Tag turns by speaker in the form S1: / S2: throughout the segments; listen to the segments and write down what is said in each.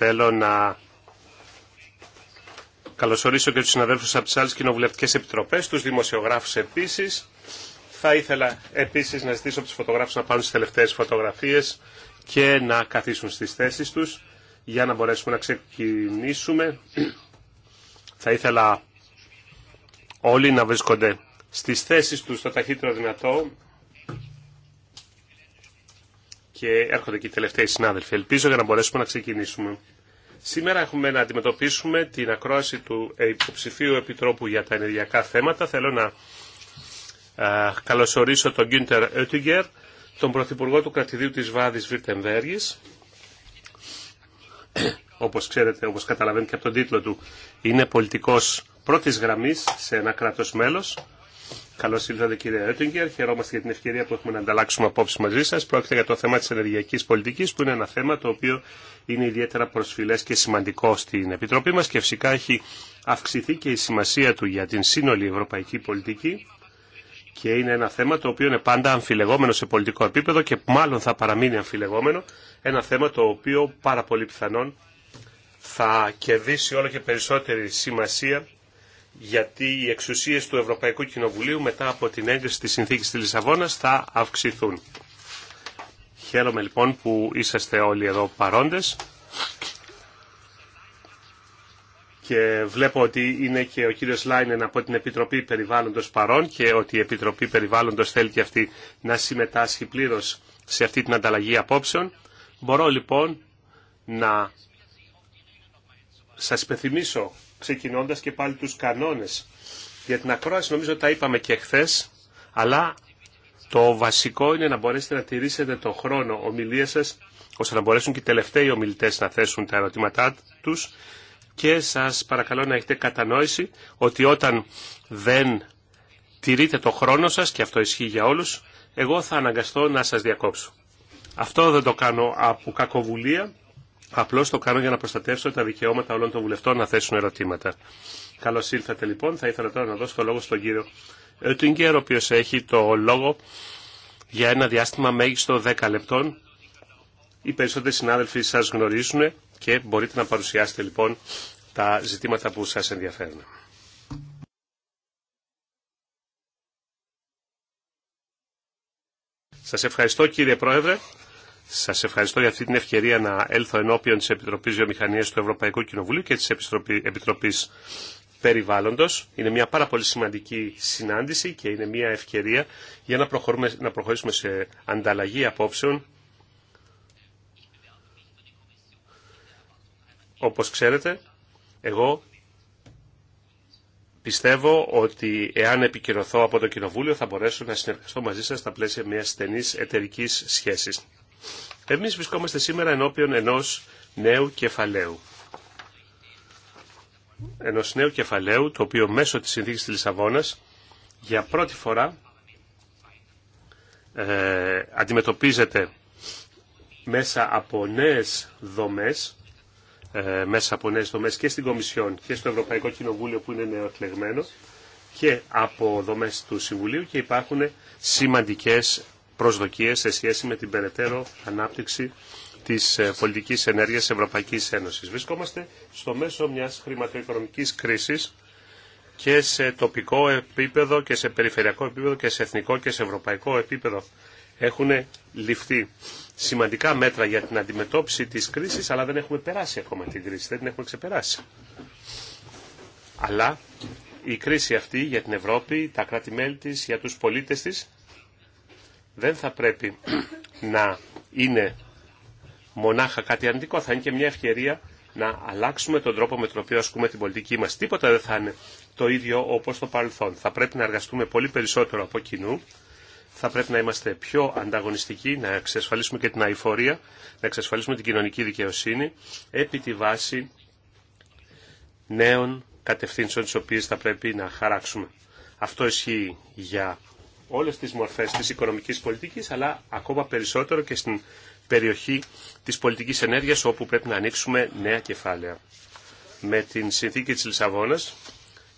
S1: Θέλω να καλωσορίσω και τους συναδέλφους από τις άλλες κοινοβουλευτικές επιτροπές, τους δημοσιογράφους επίσης. Θα ήθελα επίσης να ζητήσω από τους φωτογράφους να πάρουν τις τελευταίες φωτογραφίες και να καθίσουν στις θέσεις τους για να μπορέσουμε να ξεκινήσουμε. Θα ήθελα όλοι να βρίσκονται στις θέσεις τους το ταχύτερο δυνατό και έρχονται και οι τελευταίοι συνάδελφοι. Ελπίζω για να μπορέσουμε να ξεκινήσουμε. Σήμερα έχουμε να αντιμετωπίσουμε την ακρόαση του υποψηφίου επιτρόπου για τα ενεργειακά θέματα. Θέλω να καλωσορίσω τον Γκίντερ Ότιγκερ, τον Πρωθυπουργό του Κρατηδίου της Βάδης Βιρτεμβέργης. όπως ξέρετε, όπως καταλαβαίνετε και από τον τίτλο του, είναι πολιτικός πρώτης γραμμής σε ένα κράτος μέλος. Καλώς ήρθατε κύριε Έτογκερ. Χαιρόμαστε για την ευκαιρία που έχουμε να ανταλλάξουμε απόψεις μαζί σας. Πρόκειται για το θέμα της ενεργειακής πολιτικής που είναι ένα θέμα το οποίο είναι ιδιαίτερα προσφυλές και σημαντικό στην Επιτροπή μας και φυσικά έχει αυξηθεί και η σημασία του για την σύνολη ευρωπαϊκή πολιτική και είναι ένα θέμα το οποίο είναι πάντα αμφιλεγόμενο σε πολιτικό επίπεδο και μάλλον θα παραμείνει αμφιλεγόμενο. Ένα θέμα το οποίο πάρα πολύ πιθανόν θα κερδίσει όλο και περισσότερη σημασία γιατί οι εξουσίες του Ευρωπαϊκού Κοινοβουλίου μετά από την έγκριση της συνθήκης της Λισαβόνας θα αυξηθούν. Χαίρομαι λοιπόν που είσαστε όλοι εδώ παρόντες και βλέπω ότι είναι και ο κύριος Λάινεν από την Επιτροπή Περιβάλλοντος παρόν και ότι η Επιτροπή Περιβάλλοντος θέλει και αυτή να συμμετάσχει πλήρως σε αυτή την ανταλλαγή απόψεων. Μπορώ λοιπόν να σας υπενθυμίσω ξεκινώντας και πάλι τους κανόνες. Για την ακρόαση νομίζω τα είπαμε και χθε, αλλά το βασικό είναι να μπορέσετε να τηρήσετε τον χρόνο ομιλία σας, ώστε να μπορέσουν και οι τελευταίοι ομιλητές να θέσουν τα ερωτήματά τους και σας παρακαλώ να έχετε κατανόηση ότι όταν δεν τηρείτε το χρόνο σας, και αυτό ισχύει για όλους, εγώ θα αναγκαστώ να σας διακόψω. Αυτό δεν το κάνω από κακοβουλία, Απλώ το κάνω για να προστατεύσω τα δικαιώματα όλων των βουλευτών να θέσουν ερωτήματα. Καλώ ήρθατε λοιπόν. Θα ήθελα τώρα να δώσω το λόγο στον κύριο Ετουγκέρ, ο οποίο έχει το λόγο για ένα διάστημα μέγιστο 10 λεπτών. Οι περισσότεροι συνάδελφοι σα γνωρίζουν και μπορείτε να παρουσιάσετε λοιπόν τα ζητήματα που σα ενδιαφέρουν. Σας ευχαριστώ κύριε Πρόεδρε. Σας ευχαριστώ για αυτή την ευκαιρία να έλθω ενώπιον της Επιτροπής Βιομηχανία του Ευρωπαϊκού Κοινοβουλίου και της Επιτροπής Περιβάλλοντος. Είναι μια πάρα πολύ σημαντική συνάντηση και είναι μια ευκαιρία για να, να προχωρήσουμε σε ανταλλαγή απόψεων. Όπως ξέρετε, εγώ πιστεύω ότι εάν επικυρωθώ από το Κοινοβούλιο θα μπορέσω να συνεργαστώ μαζί σας στα πλαίσια μιας στενής εταιρικής σχέσης. Εμείς βρισκόμαστε σήμερα ενώπιον ενός νέου κεφαλαίου. Ενός νέου κεφαλαίου, το οποίο μέσω της συνθήκης της Λισαβόνας, για πρώτη φορά ε, αντιμετωπίζεται μέσα από νέες δομές, ε, μέσα από νέες δομές και στην Κομισιόν και στο Ευρωπαϊκό Κοινοβούλιο που είναι εκλεγμένο και από δομές του Συμβουλίου και υπάρχουν σημαντικές προσδοκίες σε σχέση με την περαιτέρω ανάπτυξη της ε, πολιτικής ενέργειας Ευρωπαϊκής Ένωσης. Βρισκόμαστε στο μέσο μιας χρηματοοικονομικής κρίσης και σε τοπικό επίπεδο και σε περιφερειακό επίπεδο και σε εθνικό και σε ευρωπαϊκό επίπεδο έχουν ληφθεί σημαντικά μέτρα για την αντιμετώπιση της κρίσης, αλλά δεν έχουμε περάσει ακόμα την κρίση, δεν την έχουμε ξεπεράσει. Αλλά η κρίση αυτή για την Ευρώπη, τα κράτη-μέλη της, για τους πολίτες της, δεν θα πρέπει να είναι μονάχα κάτι αντικό. Θα είναι και μια ευκαιρία να αλλάξουμε τον τρόπο με τον οποίο ασκούμε την πολιτική μας. Τίποτα δεν θα είναι το ίδιο όπως το παρελθόν. Θα πρέπει να εργαστούμε πολύ περισσότερο από κοινού. Θα πρέπει να είμαστε πιο ανταγωνιστικοί, να εξασφαλίσουμε και την αηφορία, να εξασφαλίσουμε την κοινωνική δικαιοσύνη επί τη βάση νέων κατευθύνσεων τις οποίες θα πρέπει να χαράξουμε. Αυτό ισχύει για όλες τις μορφές της οικονομικής πολιτικής, αλλά ακόμα περισσότερο και στην περιοχή της πολιτικής ενέργειας, όπου πρέπει να ανοίξουμε νέα κεφάλαια. Με την συνθήκη της Λισαβόνας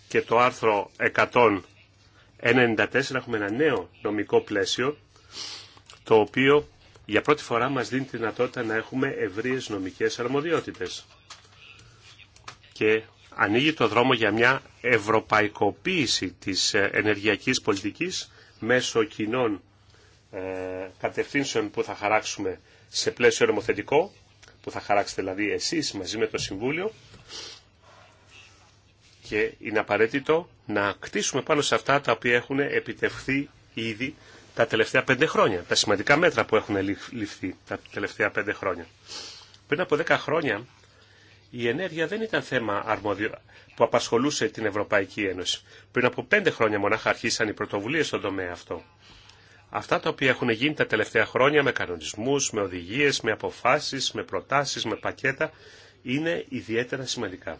S1: και το άρθρο 194 έχουμε ένα νέο νομικό πλαίσιο, το οποίο για πρώτη φορά μας δίνει τη δυνατότητα να έχουμε ευρείες νομικές αρμοδιότητες. Και ανοίγει το δρόμο για μια ευρωπαϊκοποίηση της ενεργειακής πολιτικής μέσω κοινών ε, κατευθύνσεων που θα χαράξουμε σε πλαίσιο νομοθετικό, που θα χαράξετε δηλαδή εσείς μαζί με το Συμβούλιο και είναι απαραίτητο να κτίσουμε πάνω σε αυτά τα οποία έχουν επιτευχθεί ήδη τα τελευταία πέντε χρόνια, τα σημαντικά μέτρα που έχουν ληφθεί τα τελευταία πέντε χρόνια. Πριν από δέκα χρόνια η ενέργεια δεν ήταν θέμα που απασχολούσε την Ευρωπαϊκή Ένωση. Πριν από πέντε χρόνια μονάχα αρχίσαν οι πρωτοβουλίες στον τομέα αυτό. Αυτά τα οποία έχουν γίνει τα τελευταία χρόνια με κανονισμούς, με οδηγίες, με αποφάσεις, με προτάσεις, με πακέτα, είναι ιδιαίτερα σημαντικά.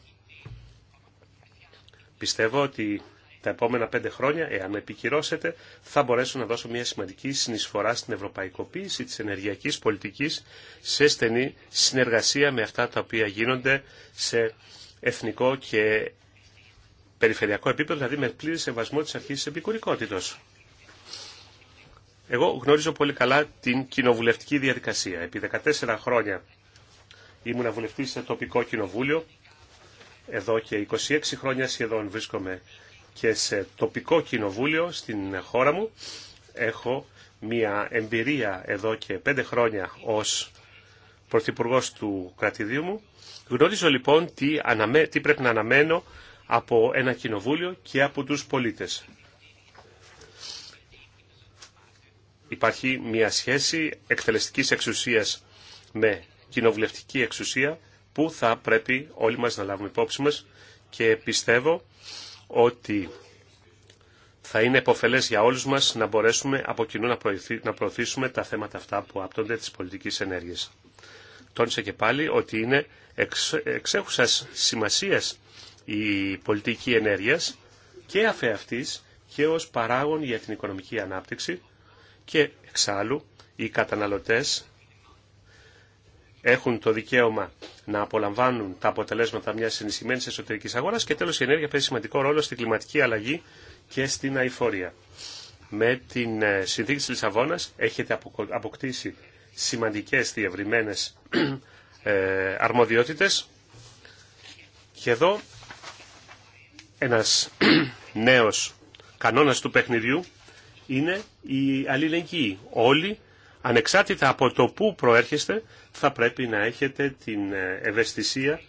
S1: Πιστεύω ότι τα επόμενα πέντε χρόνια, εάν με επικυρώσετε, θα μπορέσω να δώσω μια σημαντική συνεισφορά στην ευρωπαϊκοποίηση της ενεργειακής πολιτικής σε στενή συνεργασία με αυτά τα οποία γίνονται σε εθνικό και περιφερειακό επίπεδο, δηλαδή με πλήρη σεβασμό της αρχής της επικουρικότητας. Εγώ γνωρίζω πολύ καλά την κοινοβουλευτική διαδικασία. Επί 14 χρόνια ήμουν βουλευτής σε τοπικό κοινοβούλιο. Εδώ και 26 χρόνια σχεδόν βρίσκομαι και σε τοπικό κοινοβούλιο στην χώρα μου. Έχω μια εμπειρία εδώ και πέντε χρόνια ως Πρωθυπουργό του κρατηδίου μου. Γνωρίζω λοιπόν τι, τι πρέπει να αναμένω από ένα κοινοβούλιο και από τους πολίτες. Υπάρχει μια σχέση εκτελεστικής εξουσίας με κοινοβουλευτική εξουσία που θα πρέπει όλοι μας να λάβουμε υπόψη μας και πιστεύω ότι θα είναι επωφελές για όλους μας να μπορέσουμε από κοινού να προωθήσουμε τα θέματα αυτά που άπτονται της πολιτικής ενέργειας. Τόνισε και πάλι ότι είναι εξ, εξέχουσας σημασίας η πολιτική ενέργειας και αφεαυτής και ως παράγον για την οικονομική ανάπτυξη και εξάλλου οι καταναλωτές έχουν το δικαίωμα να απολαμβάνουν τα αποτελέσματα μια ενισχυμένη εσωτερική αγορά και τέλο η ενέργεια παίζει σημαντικό ρόλο στην κλιματική αλλαγή και στην αηφορία. Με την ε, συνθήκη τη Λισαβόνα έχετε αποκτήσει σημαντικέ διευρυμένε αρμοδιότητε και εδώ ένα νέο κανόνα του παιχνιδιού είναι η αλληλεγγύη. Όλοι ανεξάρτητα από το πού προέρχεστε, θα πρέπει να έχετε την ε, ευαισθησία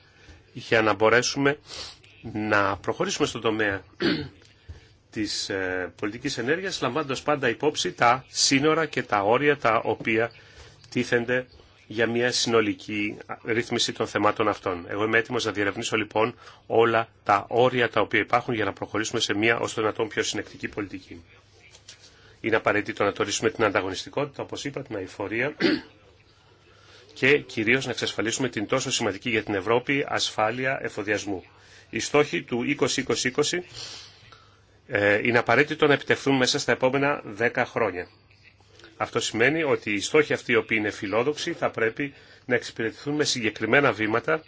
S1: για να μπορέσουμε να προχωρήσουμε στον τομέα της ε, πολιτικής ενέργειας, λαμβάνοντας πάντα υπόψη τα σύνορα και τα όρια τα οποία τίθενται για μια συνολική ρύθμιση των θεμάτων αυτών. Εγώ είμαι έτοιμος να διερευνήσω λοιπόν όλα τα όρια τα οποία υπάρχουν για να προχωρήσουμε σε μια ω το δυνατόν πιο συνεκτική πολιτική. Είναι απαραίτητο να τορίσουμε την ανταγωνιστικότητα, όπως είπα, την αηφορία και κυρίως να εξασφαλίσουμε την τόσο σημαντική για την Ευρώπη ασφάλεια εφοδιασμού. Οι στόχοι του 2020 ε, είναι απαραίτητο να επιτευχθούν μέσα στα επόμενα 10 χρόνια. Αυτό σημαίνει ότι οι στόχοι αυτοί οι οποίοι είναι φιλόδοξοι θα πρέπει να εξυπηρετηθούν με συγκεκριμένα βήματα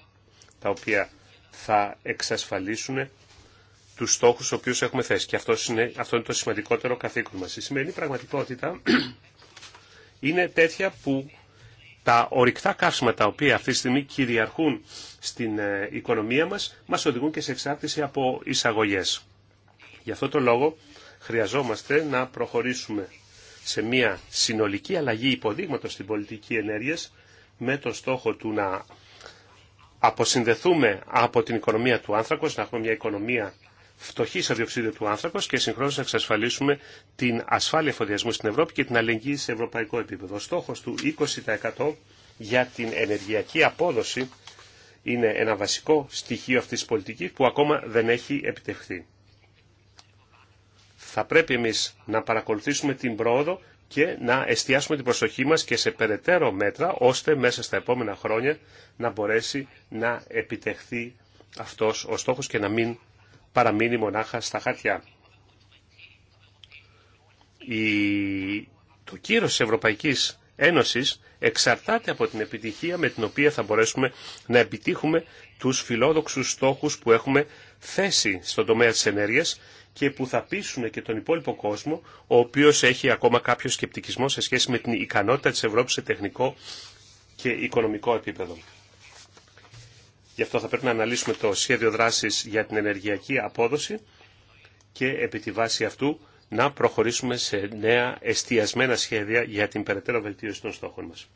S1: τα οποία θα εξασφαλίσουν τους στόχους στους οποίους έχουμε θέσει. Και αυτό είναι, αυτό είναι το σημαντικότερο καθήκον μας. Η σημερινή πραγματικότητα είναι τέτοια που τα ορυκτά καύσιμα τα οποία αυτή τη στιγμή κυριαρχούν στην ε, οικονομία μας, μας οδηγούν και σε εξάρτηση από εισαγωγές. Γι' αυτό το λόγο χρειαζόμαστε να προχωρήσουμε σε μια συνολική αλλαγή υποδείγματος στην πολιτική ενέργειας με το στόχο του να αποσυνδεθούμε από την οικονομία του άνθρακος, να έχουμε μια οικονομία φτωχή σε του άνθρακο και συγχρόνω να εξασφαλίσουμε την ασφάλεια εφοδιασμού στην Ευρώπη και την αλληλεγγύη σε ευρωπαϊκό επίπεδο. Ο στόχο του 20% για την ενεργειακή απόδοση είναι ένα βασικό στοιχείο αυτή τη πολιτική που ακόμα δεν έχει επιτευχθεί. Θα πρέπει εμεί να παρακολουθήσουμε την πρόοδο και να εστιάσουμε την προσοχή μας και σε περαιτέρω μέτρα, ώστε μέσα στα επόμενα χρόνια να μπορέσει να επιτευχθεί αυτός ο στόχος και να μην παραμείνει μονάχα στα χαρτιά. Η... Το κύρος της Ευρωπαϊκής Ένωσης εξαρτάται από την επιτυχία με την οποία θα μπορέσουμε να επιτύχουμε τους φιλόδοξους στόχους που έχουμε θέσει στον τομέα της ενέργειας και που θα πείσουν και τον υπόλοιπο κόσμο, ο οποίος έχει ακόμα κάποιο σκεπτικισμό σε σχέση με την ικανότητα της Ευρώπης σε τεχνικό και οικονομικό επίπεδο. Γι' αυτό θα πρέπει να αναλύσουμε το σχέδιο δράσης για την ενεργειακή απόδοση και επί τη βάση αυτού να προχωρήσουμε σε νέα εστιασμένα σχέδια για την περαιτέρω βελτίωση των στόχων μας.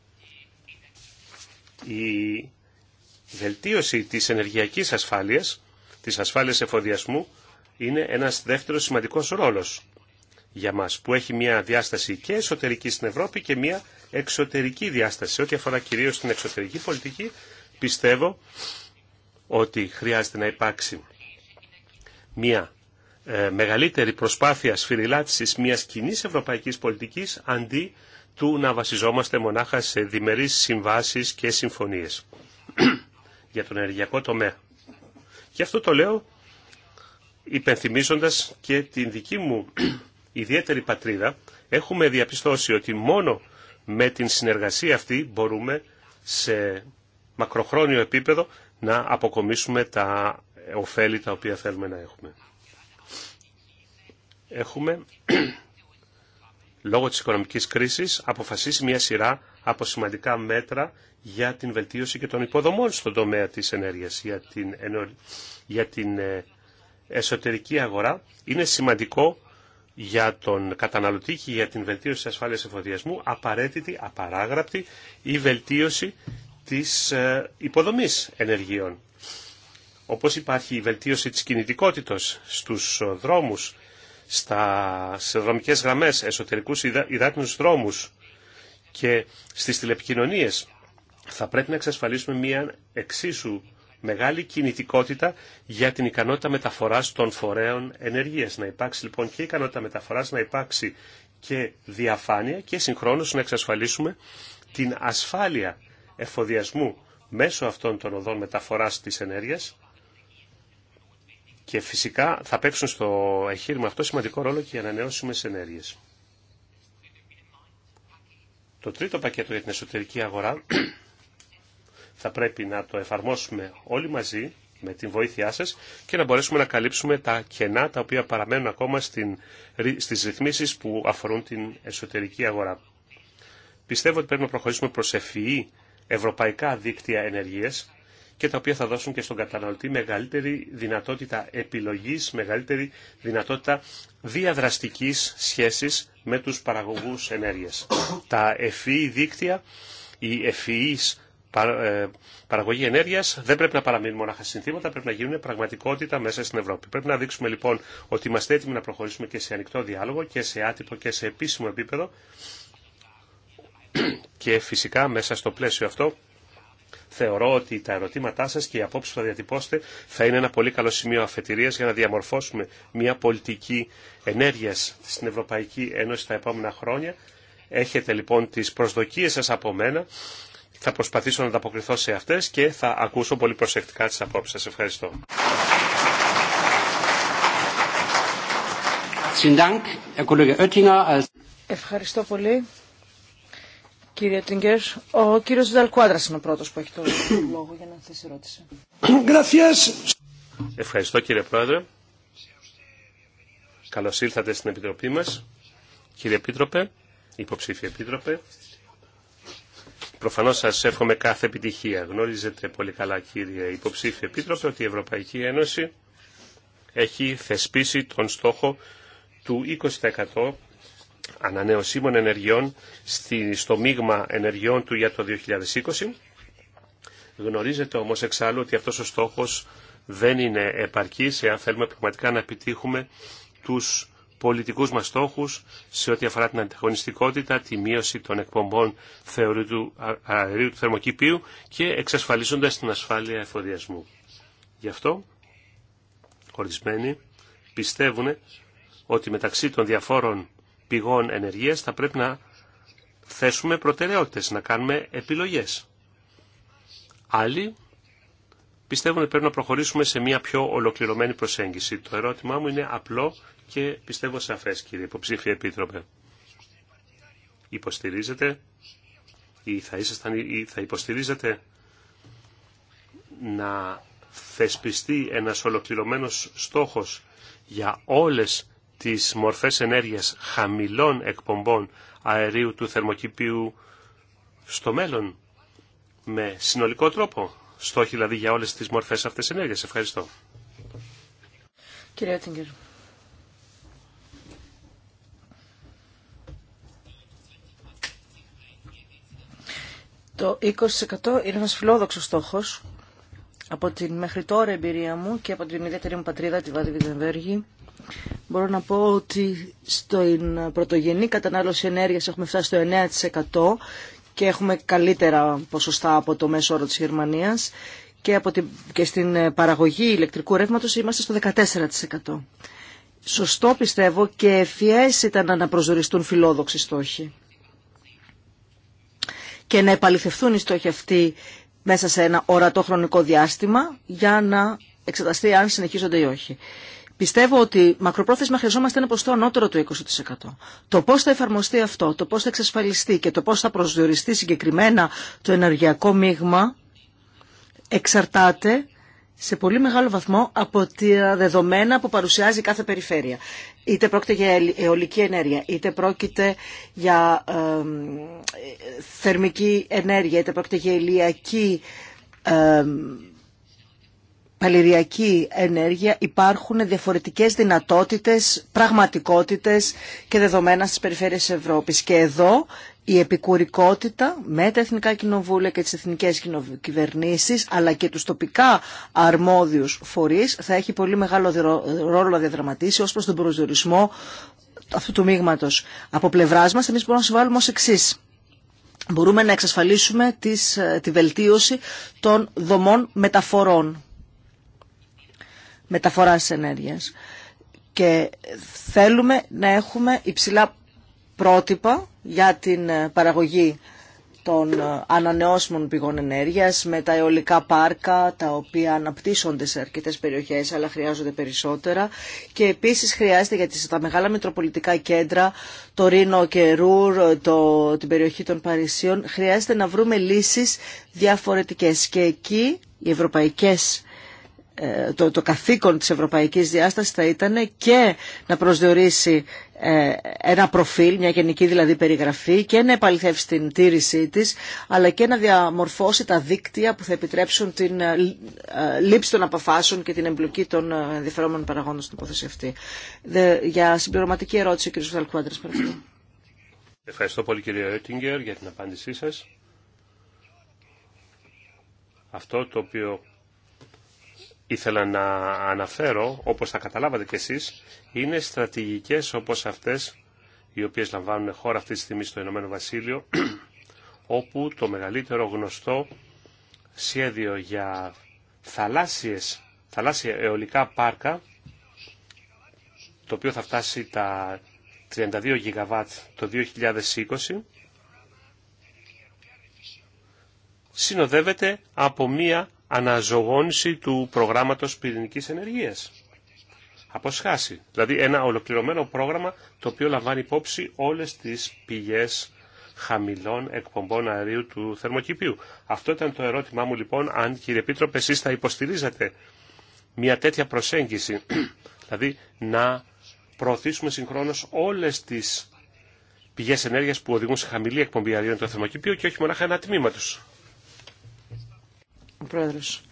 S1: Η βελτίωση της ενεργειακής ασφάλειας, της ασφάλειας εφοδιασμού, είναι ένας δεύτερος σημαντικός ρόλος για μας, που έχει μια διάσταση και εσωτερική στην Ευρώπη και μια εξωτερική διάσταση. Ό,τι αφορά κυρίως την εξωτερική πολιτική, πιστεύω ότι χρειάζεται να υπάρξει μια ε, μεγαλύτερη προσπάθεια σφυριλάτησης μιας κοινή ευρωπαϊκής πολιτικής αντί του να βασιζόμαστε μονάχα σε διμερείς συμβάσεις και συμφωνίες για τον ενεργειακό τομέα. Και αυτό το λέω υπενθυμίζοντας και την δική μου ιδιαίτερη πατρίδα. Έχουμε διαπιστώσει ότι μόνο με την συνεργασία αυτή μπορούμε σε μακροχρόνιο επίπεδο να αποκομίσουμε τα ωφέλη τα οποία θέλουμε να έχουμε. Έχουμε, λόγω της οικονομικής κρίσης, αποφασίσει μια σειρά από σημαντικά μέτρα για την βελτίωση και των υποδομών στον τομέα της ενέργειας, για την, για την ε, εσωτερική αγορά. Είναι σημαντικό για τον καταναλωτή και για την βελτίωση της ασφάλειας εφοδιασμού απαραίτητη, απαράγραπτη η βελτίωση της ε, υποδομής ενεργειών. Όπως υπάρχει η βελτίωση της κινητικότητας στους ε, δρόμους, στα, σε δρομικές γραμμές, εσωτερικούς υδάτινους δρόμους και στις τηλεπικοινωνίες, θα πρέπει να εξασφαλίσουμε μια εξίσου μεγάλη κινητικότητα για την ικανότητα μεταφοράς των φορέων ενεργείας. Να υπάρξει λοιπόν και ικανότητα μεταφοράς, να υπάρξει και διαφάνεια και συγχρόνως να εξασφαλίσουμε την ασφάλεια εφοδιασμού μέσω αυτών των οδών μεταφοράς της ενέργειας και φυσικά θα παίξουν στο εγχείρημα αυτό σημαντικό ρόλο και οι ανανεώσιμες ενέργειες. Το τρίτο πακέτο για την εσωτερική αγορά θα πρέπει να το εφαρμόσουμε όλοι μαζί με την βοήθειά σας και να μπορέσουμε να καλύψουμε τα κενά τα οποία παραμένουν ακόμα στην, στις ρυθμίσεις που αφορούν την εσωτερική αγορά. Πιστεύω ότι πρέπει να προχωρήσουμε προς ευρωπαϊκά δίκτυα ενεργείας και τα οποία θα δώσουν και στον καταναλωτή μεγαλύτερη δυνατότητα επιλογής, μεγαλύτερη δυνατότητα διαδραστικής σχέσης με τους παραγωγούς ενέργειας. τα ευφυή e e δίκτυα, η e ευφυής παραγωγή ενέργειας δεν πρέπει να παραμείνουν μονάχα συνθήματα, πρέπει να γίνουν πραγματικότητα μέσα στην Ευρώπη. Πρέπει να δείξουμε λοιπόν ότι είμαστε έτοιμοι να προχωρήσουμε και σε ανοιχτό διάλογο και σε άτυπο και σε επίσημο επίπεδο και φυσικά μέσα στο πλαίσιο αυτό θεωρώ ότι τα ερωτήματά σας και οι απόψεις που θα διατυπώσετε θα είναι ένα πολύ καλό σημείο αφετηρίας για να διαμορφώσουμε μια πολιτική ενέργεια στην Ευρωπαϊκή Ένωση τα επόμενα χρόνια. Έχετε λοιπόν τις προσδοκίες σας από μένα. Θα προσπαθήσω να ανταποκριθώ σε αυτές και θα ακούσω πολύ προσεκτικά τις απόψεις σας. Ευχαριστώ.
S2: Ευχαριστώ πολύ
S3: κύριε Τιγκέρ. Ο κύριος Δαλκουάδρας είναι ο πρώτος που έχει το λόγο για να θέσει ερώτηση.
S1: Ευχαριστώ κύριε Πρόεδρε. Καλώ ήρθατε στην Επιτροπή μα, Κύριε Επίτροπε, υποψήφιε Επίτροπε, προφανώς σα εύχομαι κάθε επιτυχία. Γνώριζετε πολύ καλά κύριε υποψήφιε Επίτροπε ότι η Ευρωπαϊκή Ένωση έχει θεσπίσει τον στόχο του 20% ανανεωσίμων ενεργειών στο μείγμα ενεργειών του για το 2020. Γνωρίζετε όμως εξάλλου ότι αυτός ο στόχος δεν είναι επαρκής εάν θέλουμε πραγματικά να επιτύχουμε τους πολιτικούς μας στόχους σε ό,τι αφορά την ανταγωνιστικότητα, τη μείωση των εκπομπών θεωρητού αερίου του θερμοκηπίου και εξασφαλίζοντας την ασφάλεια εφοδιασμού. Γι' αυτό, ορισμένοι πιστεύουν ότι μεταξύ των διαφόρων πηγών ενεργείας θα πρέπει να θέσουμε προτεραιότητες, να κάνουμε επιλογές. Άλλοι πιστεύουν ότι πρέπει να προχωρήσουμε σε μια πιο ολοκληρωμένη προσέγγιση. Το ερώτημά μου είναι απλό και πιστεύω σαφές κύριε υποψήφιε επίτροπε. Υποστηρίζετε ή θα, ήσασταν, ή θα υποστηρίζετε να θεσπιστεί ένας ολοκληρωμένος στόχος για όλες τις μορφές ενέργειας χαμηλών εκπομπών αερίου του θερμοκηπίου στο μέλλον με συνολικό τρόπο. Στόχοι δηλαδή για όλες τις μορφές αυτές ενέργειας. Ευχαριστώ.
S2: Κύριε
S3: Το 20% είναι ένας φιλόδοξος στόχος. Από την μέχρι τώρα εμπειρία μου και από την ιδιαίτερη μου πατρίδα, τη Βάδη Βιντεμβέργη, Μπορώ να πω ότι στην πρωτογενή κατανάλωση ενέργειας έχουμε φτάσει στο 9% και έχουμε καλύτερα ποσοστά από το μέσο όρο της Γερμανίας και, στην παραγωγή ηλεκτρικού ρεύματος είμαστε στο 14%. Σωστό πιστεύω και ευφιές ήταν να προσδοριστούν φιλόδοξοι στόχοι και να επαληθευτούν οι στόχοι αυτοί μέσα σε ένα ορατό χρονικό διάστημα για να εξεταστεί αν συνεχίζονται ή όχι. Πιστεύω ότι μακροπρόθεσμα χρειαζόμαστε ένα ποστό ανώτερο του 20%. Το πώς θα εφαρμοστεί αυτό, το πώς θα εξασφαλιστεί και το πώς θα προσδιοριστεί συγκεκριμένα το ενεργειακό μείγμα εξαρτάται σε πολύ μεγάλο βαθμό από τα δεδομένα που παρουσιάζει κάθε περιφέρεια. Είτε πρόκειται για αιωλική ενέργεια, είτε πρόκειται για θερμική ενέργεια, είτε πρόκειται για ηλιακή παλαιριακή ενέργεια υπάρχουν διαφορετικές δυνατότητες, πραγματικότητες και δεδομένα στις περιφέρειες Ευρώπης. Και εδώ η επικουρικότητα με τα εθνικά κοινοβούλια και τις εθνικές κυβερνήσεις αλλά και τους τοπικά αρμόδιους φορείς θα έχει πολύ μεγάλο ρόλο να διαδραματίσει ως προς τον προσδιορισμό αυτού του μείγματος. Από πλευράς μας εμείς μπορούμε να συμβάλλουμε ως εξής μπορούμε να εξασφαλίσουμε ε, τη βελτίωση των δομών μεταφορών μεταφοράς ενέργειας. Και θέλουμε να έχουμε υψηλά πρότυπα για την ε, παραγωγή των ε, ανανεώσιμων πηγών ενέργειας με τα αιωλικά πάρκα τα οποία αναπτύσσονται σε αρκετές περιοχές αλλά χρειάζονται περισσότερα και επίσης χρειάζεται για τις, τα μεγάλα μετροπολιτικά κέντρα το Ρήνο και Ρούρ, το, την περιοχή των Παρισίων χρειάζεται να βρούμε λύσεις διαφορετικές και εκεί οι ευρωπαϊκές ε, το, το καθήκον της ευρωπαϊκής διάστασης θα ήταν και να προσδιορίσει ε, ένα προφίλ, μια γενική δηλαδή περιγραφή και να επαληθεύσει την τήρησή της αλλά και να διαμορφώσει τα δίκτυα που θα επιτρέψουν την ε, λήψη των αποφάσεων και την εμπλοκή των ενδιαφερόμενων παραγόντων στην υπόθεση αυτή. Για συμπληρωματική ερώτηση, κ. Φαλκουάντρας, παρακαλώ.
S1: Ευχαριστώ πολύ κύριε Έτιγκερ για την απάντησή σας. Αυτό το οποίο ήθελα να αναφέρω, όπως θα καταλάβατε κι εσείς, είναι στρατηγικές όπως αυτές οι οποίες λαμβάνουν χώρα αυτή τη στιγμή στο Ηνωμένο Βασίλειο, όπου το μεγαλύτερο γνωστό σχέδιο για θαλάσσιες, θαλάσσια αιωλικά πάρκα, το οποίο θα φτάσει τα 32 γιγαβάτ το 2020, συνοδεύεται από μία αναζωγόνηση του προγράμματος πυρηνικής ενεργείας. Αποσχάσει. Δηλαδή ένα ολοκληρωμένο πρόγραμμα το οποίο λαμβάνει υπόψη όλες τις πηγές χαμηλών εκπομπών αερίου του θερμοκηπίου. Αυτό ήταν το ερώτημά μου λοιπόν αν κύριε Επίτροπε εσείς θα υποστηρίζατε μια τέτοια προσέγγιση. δηλαδή να προωθήσουμε συγχρόνως όλες τις πηγές ενέργειας που οδηγούν σε χαμηλή εκπομπή αερίου του θερμοκηπίου και όχι μονάχα ένα τμήμα
S3: Πρόεδρος.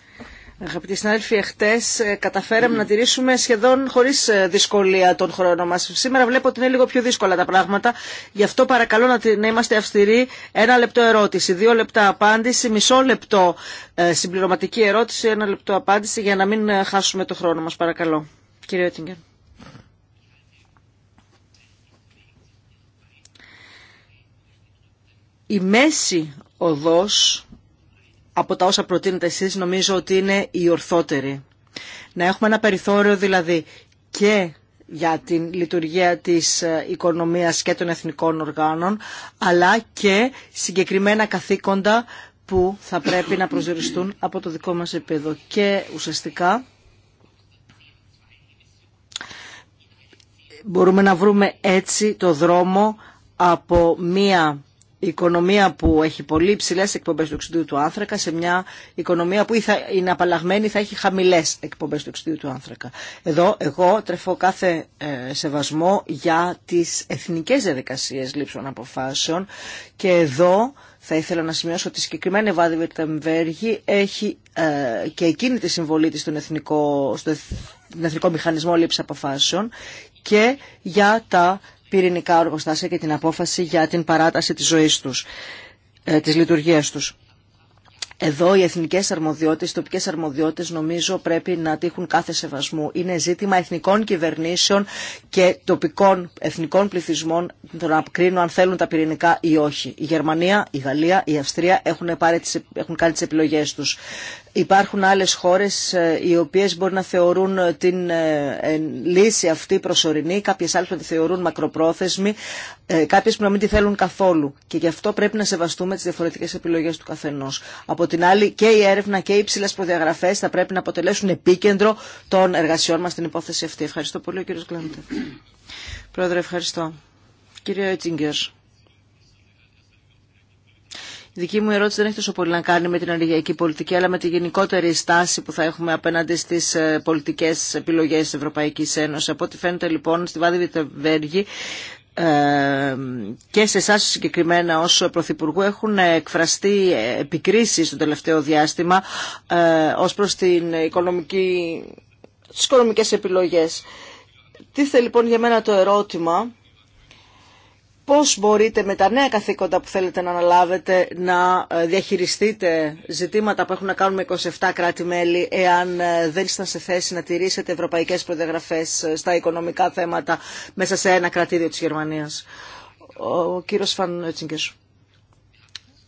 S3: Αγαπητοί συνάδελφοι, εχθέ ε, καταφέραμε να τηρήσουμε σχεδόν χωρί ε, δυσκολία τον χρόνο μα. Σήμερα βλέπω ότι είναι λίγο πιο δύσκολα τα πράγματα. Γι' αυτό παρακαλώ να είμαστε αυστηροί. Ένα λεπτό ερώτηση, δύο λεπτά απάντηση, μισό λεπτό ε, συμπληρωματική ερώτηση, ένα λεπτό απάντηση για να μην χάσουμε τον χρόνο μα. Παρακαλώ. Κύριε Ότιγκεν. Η μέση οδός από τα όσα προτείνετε εσείς νομίζω ότι είναι η ορθότερη. Να έχουμε ένα περιθώριο δηλαδή και για την λειτουργία της ε, οικονομίας και των εθνικών οργάνων, αλλά και συγκεκριμένα καθήκοντα που θα πρέπει να προσδιοριστούν από το δικό μας επίπεδο. Και ουσιαστικά μπορούμε να βρούμε έτσι το δρόμο από μία η οικονομία που έχει πολύ ψηλέ εκπομπέ του οξυδίου του άνθρακα σε μια οικονομία που είναι απαλλαγμένη θα έχει χαμηλέ εκπομπέ του οξυδίου του άνθρακα. Εδώ εγώ τρεφώ κάθε ε, σεβασμό για τι εθνικέ διαδικασίε λήψεων αποφάσεων και εδώ θα ήθελα να σημειώσω ότι η συγκεκριμένη Βάδη Βερτεμβέργη έχει ε, και εκείνη τη συμβολή της στον εθνικό, εθνικό μηχανισμό λήψη αποφάσεων και για τα πυρηνικά οργοστάσια και την απόφαση για την παράταση της ζωής τους, ε, της λειτουργίας τους. Εδώ οι εθνικές αρμοδιότητες, οι τοπικέ αρμοδιότητε νομίζω πρέπει να τύχουν κάθε σεβασμού. Είναι ζήτημα εθνικών κυβερνήσεων και τοπικών εθνικών πληθυσμών το να κρίνουν αν θέλουν τα πυρηνικά ή όχι. Η Γερμανία, η Γαλλία, η Αυστρία έχουν, πάρει τις, έχουν κάνει τι επιλογέ του. Υπάρχουν άλλες χώρες ε, οι οποίες μπορεί να θεωρούν ε, την ε, λύση αυτή προσωρινή, κάποιες άλλες που τη θεωρούν μακροπρόθεσμη, κάποιες που να μην τη θέλουν καθόλου. Και γι' αυτό πρέπει να σεβαστούμε τις διαφορετικές επιλογές του καθενός. Από την άλλη και η έρευνα και οι ψηλές προδιαγραφές θα πρέπει να αποτελέσουν επίκεντρο των εργασιών μας στην υπόθεση αυτή. Ευχαριστώ πολύ ο κύριος Πρόεδρε, ευχαριστώ. Κύριε Έτσιγκερ δική μου ερώτηση δεν έχει τόσο πολύ να κάνει με την ενεργειακή πολιτική, αλλά με τη γενικότερη στάση που θα έχουμε απέναντι στι ε, πολιτικέ επιλογέ τη Ευρωπαϊκή Ένωση. Από ό,τι φαίνεται λοιπόν στη Βάδη Βιτεβέργη, ε, και σε εσά συγκεκριμένα ως Πρωθυπουργού έχουν εκφραστεί επικρίσεις στο τελευταίο διάστημα ε, ως προς την οικονομική, τις οικονομικές επιλογές. Τι θέλει λοιπόν για μένα το ερώτημα πώς μπορείτε με τα νέα καθήκοντα που θέλετε να αναλάβετε να ε, διαχειριστείτε ζητήματα που έχουν να κάνουν με 27 κράτη-μέλη εάν ε, δεν ήσταν σε θέση να τηρήσετε ευρωπαϊκές προδιαγραφές ε, στα οικονομικά θέματα μέσα σε ένα κρατήδιο της Γερμανίας. Ο κύριος Φαν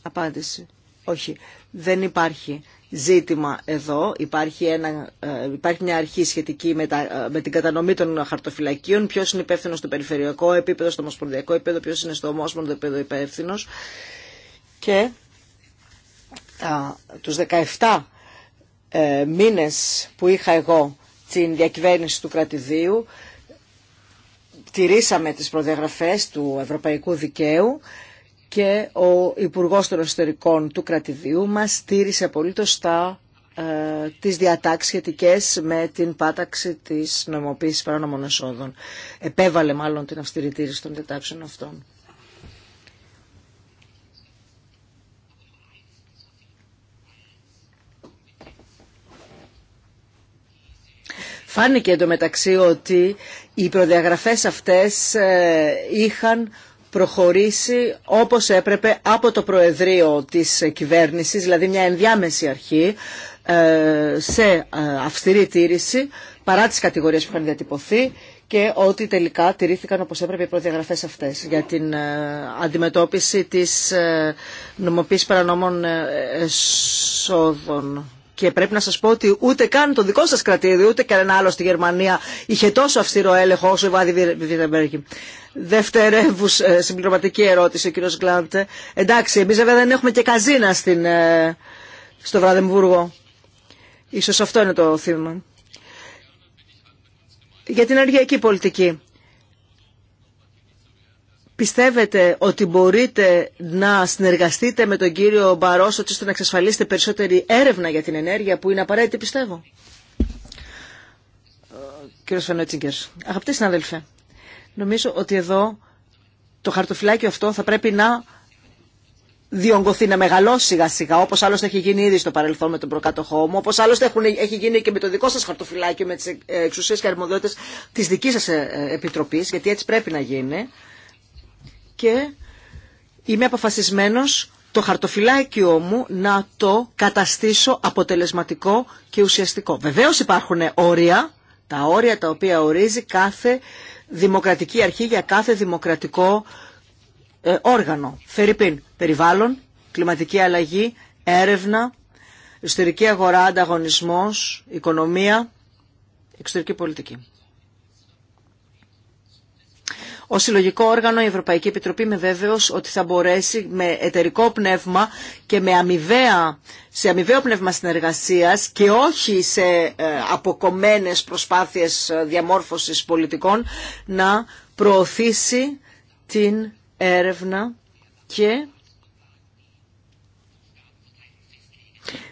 S3: Απάντηση. Όχι. Δεν υπάρχει ζήτημα εδώ. Υπάρχει, ένα, ε, υπάρχει μια αρχή σχετική με, ε, την κατανομή των χαρτοφυλακίων, ποιο είναι υπεύθυνο στο περιφερειακό επίπεδο, στο ομοσπονδιακό επίπεδο, ποιο είναι στο ομόσπονδο επίπεδο υπεύθυνο. Και του 17 ε, μήνες που είχα εγώ την διακυβέρνηση του κρατηδίου, τηρήσαμε τις προδιαγραφές του ευρωπαϊκού δικαίου και ο Υπουργός των Εσωτερικών του κρατηδίου μας στήρισε απολύτως τα, ε, τις διατάξεις σχετικέ με την πάταξη της νομοποίησης παράνομων εσόδων. Επέβαλε μάλλον την αυστηρή των διατάξεων αυτών. Φάνηκε εντωμεταξύ ότι οι προδιαγραφές αυτές ε, είχαν προχωρήσει όπως έπρεπε από το Προεδρείο της κυβέρνησης, δηλαδή μια ενδιάμεση αρχή, ε, σε ε, αυστηρή τήρηση παρά τις κατηγορίες που είχαν διατυπωθεί και ότι τελικά τηρήθηκαν όπως έπρεπε οι προδιαγραφές αυτές για την ε, αντιμετώπιση της νομοποίησης παρανόμων εσόδων. Και πρέπει να σα πω ότι ούτε καν το δικό σα κρατήριο, ούτε κανένα άλλο στη Γερμανία είχε τόσο αυστηρό έλεγχο όσο η Βάδη Βιρεμπέργη. Δευτερεύους ε, συμπληρωματική ερώτηση ο κύριο Γκλάντε. Εντάξει, εμείς βέβαια δεν έχουμε και καζίνα στην, ε, στο Βραδεμβούργο. Ίσως αυτό είναι το θύμα. Για την ενεργειακή πολιτική. Πιστεύετε ότι μπορείτε να συνεργαστείτε με τον κύριο Μπαρός ώστε να εξασφαλίσετε περισσότερη έρευνα για την ενέργεια που είναι απαραίτητη πιστεύω. Κύριος Φενότσιγκερ, αγαπητοί συνάδελφε, νομίζω ότι εδώ το χαρτοφυλάκιο αυτό θα πρέπει να διονγκωθεί, να μεγαλώσει σιγά σιγά, όπω άλλωστε έχει γίνει ήδη στο παρελθόν με τον προκάτοχό μου, όπω άλλωστε έχουν, έχει γίνει και με το δικό σα χαρτοφυλάκιο, με τι εξουσίε και αρμοδιότητε τη δική σα ε, ε, επιτροπή, γιατί έτσι πρέπει να γίνει και είμαι αποφασισμένος το χαρτοφυλάκιό μου να το καταστήσω αποτελεσματικό και ουσιαστικό. Βεβαίως υπάρχουν όρια, τα όρια τα οποία ορίζει κάθε δημοκρατική αρχή για κάθε δημοκρατικό ε, όργανο. Φερρυπίν, περιβάλλον, κλιματική αλλαγή, έρευνα, ιστορική αγορά, ανταγωνισμός, οικονομία, εξωτερική πολιτική. Ο συλλογικό όργανο η Ευρωπαϊκή Επιτροπή με βέβαιος ότι θα μπορέσει με εταιρικό πνεύμα και με αμοιβαία, σε αμοιβαίο πνεύμα συνεργασία και όχι σε ε, αποκομμένες προσπάθειες ε, διαμόρφωσης πολιτικών να προωθήσει την έρευνα και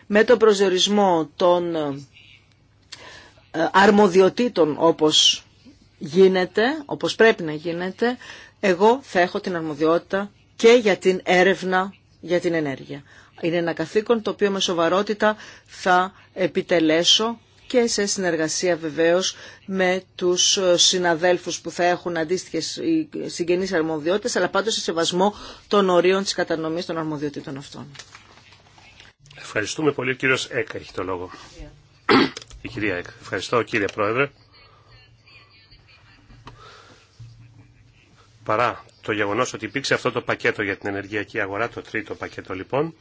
S3: με το προσδιορισμό των ε, αρμοδιοτήτων όπως γίνεται, όπως πρέπει να γίνεται, εγώ θα έχω την αρμοδιότητα και για την έρευνα για την ενέργεια. Είναι ένα καθήκον το οποίο με σοβαρότητα θα επιτελέσω και σε συνεργασία βεβαίως με τους συναδέλφους που θα έχουν αντίστοιχες συγγενείς αρμοδιότητες, αλλά πάντως σε σεβασμό των ορίων της κατανομής των αρμοδιοτήτων αυτών.
S1: Ευχαριστούμε πολύ. Ο κύριος Έκ έχει το λόγο. Η κυρία Έκ. Ευχαριστώ κύριε Πρόεδρε. παρά το γεγονός ότι υπήρξε αυτό το πακέτο για την ενεργειακή αγορά, το τρίτο πακέτο λοιπόν,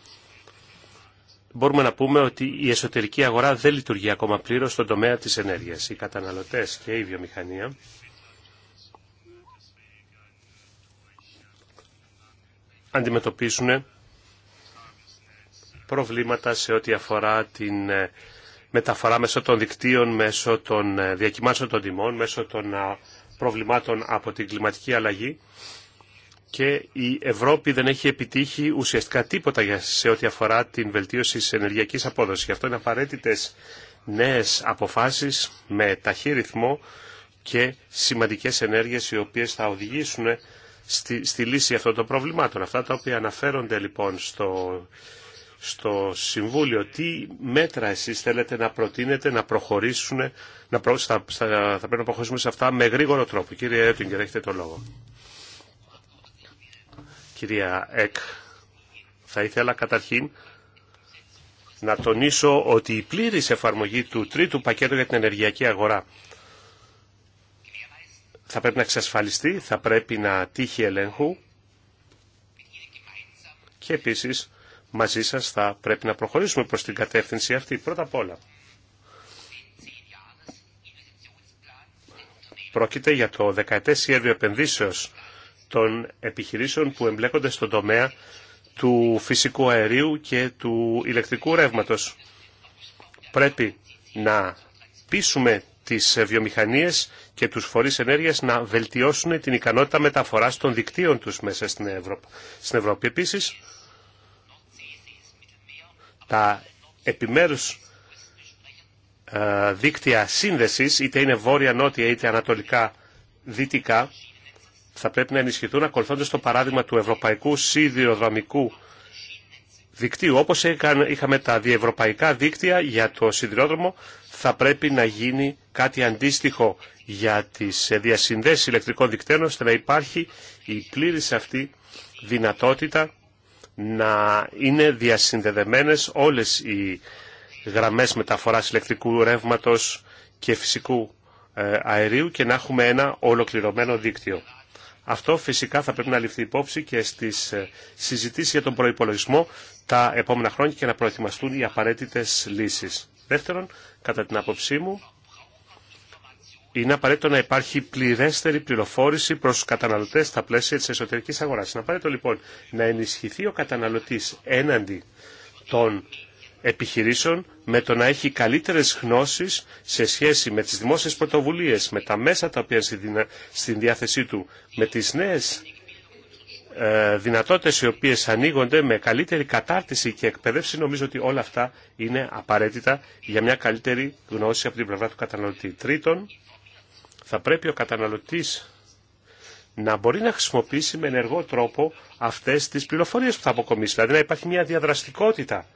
S1: μπορούμε να πούμε ότι η εσωτερική αγορά δεν λειτουργεί ακόμα πλήρως στον τομέα της ενέργειας. Οι καταναλωτές και η βιομηχανία αντιμετωπίζουν προβλήματα σε ό,τι αφορά την ε, μεταφορά μέσω των δικτύων, μέσω των ε, διακοιμάσεων των τιμών, μέσω των προβλημάτων από την κλιματική αλλαγή και η Ευρώπη δεν έχει επιτύχει ουσιαστικά τίποτα σε ό,τι αφορά την βελτίωση της ενεργειακής απόδοσης. Γι' αυτό είναι απαραίτητε νέες αποφάσεις με ταχύ ρυθμό και σημαντικές ενέργειες οι οποίες θα οδηγήσουν στη, στη λύση αυτών των προβλημάτων. Αυτά τα οποία αναφέρονται λοιπόν στο στο Συμβούλιο τι μέτρα εσείς θέλετε να προτείνετε να προχωρήσουν, να προ... θα, θα, θα, πρέπει να προχωρήσουμε σε αυτά με γρήγορο τρόπο. Κύριε Έτουγκερ, έχετε το λόγο. Κυρία Εκ, θα ήθελα καταρχήν να τονίσω ότι η πλήρης εφαρμογή του τρίτου πακέτου για την ενεργειακή αγορά θα πρέπει να εξασφαλιστεί, θα πρέπει να τύχει ελέγχου και επίσης μαζί σας θα πρέπει να προχωρήσουμε προς την κατεύθυνση αυτή. Πρώτα απ' όλα, πρόκειται για το δεκαετές σχέδιο επενδύσεως των επιχειρήσεων που εμπλέκονται στον τομέα του φυσικού αερίου και του ηλεκτρικού ρεύματος. Πρέπει να πείσουμε τις βιομηχανίες και τους φορείς ενέργειας να βελτιώσουν την ικανότητα μεταφοράς των δικτύων τους μέσα στην Ευρώπη. Στην Ευρώπη επίσης τα επιμέρους ε, δίκτυα σύνδεσης, είτε είναι βόρεια-νότια είτε ανατολικά-δυτικά, θα πρέπει να ενισχυθούν ακολουθώντας το παράδειγμα του ευρωπαϊκού σιδηροδρομικού δικτύου. Όπως είχαμε τα διευρωπαϊκά δίκτυα για το σιδηρόδρομο, θα πρέπει να γίνει κάτι αντίστοιχο για τις ε, διασυνδέσεις ηλεκτρικών δικτύων, ώστε να υπάρχει η πλήρης αυτή δυνατότητα να είναι διασυνδεδεμένες όλες οι γραμμές μεταφοράς ηλεκτρικού ρεύματος και φυσικού ε, αερίου και να έχουμε ένα ολοκληρωμένο δίκτυο. Αυτό φυσικά θα πρέπει να ληφθεί υπόψη και στις ε, συζητήσεις για τον προϋπολογισμό τα επόμενα χρόνια και να προετοιμαστούν οι απαραίτητες λύσεις. Δεύτερον, κατά την άποψή μου, είναι απαραίτητο να υπάρχει πληρέστερη πληροφόρηση προ του καταναλωτέ στα πλαίσια τη εσωτερική αγορά. Είναι απαραίτητο λοιπόν να ενισχυθεί ο καταναλωτή έναντι των επιχειρήσεων με το να έχει καλύτερε γνώσει σε σχέση με τι δημόσιε πρωτοβουλίε, με τα μέσα τα οποία είναι στην διάθεσή του, με τι νέε ε, δυνατότητες οι οποίες ανοίγονται με καλύτερη κατάρτιση και εκπαίδευση νομίζω ότι όλα αυτά είναι απαραίτητα για μια καλύτερη γνώση από την πλευρά του καταναλωτή. Τρίτον, θα πρέπει ο καταναλωτής να μπορεί να χρησιμοποιήσει με ενεργό τρόπο αυτές τις πληροφορίες που θα αποκομίσει. Δηλαδή να υπάρχει μια διαδραστικότητα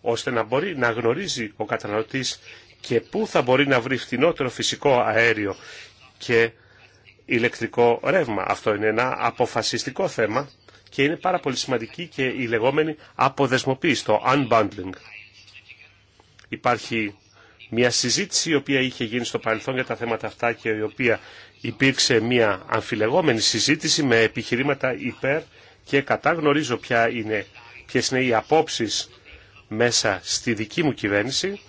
S1: ώστε να μπορεί να γνωρίζει ο καταναλωτής και πού θα μπορεί να βρει φθηνότερο φυσικό αέριο και ηλεκτρικό ρεύμα. Αυτό είναι ένα αποφασιστικό θέμα και είναι πάρα πολύ σημαντική και η λεγόμενη αποδεσμοποίηση, το unbundling. Υπάρχει μια συζήτηση η οποία είχε γίνει στο παρελθόν για τα θέματα αυτά και η οποία υπήρξε μια αμφιλεγόμενη συζήτηση με επιχειρήματα υπέρ και κατά γνωρίζω ποια είναι, ποιες είναι οι απόψεις μέσα στη δική μου κυβέρνηση,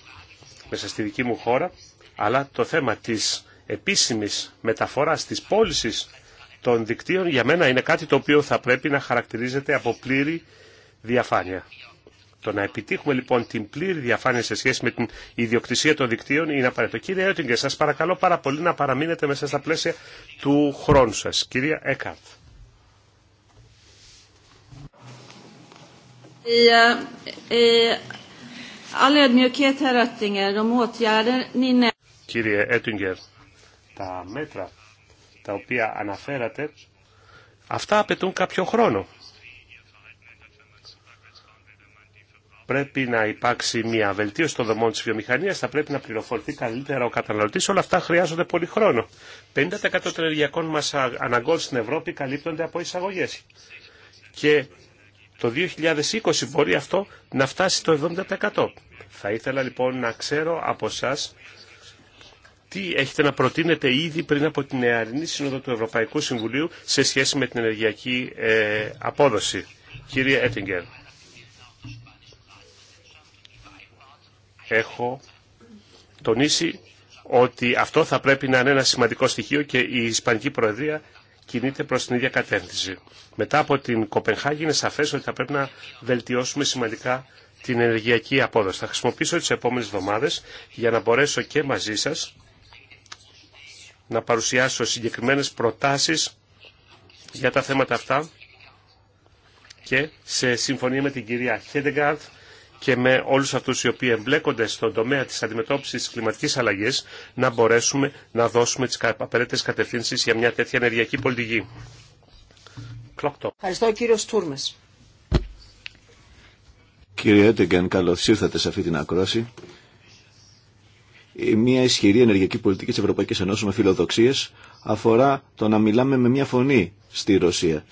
S1: μέσα στη δική μου χώρα, αλλά το θέμα της επίσημης μεταφοράς της πώληση των δικτύων για μένα είναι κάτι το οποίο θα πρέπει να χαρακτηρίζεται από πλήρη διαφάνεια. Το να επιτύχουμε λοιπόν την πλήρη διαφάνεια σε σχέση με την ιδιοκτησία των δικτύων είναι απαραίτητο. Κύριε Έτιγκερ, σας παρακαλώ πάρα πολύ να παραμείνετε μέσα στα πλαίσια του χρόνου σας. Κυρία Έκαρτ.
S2: Ε, ε,
S1: Κύριε Έτιγκερ, τα μέτρα τα οποία αναφέρατε, αυτά απαιτούν κάποιο χρόνο. πρέπει να υπάρξει μια βελτίωση των δομών της βιομηχανίας, θα πρέπει να πληροφορηθεί καλύτερα ο καταναλωτής. Όλα αυτά χρειάζονται πολύ χρόνο. 50% των ενεργειακών μας αναγκών στην Ευρώπη καλύπτονται από εισαγωγές. Και το 2020 μπορεί αυτό να φτάσει το 70%. Θα ήθελα λοιπόν να ξέρω από εσά τι έχετε να προτείνετε ήδη πριν από την Νεαρινή Σύνοδο του Ευρωπαϊκού Συμβουλίου σε σχέση με την ενεργειακή ε, απόδοση. Κύριε Έτιγκερ. έχω τονίσει ότι αυτό θα πρέπει να είναι ένα σημαντικό στοιχείο και η Ισπανική Προεδρία κινείται προς την ίδια κατεύθυνση. Μετά από την Κοπενχάγη είναι σαφές ότι θα πρέπει να βελτιώσουμε σημαντικά την ενεργειακή απόδοση. Θα χρησιμοποιήσω τις επόμενες εβδομάδες για να μπορέσω και μαζί σας να παρουσιάσω συγκεκριμένες προτάσεις για τα θέματα αυτά και σε συμφωνία με την κυρία Χέντεγκάρτ και με όλους αυτούς οι οποίοι εμπλέκονται στον τομέα της αντιμετώπισης της κλιματικής αλλαγής να μπορέσουμε να δώσουμε τις απαραίτητες κατευθύνσεις για μια τέτοια ενεργειακή πολιτική. Ευχαριστώ κύριο Στούρμες.
S4: Κύριε Έτεγκεν, καλώ ήρθατε σε αυτή την ακρόση. Μια ισχυρή ενεργειακή πολιτική τη Ευρωπαϊκή Ένωση με φιλοδοξίε αφορά το να μιλάμε με μια φωνή στη Ρωσία.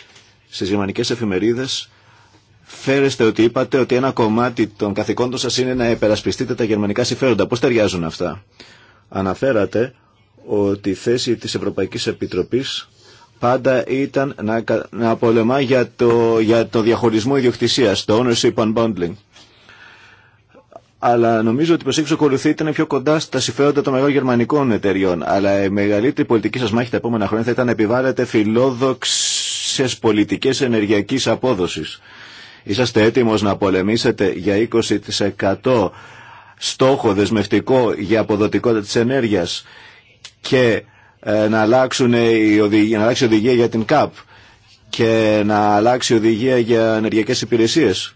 S4: στι γερμανικέ εφημερίδε φέρεστε ότι είπατε ότι ένα κομμάτι των καθηκόντων σας είναι να επερασπιστείτε τα γερμανικά συμφέροντα. Πώς ταιριάζουν αυτά. Αναφέρατε ότι η θέση της Ευρωπαϊκής Επιτροπής πάντα ήταν να, να πολεμά για το, για το διαχωρισμό ιδιοκτησίας, το ownership unbundling. Αλλά νομίζω ότι η προσέγγιση που είναι πιο κοντά στα συμφέροντα των μεγάλων γερμανικών εταιριών. Αλλά η μεγαλύτερη πολιτική σα μάχη τα επόμενα χρόνια θα ήταν να επιβάλλετε φιλόδοξε πολιτικέ ενεργειακή απόδοση Είσαστε έτοιμος να πολεμήσετε για 20% στόχο δεσμευτικό για αποδοτικότητα της ενέργειας και ε, να, αλλάξουν η να αλλάξει η οδηγία για την ΚΑΠ και να αλλάξει η οδηγία για ενεργειακές υπηρεσίες.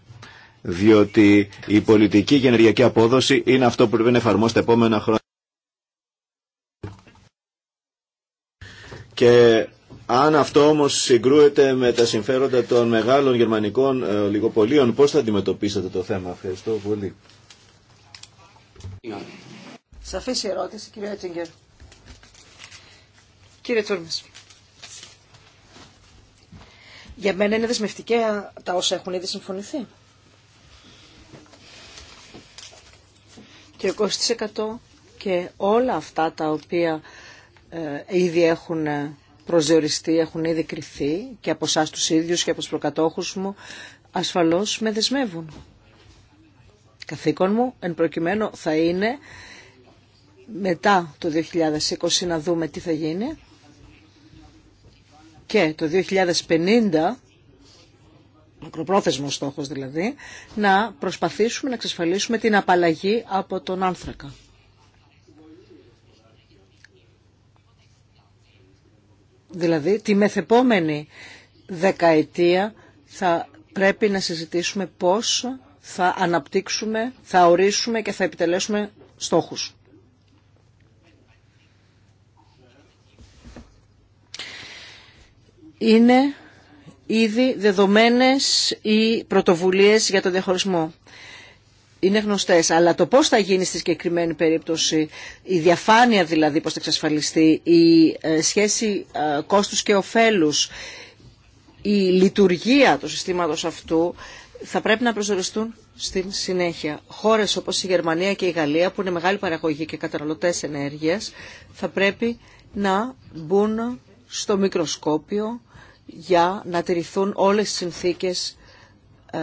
S4: Διότι η πολιτική και η ενεργειακή απόδοση είναι αυτό που πρέπει να εφαρμόσετε επόμενα χρόνια. Και αν αυτό όμως συγκρούεται με τα συμφέροντα των μεγάλων γερμανικών ε, λιγοπολίων, πώς θα αντιμετωπίσετε το θέμα. Ευχαριστώ πολύ.
S3: Σαφής η ερώτηση, κύριε Έτσιγκερ. Κύριε Τσούρμες. Για μένα είναι δεσμευτικά τα όσα έχουν ήδη συμφωνηθεί. Και 20% και όλα αυτά τα οποία ε, ήδη έχουν ε, προσδιοριστεί, έχουν ήδη κρυθεί και από εσά τους ίδιου και από του προκατόχους μου, ασφαλώς με δεσμεύουν. Καθήκον μου, εν προκειμένου θα είναι μετά το 2020 να δούμε τι θα γίνει και το 2050 μακροπρόθεσμος στόχος δηλαδή, να προσπαθήσουμε να εξασφαλίσουμε την απαλλαγή από τον άνθρακα. Δηλαδή τη μεθεπόμενη δεκαετία θα πρέπει να συζητήσουμε πώς θα αναπτύξουμε, θα ορίσουμε και θα επιτελέσουμε στόχους. Είναι ήδη δεδομένες οι πρωτοβουλίες για τον διαχωρισμό είναι γνωστές. Αλλά το πώς θα γίνει στη συγκεκριμένη περίπτωση, η διαφάνεια δηλαδή πώς θα εξασφαλιστεί, η ε, σχέση ε, κόστους και ωφέλους, η λειτουργία του συστήματος αυτού θα πρέπει να προσδοριστούν στην συνέχεια. Χώρες όπως η Γερμανία και η Γαλλία που είναι μεγάλη παραγωγή και καταναλωτές ενέργειας θα πρέπει να μπουν στο μικροσκόπιο για να τηρηθούν όλες τις συνθήκες ε,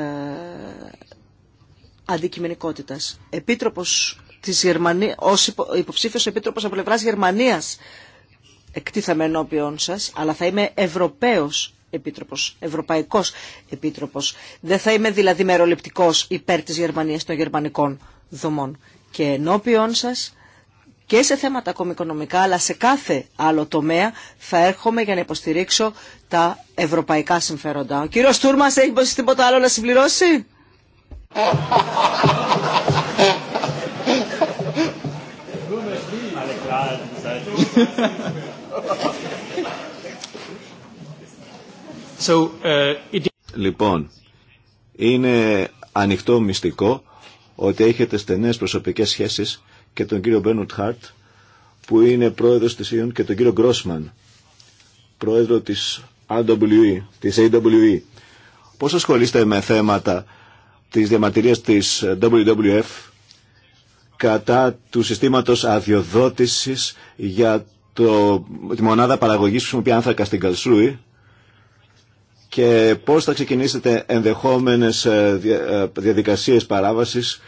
S3: αντικειμενικότητας. Επίτροπος της Γερμανίας, ως υποψήφιος επίτροπος από πλευράς Γερμανίας εκτίθαμε ενώπιον σας, αλλά θα είμαι Ευρωπαίος Επίτροπος, Ευρωπαϊκός Επίτροπος. Δεν θα είμαι δηλαδή μεροληπτικός υπέρ της Γερμανίας των γερμανικών δομών. Και ενώπιον σας και σε θέματα ακόμη οικονομικά, αλλά σε κάθε άλλο τομέα θα έρχομαι για να υποστηρίξω τα ευρωπαϊκά συμφέροντα. Ο κύριος Τούρμας έχει τίποτα άλλο να συμπληρώσει. Uh,
S4: λοιπόν, είναι ανοιχτό μυστικό ότι έχετε στενές προσωπικές σχέσεις και τον κύριο Μπένουτ Χάρτ που είναι πρόεδρος της ΙΟΝ και τον κύριο Γκρόσμαν πρόεδρο της AWE, της AWE. Πώς ασχολείστε με θέματα της διαμαρτυρίας της WWF κατά του συστήματος αδειοδότησης για το, τη μονάδα παραγωγής που χρησιμοποιεί άνθρακα στην Καλσούη και πώς θα ξεκινήσετε ενδεχόμενες ε, ε, διαδικασίες παράβασης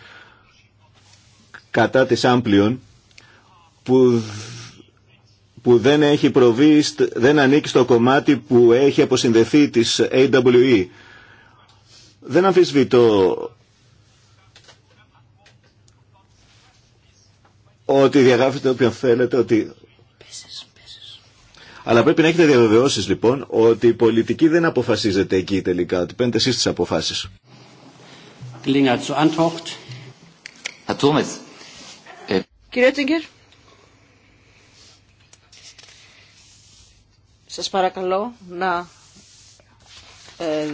S4: κατά της Άμπλιον που, που δεν, έχει προβεί, δεν ανήκει στο κομμάτι που έχει αποσυνδεθεί της AWE δεν αμφισβητώ ότι διαγράφετε όποιον θέλετε, ότι... Αλλά πρέπει να έχετε διαβεβαιώσεις λοιπόν ότι η πολιτική δεν αποφασίζεται εκεί τελικά, ότι παίρνετε εσεί τις αποφάσεις.
S2: Ε-
S3: Κύριε Τσίγκερ, σας παρακαλώ να ε,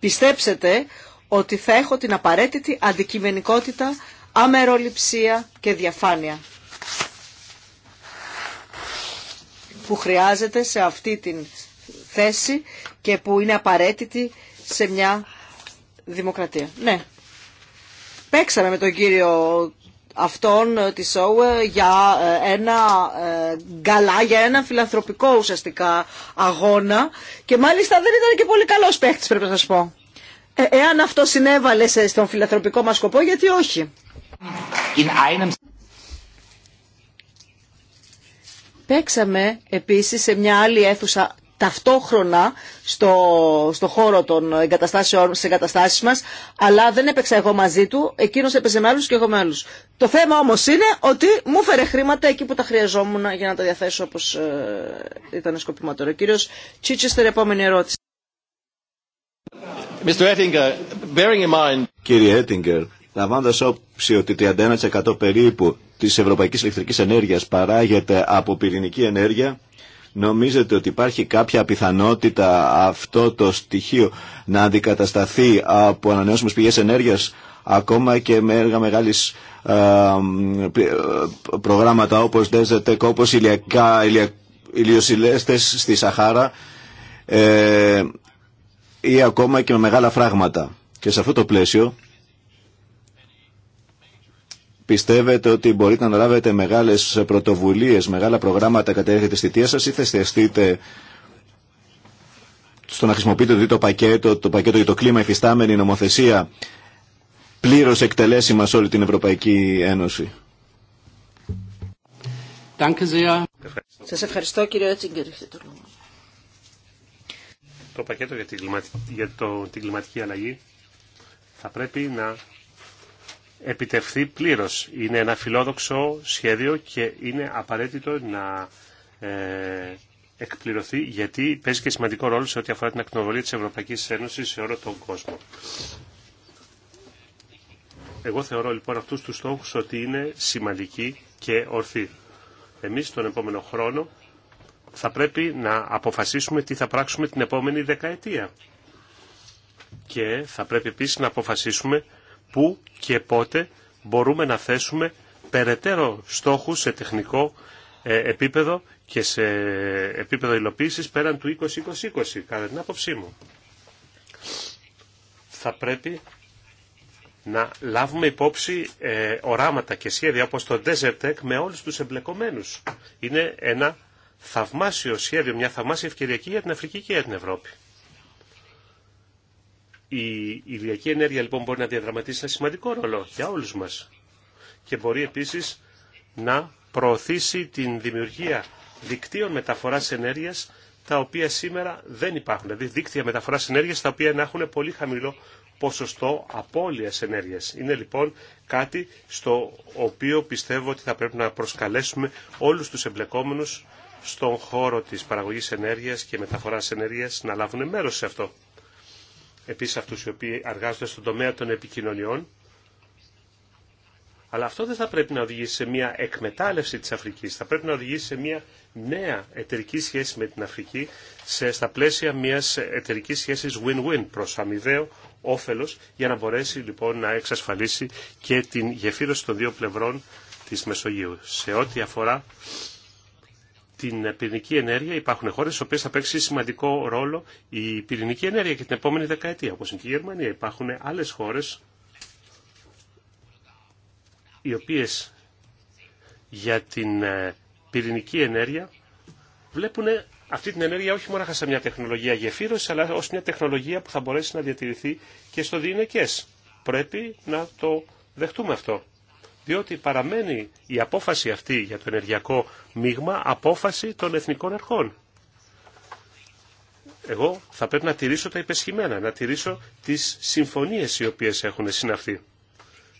S3: πιστέψετε ότι θα έχω την απαραίτητη αντικειμενικότητα, αμεροληψία και διαφάνεια που χρειάζεται σε αυτή την θέση και που είναι απαραίτητη σε μια δημοκρατία. Ναι. Παίξαμε με τον κύριο αυτών ε, τη ΣΟΕ για ε, ένα ε, γκαλά, για ένα φιλανθρωπικό ουσιαστικά αγώνα και μάλιστα δεν ήταν και πολύ καλός παίχτης πρέπει να σας πω. εάν αυτό συνέβαλε στον φιλανθρωπικό μας σκοπό, γιατί όχι. Παίξαμε επίσης σε μια άλλη αίθουσα ταυτόχρονα στο, στο χώρο των εγκαταστάσεων, στις εγκαταστάσεις μας, αλλά δεν έπαιξα εγώ μαζί του, εκείνος έπαιζε με και εγώ με άλλους. Το θέμα όμως είναι ότι μου φέρε χρήματα εκεί που τα χρειαζόμουν για να τα διαθέσω όπως ε, ήταν σκοπιμά τώρα. κύριος Τσίτσεστερ, επόμενη ερώτηση.
S2: Mr. Ettinger,
S4: bearing in mind... Κύριε Έτιγκερ, λαμβάνοντα όψη ότι 31% περίπου της ευρωπαϊκής ηλεκτρικής ενέργειας παράγεται από πυρηνική ενέργεια, Νομίζετε ότι υπάρχει κάποια πιθανότητα αυτό το στοιχείο να αντικατασταθεί από ανανεώσιμες πηγές ενέργειας ακόμα και με έργα μεγάλης ε, ε, προγράμματα όπως Desert Tech, όπως ηλιακά, στη Σαχάρα ε, ή ακόμα και με μεγάλα φράγματα. Και σε αυτό το πλαίσιο Πιστεύετε ότι μπορείτε να λάβετε μεγάλες πρωτοβουλίες, μεγάλα προγράμματα κατά τη θητείας σας ή θα εστιαστείτε στο να χρησιμοποιείτε το πακέτο, το πακέτο για το κλίμα υφιστάμενη νομοθεσία πλήρως εκτελέσιμα σε όλη την Ευρωπαϊκή Ένωση.
S2: Σας ευχαριστώ κύριε Έτσιγκερ.
S1: Το πακέτο για την κλιματική αλλαγή θα πρέπει να επιτευχθεί πλήρως. Είναι ένα φιλόδοξο σχέδιο και είναι απαραίτητο να ε, εκπληρωθεί γιατί παίζει και σημαντικό ρόλο σε ό,τι αφορά την ακτινοβολία της Ευρωπαϊκής Ένωσης σε όλο τον κόσμο. Εγώ θεωρώ λοιπόν αυτούς τους στόχους ότι είναι σημαντικοί και ορθοί. Εμείς τον επόμενο χρόνο θα πρέπει να αποφασίσουμε τι θα πράξουμε την επόμενη δεκαετία. Και θα πρέπει επίσης να αποφασίσουμε πού και πότε μπορούμε να θέσουμε περαιτέρω στόχους σε τεχνικό ε, επίπεδο και σε επίπεδο υλοποίησης πέραν του 2020, κατά την άποψή μου. Θα πρέπει να λάβουμε υπόψη ε, οράματα και σχέδια όπως το Desert Tech με όλους τους εμπλεκομένους. Είναι ένα θαυμάσιο σχέδιο, μια θαυμάσια ευκαιριακή για την Αφρική και για την Ευρώπη. Η ηλιακή ενέργεια λοιπόν μπορεί να διαδραματίσει ένα σημαντικό ρόλο για όλους μας και μπορεί επίσης να προωθήσει την δημιουργία δικτύων μεταφοράς ενέργειας τα οποία σήμερα δεν υπάρχουν. Δηλαδή δίκτυα μεταφοράς ενέργειας τα οποία να έχουν πολύ χαμηλό ποσοστό απώλειας ενέργειας. Είναι λοιπόν κάτι στο οποίο πιστεύω ότι θα πρέπει να προσκαλέσουμε όλους τους εμπλεκόμενους στον χώρο της παραγωγής ενέργειας και μεταφοράς ενέργειας να λάβουν μέρος σε αυτό επίσης αυτούς οι οποίοι εργάζονται στον τομέα των επικοινωνιών. Αλλά αυτό δεν θα πρέπει να οδηγήσει σε μια εκμετάλλευση της Αφρικής. Θα πρέπει να οδηγήσει σε μια νέα εταιρική σχέση με την Αφρική σε, στα πλαίσια μιας εταιρική σχέσης win-win προς αμοιβαίο όφελος για να μπορέσει λοιπόν να εξασφαλίσει και την γεφύρωση των δύο πλευρών της Μεσογείου. Σε ό,τι αφορά την πυρηνική ενέργεια υπάρχουν χώρε στις οποίες θα παίξει σημαντικό ρόλο η πυρηνική ενέργεια και την επόμενη δεκαετία, Όπω είναι και η Γερμανία. Υπάρχουν άλλες χώρες οι οποίε για την ε, πυρηνική ενέργεια βλέπουν αυτή την ενέργεια όχι μόνο σαν μια τεχνολογία γεφύρωση, αλλά ω μια τεχνολογία που θα μπορέσει να διατηρηθεί και στο διηνεκέ. Πρέπει να το δεχτούμε αυτό διότι παραμένει η απόφαση αυτή για το ενεργειακό μείγμα απόφαση των εθνικών αρχών. Εγώ θα πρέπει να τηρήσω τα υπεσχημένα, να τηρήσω τις συμφωνίες οι οποίες έχουν συναυθεί.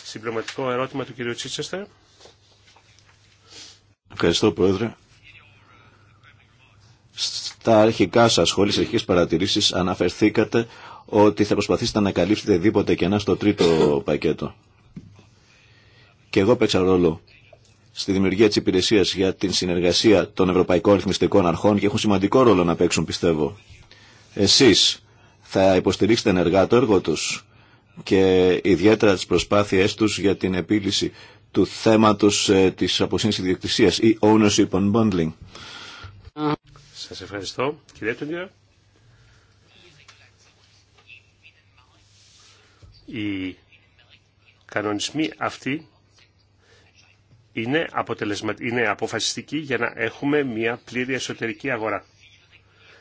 S1: Συμπληρωματικό ερώτημα του κυρίου Τσίτσεστερ.
S4: Ευχαριστώ Πρόεδρε. Στα αρχικά σας σχόλια, αρχικές παρατηρήσεις αναφερθήκατε ότι θα προσπαθήσετε να καλύψετε δίποτε κενά στο τρίτο πακέτο. Και εγώ παίξα ρόλο στη δημιουργία τη υπηρεσία για την συνεργασία των Ευρωπαϊκών Ρυθμιστικών Αρχών και έχουν σημαντικό ρόλο να παίξουν, πιστεύω. Εσεί θα υποστηρίξετε ενεργά το έργο του και ιδιαίτερα τι προσπάθειέ του για την επίλυση του θέματο ε, της αποσύνση ιδιοκτησία ή ownership on bundling.
S1: Σας ευχαριστώ. Κύριε Οι κανονισμοί αυτοί είναι, αποτελεσμα... αποφασιστική για να έχουμε μια πλήρη εσωτερική αγορά.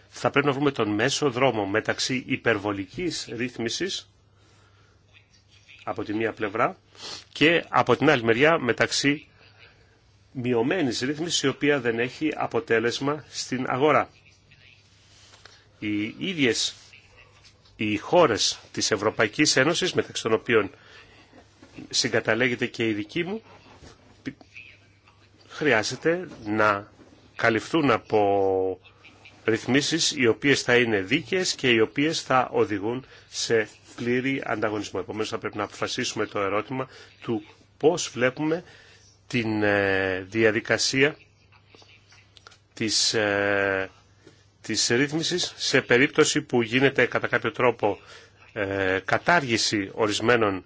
S1: Θα πρέπει να βρούμε τον μέσο δρόμο μεταξύ υπερβολικής ρύθμισης από τη μία πλευρά και από την άλλη μεριά μεταξύ μειωμένης ρύθμισης η οποία δεν έχει αποτέλεσμα στην αγορά. Οι ίδιες οι χώρες της Ευρωπαϊκής Ένωσης μεταξύ των οποίων συγκαταλέγεται και η δική μου χρειάζεται να καλυφθούν από ρυθμίσεις οι οποίες θα είναι δίκαιες και οι οποίες θα οδηγούν σε πλήρη ανταγωνισμό. Επομένως θα πρέπει να αποφασίσουμε το ερώτημα του πώς βλέπουμε την ε, διαδικασία της, ε, της ρύθμισης σε περίπτωση που γίνεται κατά κάποιο τρόπο ε, κατάργηση ορισμένων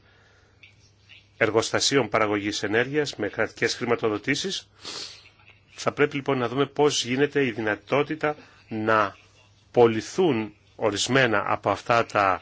S1: εργοστασίων παραγωγής ενέργειας με κρατικές χρηματοδοτήσεις. Θα πρέπει λοιπόν να δούμε πώς γίνεται η δυνατότητα να πολιθούν ορισμένα από, αυτά τα,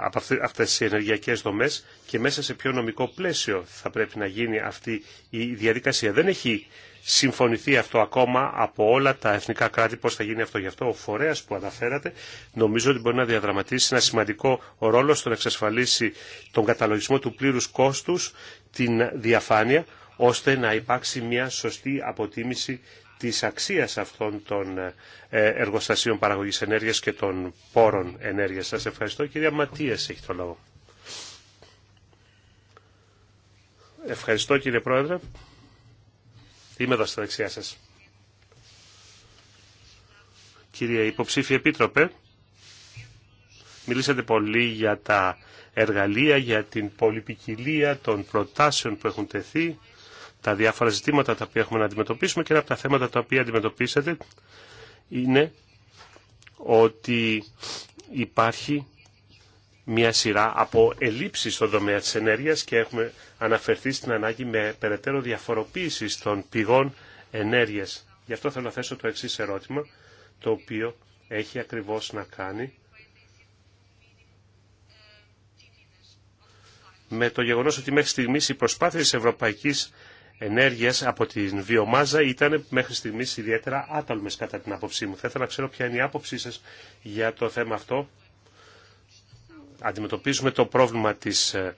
S1: από αυτές τις ενεργειακές δομές και μέσα σε ποιο νομικό πλαίσιο θα πρέπει να γίνει αυτή η διαδικασία. Δεν έχει συμφωνηθεί αυτό ακόμα από όλα τα εθνικά κράτη πώς θα γίνει αυτό. Γι' αυτό ο φορέας που αναφέρατε νομίζω ότι μπορεί να διαδραματίσει ένα σημαντικό ρόλο στο να εξασφαλίσει τον καταλογισμό του πλήρους κόστους, την διαφάνεια, ώστε να υπάρξει μια σωστή αποτίμηση της αξίας αυτών των ε, εργοστασίων παραγωγής ενέργειας και των πόρων ενέργειας. Σας ευχαριστώ. Κυρία Ματίας έχει το λόγο. Ευχαριστώ κύριε Πρόεδρε. Είμαι εδώ στα δεξιά σας. Κύριε Υποψήφιε Επίτροπε, μιλήσατε πολύ για τα εργαλεία, για την πολυπικιλία των προτάσεων που έχουν τεθεί, τα διάφορα ζητήματα τα οποία έχουμε να αντιμετωπίσουμε και ένα από τα θέματα τα οποία αντιμετωπίσατε είναι ότι υπάρχει μια σειρά από ελλείψεις στον τομέα της ενέργειας και έχουμε αναφερθεί στην ανάγκη με περαιτέρω διαφοροποίηση των πηγών ενέργειας. Γι' αυτό θέλω να θέσω το εξής ερώτημα, το οποίο έχει ακριβώς να κάνει με το γεγονός ότι μέχρι στιγμής οι προσπάθειες της Ευρωπαϊκής Ενέργειας από την βιομάζα ήταν μέχρι στιγμής ιδιαίτερα άταλμες κατά την άποψή μου. Θα ήθελα να ξέρω ποια είναι η άποψή σας για το θέμα αυτό αντιμετωπίζουμε το πρόβλημα της ε,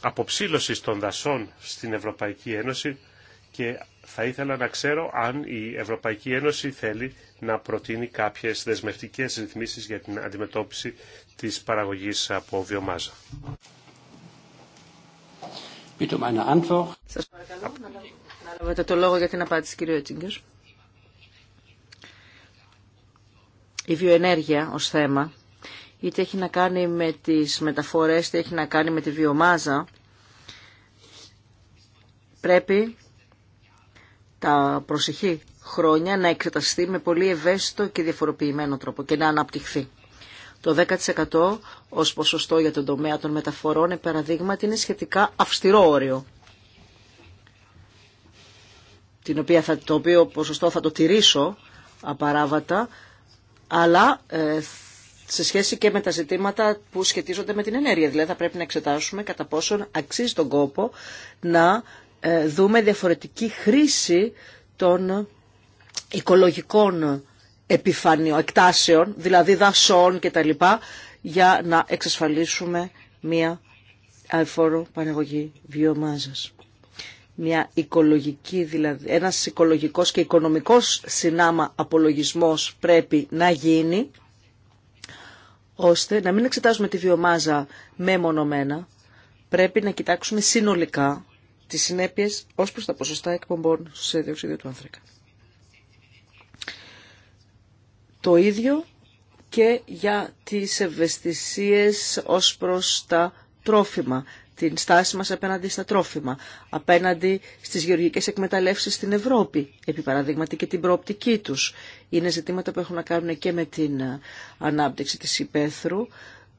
S1: αποψήλωσης των δασών στην Ευρωπαϊκή Ένωση και θα ήθελα να ξέρω αν η Ευρωπαϊκή Ένωση θέλει να προτείνει κάποιες δεσμευτικές ρυθμίσεις για την αντιμετώπιση της παραγωγής από βιομάζα.
S2: Um Σας παρακαλώ
S3: να λάβετε το λόγο για την απάντηση, κύριε Έτσιγκερ. Η βιοενέργεια ως θέμα είτε έχει να κάνει με τις μεταφορές, είτε έχει να κάνει με τη βιομάζα, πρέπει τα προσεχή χρόνια να εξεταστεί με πολύ ευαίσθητο και διαφοροποιημένο τρόπο και να αναπτυχθεί. Το 10% ως ποσοστό για τον τομέα των μεταφορών, παραδείγματι, είναι σχετικά αυστηρό όριο. Την οποία θα, το οποίο ποσοστό θα το τηρήσω απαράβατα, αλλά ε, σε σχέση και με τα ζητήματα που σχετίζονται με την ενέργεια. Δηλαδή θα πρέπει να εξετάσουμε κατά πόσον αξίζει τον κόπο να ε, δούμε διαφορετική χρήση των οικολογικών επιφανείων, εκτάσεων, δηλαδή δασών κτλ. για να εξασφαλίσουμε μία αεφόρο πανεγωγή βιομάζας. Μια αεφορο παραγωγη δηλαδή, ένας οικολογικός και οικονομικός συνάμα απολογισμός πρέπει να γίνει ώστε να μην εξετάζουμε τη βιομάζα μεμονωμένα, πρέπει να κοιτάξουμε συνολικά τις συνέπειες ως προς τα ποσοστά εκπομπών σε διοξίδιο του άνθρακα. Το ίδιο και για τις ευαισθησίες ως προς τα τρόφιμα την στάση μας απέναντι στα τρόφιμα, απέναντι στις γεωργικές εκμεταλλεύσεις στην Ευρώπη, επί παραδείγματι και την προοπτική τους. Είναι ζητήματα που έχουν να κάνουν και με την ε, ανάπτυξη της υπαίθρου,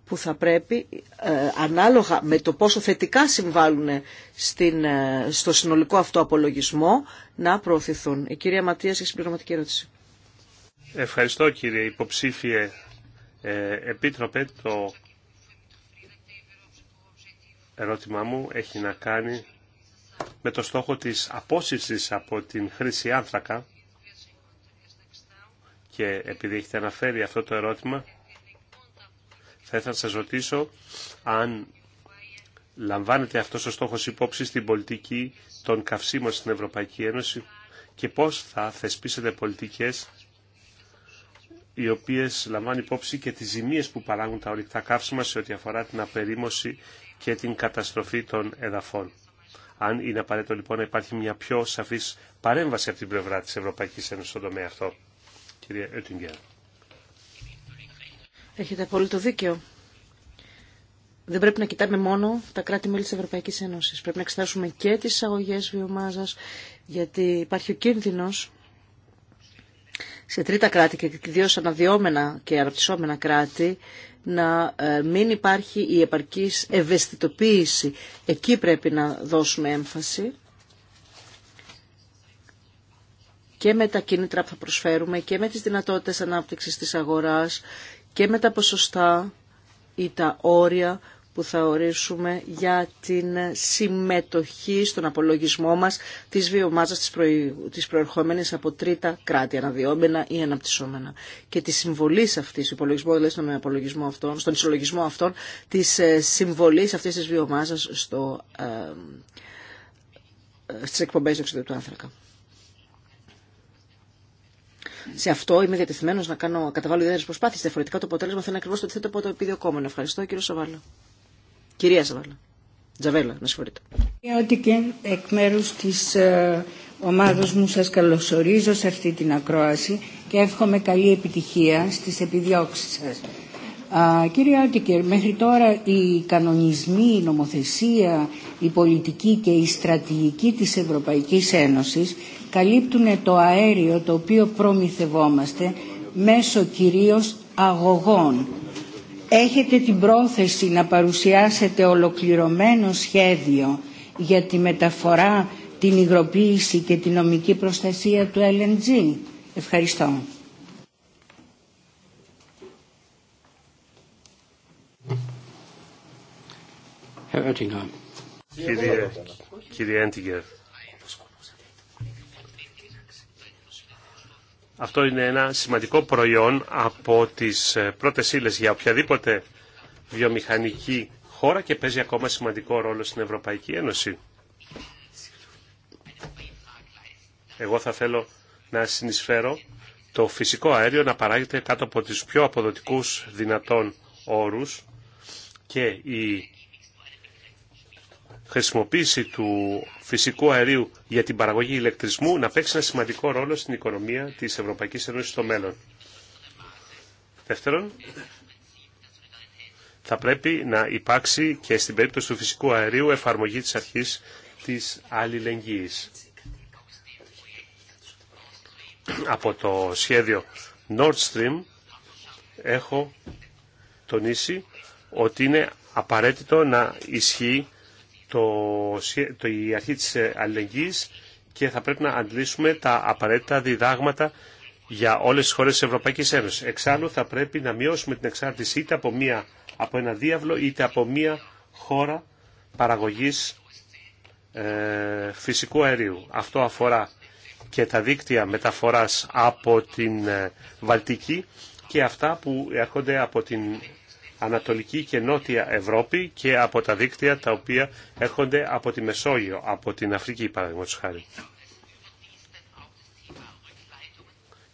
S3: που θα πρέπει ε, ανάλογα με το πόσο θετικά συμβάλλουν στην, ε, στο συνολικό αυτό απολογισμό να προωθηθούν. Η κυρία Ματίας έχει συμπληρωματική ερώτηση.
S1: Ευχαριστώ κύριε υποψήφιε επίτροπε το ερώτημά μου έχει να κάνει με το στόχο της απόσυρσης από την χρήση άνθρακα και επειδή έχετε αναφέρει αυτό το ερώτημα θα ήθελα να σας ρωτήσω αν λαμβάνετε αυτός ο στόχος υπόψη στην πολιτική των καυσίμων στην Ευρωπαϊκή Ένωση και πώς θα θεσπίσετε πολιτικές οι οποίες λαμβάνουν υπόψη και τις ζημίες που παράγουν τα ορυκτά καύσιμα σε ό,τι αφορά την απερίμωση και την καταστροφή των εδαφών. Αν είναι απαραίτητο λοιπόν να υπάρχει μια πιο σαφής παρέμβαση από την πλευρά της Ευρωπαϊκής Ένωσης στον τομέα αυτό. Κυρία Έτυγγερ.
S3: Έχετε απόλυτο δίκιο. Δεν πρέπει να κοιτάμε μόνο τα κράτη-μέλη της Ευρωπαϊκής Ένωσης. Πρέπει να εξετάσουμε και τις εισαγωγέ βιομάζας, γιατί υπάρχει ο κίνδυνος σε τρίτα κράτη και ιδίω αναδυόμενα και αναπτυσσόμενα κράτη να ε, μην υπάρχει η επαρκής ευαισθητοποίηση. Εκεί πρέπει να δώσουμε έμφαση και με τα κίνητρα που θα προσφέρουμε και με τις δυνατότητες ανάπτυξης της αγοράς και με τα ποσοστά ή τα όρια που θα ορίσουμε για την συμμετοχή στον απολογισμό μας της βιομάζας της, προ... της προερχόμενης από τρίτα κράτη, αναδυόμενα ή αναπτυσσόμενα. Και τη συμβολή αυτής, υπολογισμό, δηλαδή στον, απολογισμό αυτών, στον ισολογισμό αυτών, της ε, συμβολής αυτής της βιομάζας στο, ε, ε στις εκπομπές του του άνθρακα. Σε αυτό είμαι διατεθειμένο να κάνω, καταβάλω ιδέες προσπάθειε. Διαφορετικά το αποτέλεσμα θα είναι ακριβώ το αντίθετο από το επιδιωκόμενο. Ευχαριστώ, κύριο Σάβάλλο. Κυρία Ζαβέλα. Τζαβέλα, με συγχωρείτε.
S2: Ότι και εκ μέρους της ε, ομάδος μου σας καλωσορίζω σε αυτή την ακρόαση και εύχομαι καλή επιτυχία στις επιδιώξεις σας. κύριε Άτικερ, μέχρι τώρα οι κανονισμοί, η νομοθεσία, η πολιτική και η στρατηγική της Ευρωπαϊκής Ένωσης καλύπτουν το αέριο το οποίο προμηθευόμαστε μέσω κυρίως αγωγών έχετε την πρόθεση να παρουσιάσετε ολοκληρωμένο σχέδιο για τη μεταφορά, την υγροποίηση και την νομική προστασία του LNG. Ευχαριστώ.
S1: Κύριε, Αυτό είναι ένα σημαντικό προϊόν από τις ε, πρώτες ύλες για οποιαδήποτε βιομηχανική χώρα και παίζει ακόμα σημαντικό ρόλο στην Ευρωπαϊκή Ένωση. Εγώ θα θέλω να συνεισφέρω το φυσικό αέριο να παράγεται κάτω από τις πιο αποδοτικούς δυνατόν όρους και η χρησιμοποίηση του φυσικού αερίου για την παραγωγή ηλεκτρισμού να παίξει ένα σημαντικό ρόλο στην οικονομία της Ευρωπαϊκής Ένωσης στο μέλλον. Δεύτερον, θα πρέπει να υπάρξει και στην περίπτωση του φυσικού αερίου εφαρμογή της αρχής της αλληλεγγύης. Από το σχέδιο Nord Stream έχω τονίσει ότι είναι απαραίτητο να ισχύει το, το, η αρχή της ε, αλληλεγγύης και θα πρέπει να αντλήσουμε τα απαραίτητα διδάγματα για όλες τις χώρες της Ευρωπαϊκής Ένωσης. Εξάλλου θα πρέπει να μειώσουμε την εξάρτηση είτε από, μία, από ένα διάβλο είτε από μία χώρα παραγωγής ε, φυσικού αερίου. Αυτό αφορά και τα δίκτυα μεταφοράς από την ε, Βαλτική και αυτά που έρχονται από την Ανατολική και Νότια Ευρώπη και από τα δίκτυα τα οποία έρχονται από τη Μεσόγειο, από την Αφρική παραδείγματος χάρη.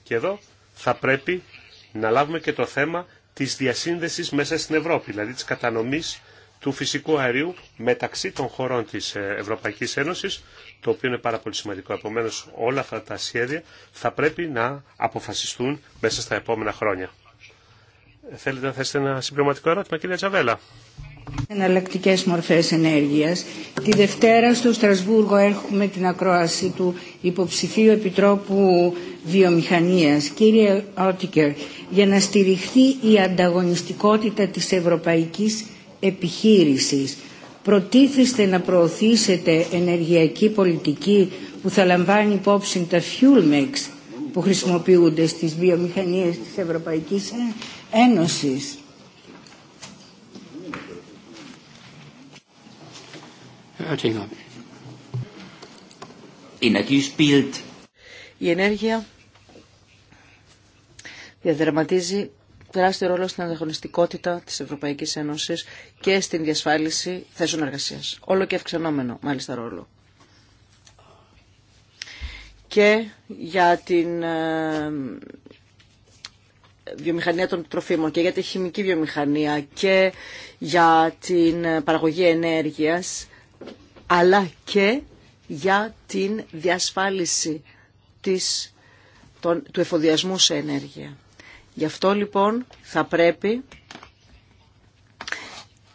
S1: Και εδώ θα πρέπει να λάβουμε και το θέμα της διασύνδεσης μέσα στην Ευρώπη, δηλαδή της κατανομής του φυσικού αερίου μεταξύ των χωρών της ε, Ευρωπαϊκής Ένωσης, το οποίο είναι πάρα πολύ σημαντικό. Επομένως όλα αυτά τα σχέδια θα πρέπει να αποφασιστούν μέσα στα επόμενα χρόνια. Θέλετε να θέσετε ένα συμπληρωματικό ερώτημα, κυρία Τζαβέλα.
S2: Εναλλακτικέ μορφέ ενέργεια. Τη Δευτέρα στο Στρασβούργο έχουμε την ακρόαση του υποψηφίου Επιτρόπου Βιομηχανία, κύριε Ότικερ, για να στηριχθεί η ανταγωνιστικότητα τη ευρωπαϊκή επιχείρηση. Προτίθεστε να προωθήσετε ενεργειακή πολιτική που θα λαμβάνει υπόψη τα fuel mix που χρησιμοποιούνται στις βιομηχανίες της Ευρωπαϊκής Ένωσης.
S3: Η ενέργεια διαδραματίζει τεράστιο ρόλο στην ανταγωνιστικότητα της Ευρωπαϊκής Ένωσης και στην διασφάλιση θέσεων εργασίας. Όλο και αυξανόμενο μάλιστα ρόλο. Και για την ε, βιομηχανία των τροφίμων και για τη χημική βιομηχανία και για την παραγωγή ενέργειας, αλλά και για την διασφάλιση της, του εφοδιασμού σε ενέργεια. Γι' αυτό λοιπόν θα πρέπει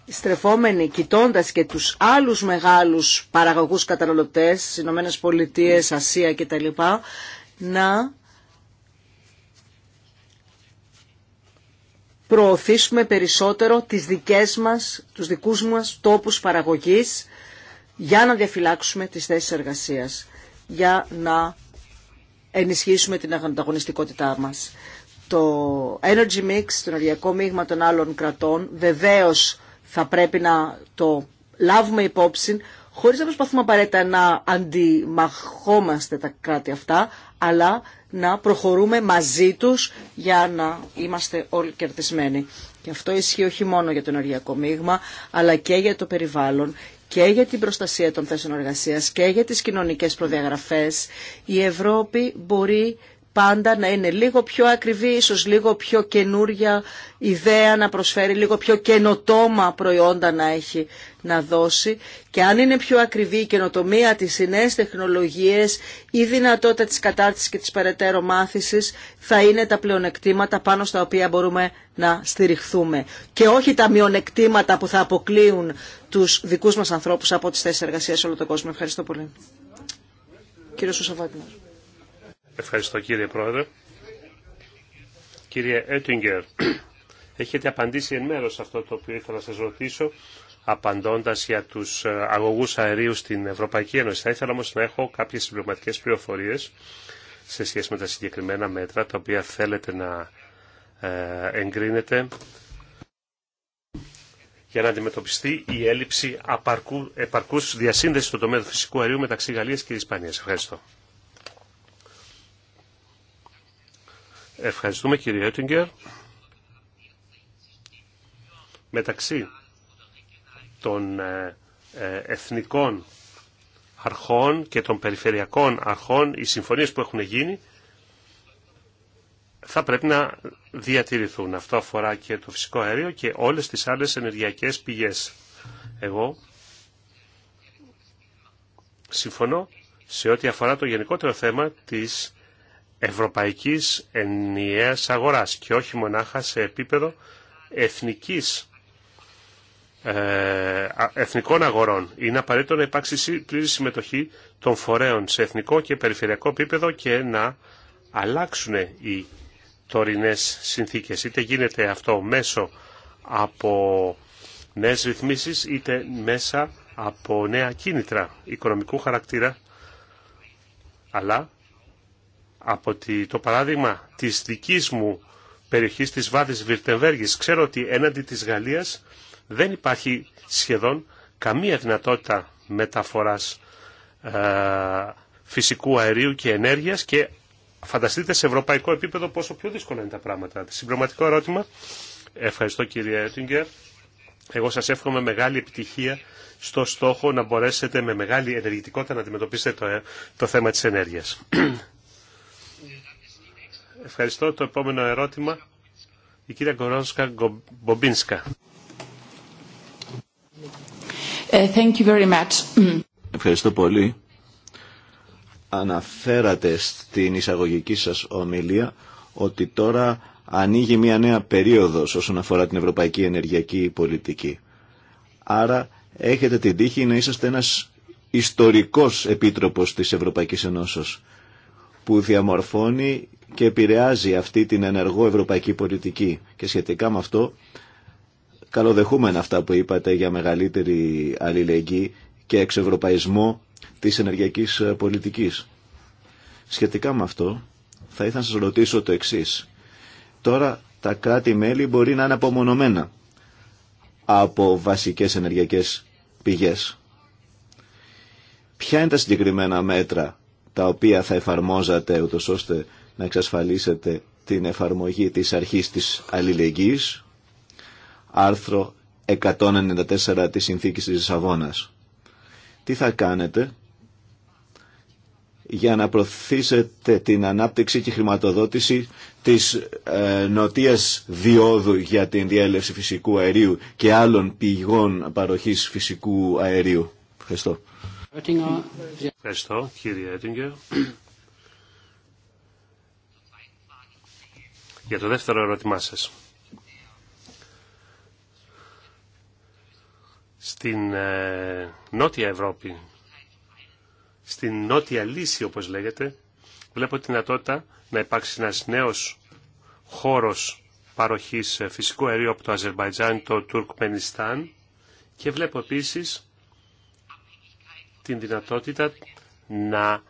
S3: στρεφόμενοι κοιτώντας και τους άλλους μεγάλους παραγωγούς καταναλωτές, Ηνωμένε Πολιτείες, Ασία κτλ, να προωθήσουμε περισσότερο τις δικές μας, τους δικούς μας τόπους παραγωγής για να διαφυλάξουμε τις θέσεις εργασίας, για να ενισχύσουμε την ανταγωνιστικότητά μας. Το energy mix, το ενεργειακό μείγμα των άλλων κρατών, βεβαίως θα πρέπει να το λάβουμε υπόψη, χωρίς να προσπαθούμε απαραίτητα να αντιμαχόμαστε τα κράτη αυτά, αλλά να προχωρούμε μαζί τους για να είμαστε όλοι κερδισμένοι. Και αυτό ισχύει όχι μόνο για το ενεργειακό μείγμα, αλλά και για το περιβάλλον και για την προστασία των θέσεων εργασίας και για τις κοινωνικές προδιαγραφές. Η Ευρώπη μπορεί πάντα να είναι λίγο πιο ακριβή, ίσως λίγο πιο καινούρια ιδέα να προσφέρει, λίγο πιο καινοτόμα προϊόντα να έχει να δώσει. Και αν είναι πιο ακριβή η καινοτομία, τις νέες τεχνολογίες, η δυνατότητα τη κατάρτισης και της περαιτέρω μάθηση θα είναι τα πλεονεκτήματα πάνω στα οποία μπορούμε να στηριχθούμε. Και όχι τα μειονεκτήματα που θα αποκλείουν του δικού μα ανθρώπου από τι θέσει εργασία σε όλο τον κόσμο. Ευχαριστώ πολύ.
S1: Ευχαριστώ κύριε Πρόεδρε. Κύριε Έττιγκερ, έχετε απαντήσει εν μέρος αυτό το οποίο ήθελα να σας ρωτήσω, απαντώντας για τους ε, αγωγούς αερίου στην Ευρωπαϊκή Ένωση. Θα ήθελα όμως να έχω κάποιες συμπληρωματικές πληροφορίες σε σχέση με τα συγκεκριμένα μέτρα τα οποία θέλετε να ε, εγκρίνετε για να αντιμετωπιστεί η έλλειψη επαρκούς διασύνδεσης στον τομέα του φυσικού αερίου μεταξύ Γαλλίας και Ισπανίας. Ευχαριστώ. Ευχαριστούμε κύριε Έτιγκερ. Μεταξύ των ε, ε, εθνικών αρχών και των περιφερειακών αρχών, οι συμφωνίες που έχουν γίνει θα πρέπει να διατηρηθούν. Αυτό αφορά και το φυσικό αέριο και όλες τις άλλες ενεργειακές πηγές. Εγώ συμφωνώ σε ό,τι αφορά το γενικότερο θέμα της ευρωπαϊκής ενιαίας αγοράς και όχι μονάχα σε επίπεδο εθνικής, ε, εθνικών αγορών. Είναι απαραίτητο να υπάρξει πλήρη συμμετοχή των φορέων σε εθνικό και περιφερειακό επίπεδο και να αλλάξουν οι τωρινές συνθήκες. Είτε γίνεται αυτό μέσω από νέες ρυθμίσεις είτε μέσα από νέα κίνητρα οικονομικού χαρακτήρα αλλά από το παράδειγμα της δικής μου περιοχής της Βάδης Βιρτεμβέργης. Ξέρω ότι έναντι της Γαλλίας δεν υπάρχει σχεδόν καμία δυνατότητα μεταφοράς ε, φυσικού αερίου και ενέργειας και φανταστείτε σε ευρωπαϊκό επίπεδο πόσο πιο δύσκολα είναι τα πράγματα. Συμπληρωματικό ερώτημα. Ευχαριστώ κύριε Έτιγκερ. Εγώ σας εύχομαι μεγάλη επιτυχία στο στόχο να μπορέσετε με μεγάλη ενεργητικότητα να αντιμετωπίσετε το, ε, το θέμα της ενέργειας. Ευχαριστώ. Το επόμενο ερώτημα, η κυρία Κορόνσκα Μπομπίνσκα.
S2: Ε, mm.
S4: Ευχαριστώ πολύ. Αναφέρατε στην εισαγωγική σας ομιλία ότι τώρα ανοίγει μια νέα περίοδος όσον αφορά την ευρωπαϊκή ενεργειακή πολιτική. Άρα έχετε την τύχη να είσαστε ένας ιστορικός επίτροπος της Ευρωπαϊκής Ενώσεως που διαμορφώνει και επηρεάζει αυτή την ενεργό ευρωπαϊκή πολιτική. Και σχετικά με αυτό καλοδεχούμενα αυτά που είπατε για μεγαλύτερη αλληλεγγύη και εξευρωπαϊσμό της ενεργειακής πολιτικής. Σχετικά με αυτό θα ήθελα να σας ρωτήσω το εξής. Τώρα τα κράτη-μέλη μπορεί να είναι απομονωμένα από βασικές ενεργειακές πηγές. Ποια είναι τα συγκεκριμένα μέτρα τα οποία θα εφαρμόζατε ούτως ώστε να εξασφαλίσετε την εφαρμογή της αρχής της αλληλεγγύης, άρθρο 194 της Συνθήκης της Λισαβόνας. Τι θα κάνετε για να προωθήσετε την ανάπτυξη και χρηματοδότηση της ε, νοτίας διόδου για την διέλευση φυσικού αερίου και άλλων πηγών παροχής φυσικού αερίου. Ευχαριστώ.
S1: Ευχαριστώ κύριε Για το δεύτερο ερώτημά σας. Στην ε, Νότια Ευρώπη, στην Νότια Λύση όπως λέγεται, βλέπω τη δυνατότητα να υπάρξει ένας νέος χώρος παροχής ε, φυσικού αερίου από το Αζερβαϊτζάν, το Τουρκμενιστάν και βλέπω επίσης την δυνατότητα να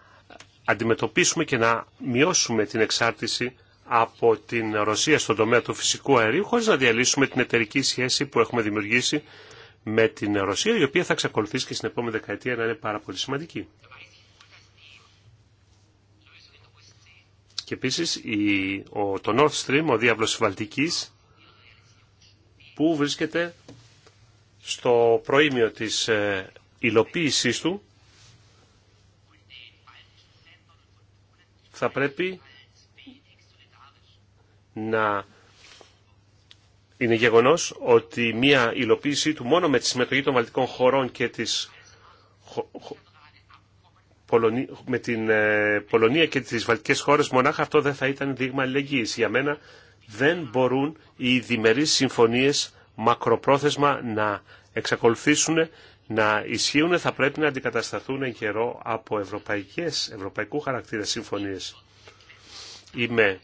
S1: αντιμετωπίσουμε και να μειώσουμε την εξάρτηση από την Ρωσία στον τομέα του φυσικού αερίου χωρίς να διαλύσουμε την εταιρική σχέση που έχουμε δημιουργήσει με την Ρωσία η οποία θα εξακολουθήσει και στην επόμενη δεκαετία να είναι πάρα πολύ σημαντική. Και επίσης το North Stream, ο διάβλος Βαλτικής που βρίσκεται στο προήμιο της ε, υλοποίησή του θα πρέπει να είναι γεγονός ότι μία υλοποίησή του μόνο με τη συμμετοχή των βαλτικών χωρών και της με την ε, Πολωνία και τις βαλτικές χώρες μονάχα αυτό δεν θα ήταν δείγμα αλληλεγγύης. Για μένα δεν μπορούν οι διμερείς συμφωνίες μακροπρόθεσμα να εξακολουθήσουν να ισχύουν θα πρέπει να αντικατασταθούν εν καιρό από ευρωπαϊκές, ευρωπαϊκού χαρακτήρα συμφωνίες. Είμαι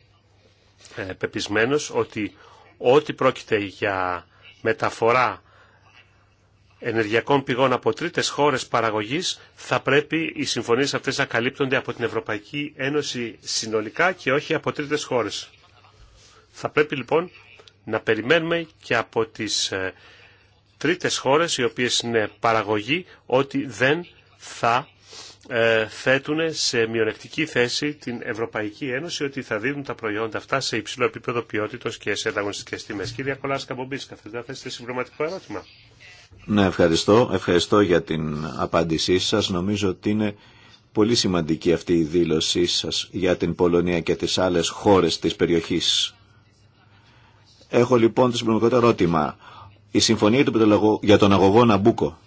S1: ε, πεπισμένος ότι ό,τι πρόκειται για μεταφορά ενεργειακών πηγών από τρίτες χώρες παραγωγής θα πρέπει οι συμφωνίες αυτές να καλύπτονται από την Ευρωπαϊκή Ένωση συνολικά και όχι από τρίτες χώρες. Θα πρέπει λοιπόν να περιμένουμε και από τις ε, τρίτες χώρες οι οποίες είναι παραγωγή ότι δεν θα ε, θέτουν σε μειονεκτική θέση την Ευρωπαϊκή Ένωση ότι θα δίνουν τα προϊόντα αυτά σε υψηλό επίπεδο ποιότητος και σε ανταγωνιστικές τιμές. Κύριε Κολάσκα Μπομπίσκα, θέλετε να θέσετε συμπληρωματικό ερώτημα.
S4: Ναι, ευχαριστώ. Ευχαριστώ για την απάντησή σας. Νομίζω ότι είναι πολύ σημαντική αυτή η δήλωσή σας για την Πολωνία και τις άλλες χώρες της περιοχής. Έχω λοιπόν το συμπληρωματικό ερώτημα η συμφωνία του για τον αγωγό Ναμπούκο.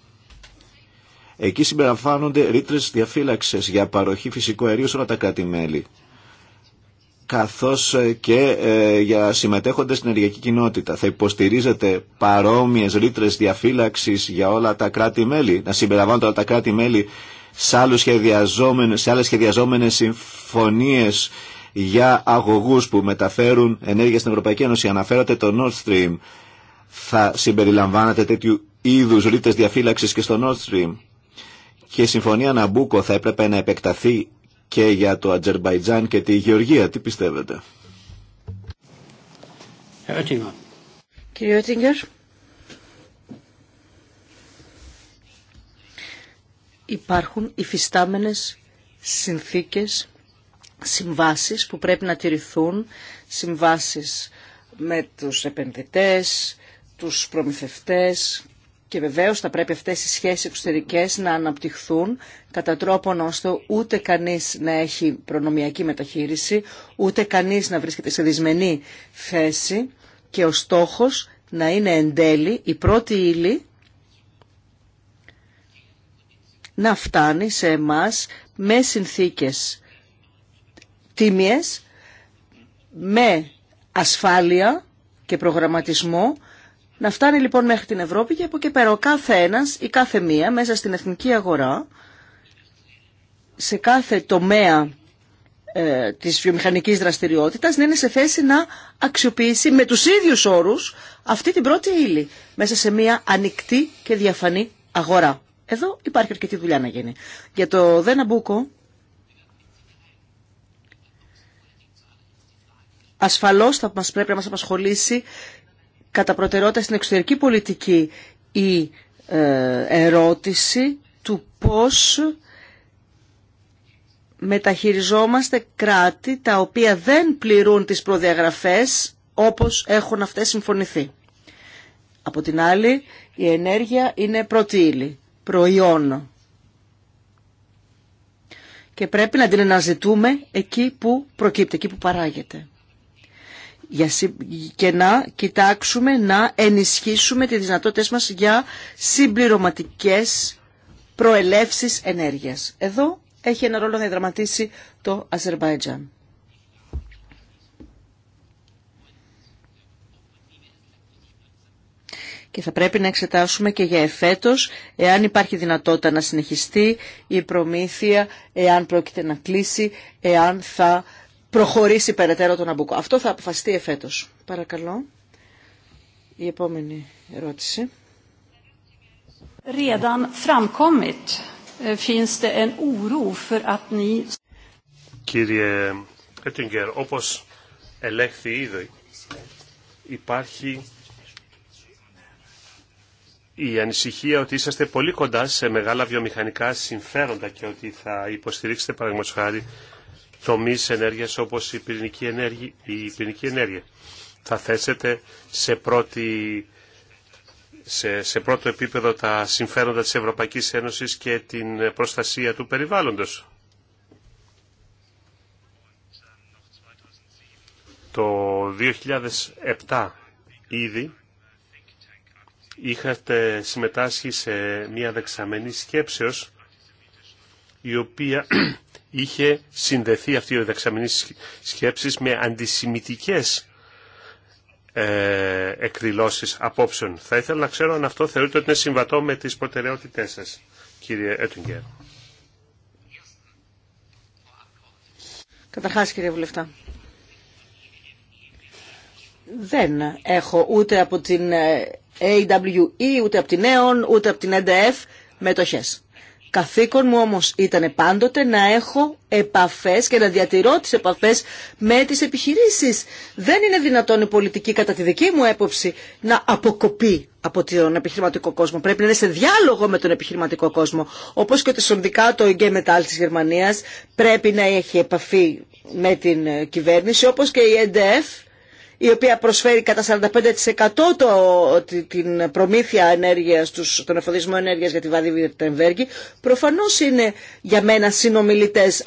S4: Εκεί συμπεραφάνονται ρήτρε διαφύλαξη για παροχή φυσικού αερίου σε όλα τα κράτη-μέλη, καθώ και ε, για συμμετέχοντες στην ενεργειακή κοινότητα. Θα υποστηρίζετε παρόμοιε ρήτρε διαφύλαξη για όλα τα κράτη-μέλη, να συμπεριλαμβάνονται όλα τα κράτη-μέλη σε, άλλε σχεδιαζόμενε συμφωνίε συμφωνίες για αγωγού που μεταφέρουν ενέργεια στην Ευρωπαϊκή Ένωση. Αναφέρατε το Nord Stream θα συμπεριλαμβάνεται τέτοιου είδους ρήτες διαφύλαξης και στο Nord Stream και η συμφωνία Ναμπούκο θα έπρεπε να επεκταθεί και για το Ατζερμπαϊτζάν και τη Γεωργία. Τι πιστεύετε.
S2: Κύριε Ότιγκερ.
S3: Υπάρχουν υφιστάμενες συνθήκες, συμβάσεις που πρέπει να τηρηθούν, συμβάσεις με τους επενδυτές, τους προμηθευτές και βεβαίως θα πρέπει αυτές οι σχέσεις εξωτερικές να αναπτυχθούν κατά τρόπον ώστε ούτε κανείς να έχει προνομιακή μεταχείριση, ούτε κανείς να βρίσκεται σε δυσμενή θέση και ο στόχος να είναι εν τέλει η πρώτη ύλη να φτάνει σε εμάς με συνθήκες τίμιες, με ασφάλεια και προγραμματισμό να φτάνει λοιπόν μέχρι την Ευρώπη και από εκεί πέρα ο κάθε ένας ή κάθε μία μέσα στην εθνική αγορά, σε κάθε τομέα ε, της βιομηχανικής δραστηριότητας, να είναι σε θέση να αξιοποιήσει με τους ίδιους όρους αυτή την πρώτη ύλη μέσα σε μια ανοιχτή και διαφανή αγορά. Εδώ υπάρχει αρκετή δουλειά να γίνει. Για το Δένα Μπούκο, ασφαλώς θα μας πρέπει να μας απασχολήσει κατά προτεραιότητα στην εξωτερική πολιτική η ε, ερώτηση του πώς μεταχειριζόμαστε κράτη τα οποία δεν πληρούν τις προδιαγραφές όπως έχουν αυτές συμφωνηθεί. Από την άλλη, η ενέργεια είναι πρώτη ύλη, προϊόν. Και πρέπει να την αναζητούμε εκεί που προκύπτει, εκεί που παράγεται και να κοιτάξουμε να ενισχύσουμε τις δυνατότητες μας για συμπληρωματικές προελεύσεις ενέργειας. Εδώ έχει ένα ρόλο να δραματίσει το Αζερβαϊτζάν. και θα πρέπει να εξετάσουμε και για εφέτος εάν υπάρχει δυνατότητα να συνεχιστεί η προμήθεια, εάν πρόκειται να κλείσει, εάν θα προχωρήσει περαιτέρω τον Αμπούκο. Αυτό θα αποφασιστεί εφέτος. Παρακαλώ.
S2: Η επόμενη ερώτηση. Redan framkommit finns det
S1: Κύριε Έτιγκερ, όπως ελέγχθη ήδη, υπάρχει η ανησυχία ότι είσαστε πολύ κοντά σε μεγάλα βιομηχανικά συμφέροντα και ότι θα υποστηρίξετε παραδείγματος τομείς ενέργειας όπως η πυρηνική ενέργεια. Η ενέργεια. Θα θέσετε σε, σε, σε πρώτο επίπεδο τα συμφέροντα της Ευρωπαϊκής Ένωσης και την προστασία του περιβάλλοντος. Το 2007 ήδη είχατε συμμετάσχει σε μια δεξαμενή σκέψεως η οποία είχε συνδεθεί αυτή η δεξαμενή σκέψη με αντισημιτικές ε, εκδηλώσεις απόψεων. Θα ήθελα να ξέρω αν αυτό θεωρείται ότι είναι συμβατό με τις προτεραιότητές σας, κύριε Έτουγκερ.
S3: Καταρχάς, κύριε Βουλευτά, δεν έχω ούτε από την ε, AWE, ούτε από την ΕΟΝ, ούτε από την NDF μετοχές. Καθήκον μου όμως ήταν πάντοτε να έχω επαφές και να διατηρώ τις επαφές με τις επιχειρήσεις. Δεν είναι δυνατόν η πολιτική κατά τη δική μου έποψη να αποκοπεί από τον επιχειρηματικό κόσμο. Πρέπει να είναι σε διάλογο με τον επιχειρηματικό κόσμο. Όπως και το το η Μετάλ της Γερμανίας πρέπει να έχει επαφή με την κυβέρνηση όπως και η ΕΝΤΕΦ η οποία προσφέρει κατά 45% το, την προμήθεια ενέργειας, τους, τον εφοδισμό ενέργειας για τη Βάδη Βιρτεμβέργη, προφανώς είναι για μένα συνομιλητές, ε,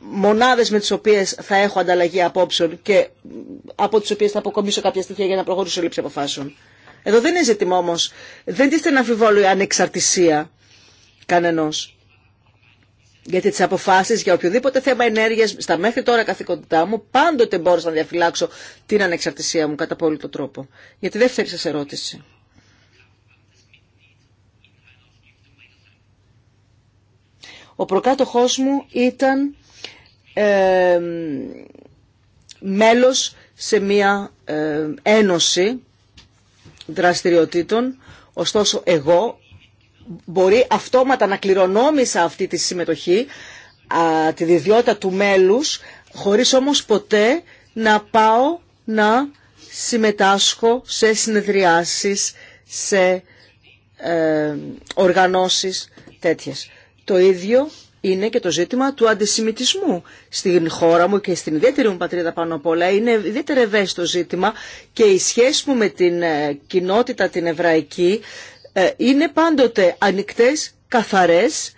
S3: μονάδες με τις οποίες θα έχω ανταλλαγή απόψεων και από τις οποίες θα αποκομίσω κάποια στοιχεία για να προχωρήσω λήψη αποφάσεων. Εδώ δεν είναι ζήτημα όμως. Δεν τίστε να αμφιβόλω η ανεξαρτησία κανενός. Γιατί τι αποφάσει για οποιοδήποτε θέμα ενέργεια στα μέχρι τώρα καθηκοντά μου πάντοτε μπόρεσα να διαφυλάξω την ανεξαρτησία μου κατά απόλυτο τρόπο. Γιατί δεν δεύτερη σα ερώτηση. Ο προκάτοχός μου ήταν ε, μέλος σε μία ένωση δραστηριοτήτων, ωστόσο εγώ μπορεί αυτόματα να κληρονόμησα αυτή τη συμμετοχή, τη διδιότητα του μέλους, χωρίς όμως ποτέ να πάω να συμμετάσχω σε συνεδριάσεις, σε ε, οργανώσεις τέτοιες. Το ίδιο είναι και το ζήτημα του αντισημιτισμού στην χώρα μου και στην ιδιαίτερη μου πατρίδα πάνω απ' όλα. Είναι ιδιαίτερα ευαίσθητο ζήτημα και η σχέση μου με την ε, κοινότητα την εβραϊκή ε, είναι πάντοτε ανοιχτές, καθαρές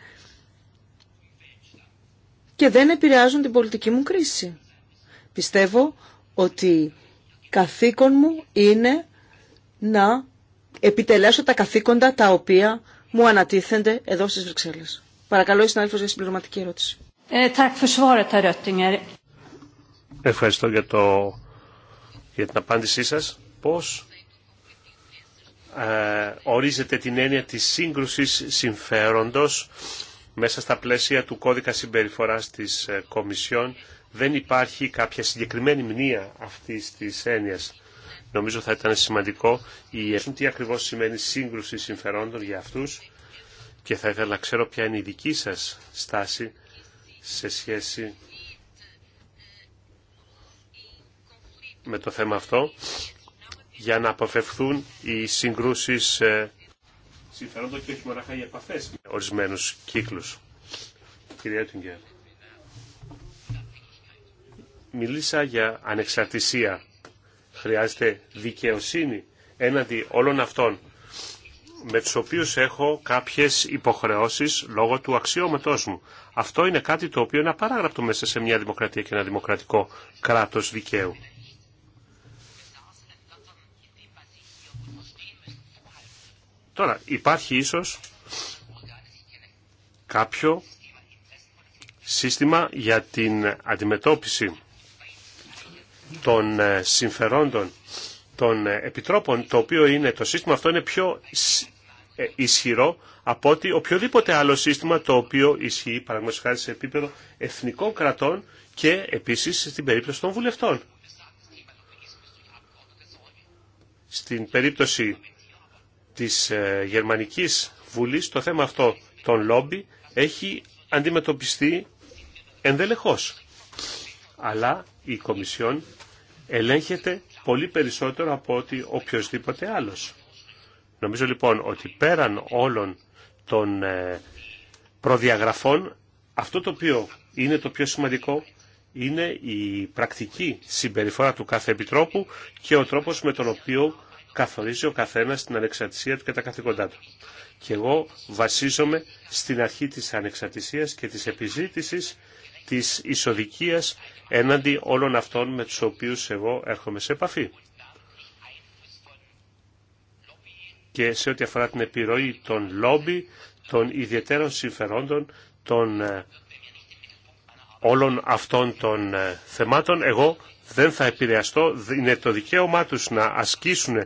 S3: και δεν επηρεάζουν την πολιτική μου κρίση. Πιστεύω ότι καθήκον μου είναι να επιτελέσω τα καθήκοντα τα οποία μου ανατίθενται εδώ στις Βρυξέλλες. Παρακαλώ, η συνάδελφος για συμπληρωματική ερώτηση. Ε,
S1: Ευχαριστώ για, το, για την απάντησή σας. Πώς ε, ορίζεται την έννοια της σύγκρουσης συμφέροντος μέσα στα πλαίσια του κώδικα συμπεριφοράς της ε, Κομισιόν. Δεν υπάρχει κάποια συγκεκριμένη μνήμα αυτής της έννοιας. Νομίζω θα ήταν σημαντικό οι τι ακριβώς σημαίνει σύγκρουση συμφερόντων για αυτούς και θα ήθελα να ξέρω ποια είναι η δική σας στάση σε σχέση με το θέμα αυτό για να αποφευθούν οι συγκρούσεις ε, συμφερόντων και όχι μονάχα οι επαφές με ορισμένους κύκλους. Κύριε Έτουγκερ, μιλήσα για ανεξαρτησία. Χρειάζεται δικαιοσύνη έναντι όλων αυτών με τους οποίους έχω κάποιες υποχρεώσεις λόγω του αξιώματός μου. Αυτό είναι κάτι το οποίο είναι απαράγραπτο μέσα σε μια δημοκρατία και ένα δημοκρατικό κράτος δικαίου. Τώρα υπάρχει ίσως κάποιο σύστημα για την αντιμετώπιση των ε, συμφερόντων των ε, επιτρόπων, το οποίο είναι το σύστημα αυτό είναι πιο ε, ισχυρό από ότι οποιοδήποτε άλλο σύστημα το οποίο ισχύει παραγματικά σε επίπεδο εθνικών κρατών και επίσης στην περίπτωση των βουλευτών. Στην περίπτωση της ε, Γερμανικής Βουλής το θέμα αυτό των λόμπι έχει αντιμετωπιστεί ενδελεχώς. Αλλά η Κομισιόν ελέγχεται πολύ περισσότερο από ότι οποιοδήποτε άλλος. Νομίζω λοιπόν ότι πέραν όλων των ε, προδιαγραφών αυτό το οποίο είναι το πιο σημαντικό είναι η πρακτική συμπεριφορά του κάθε επιτρόπου και ο τρόπος με τον οποίο καθορίζει ο καθένας την ανεξαρτησία του και τα καθήκοντά του. Και εγώ βασίζομαι στην αρχή της ανεξαρτησίας και της επιζήτησης της ισοδικίας έναντι όλων αυτών με τους οποίους εγώ έρχομαι σε επαφή. Και σε ό,τι αφορά την επιρροή των λόμπι, των ιδιαίτερων συμφερόντων, των ε, όλων αυτών των ε, θεμάτων, εγώ δεν θα επηρεαστώ, είναι το δικαίωμά τους να ασκήσουν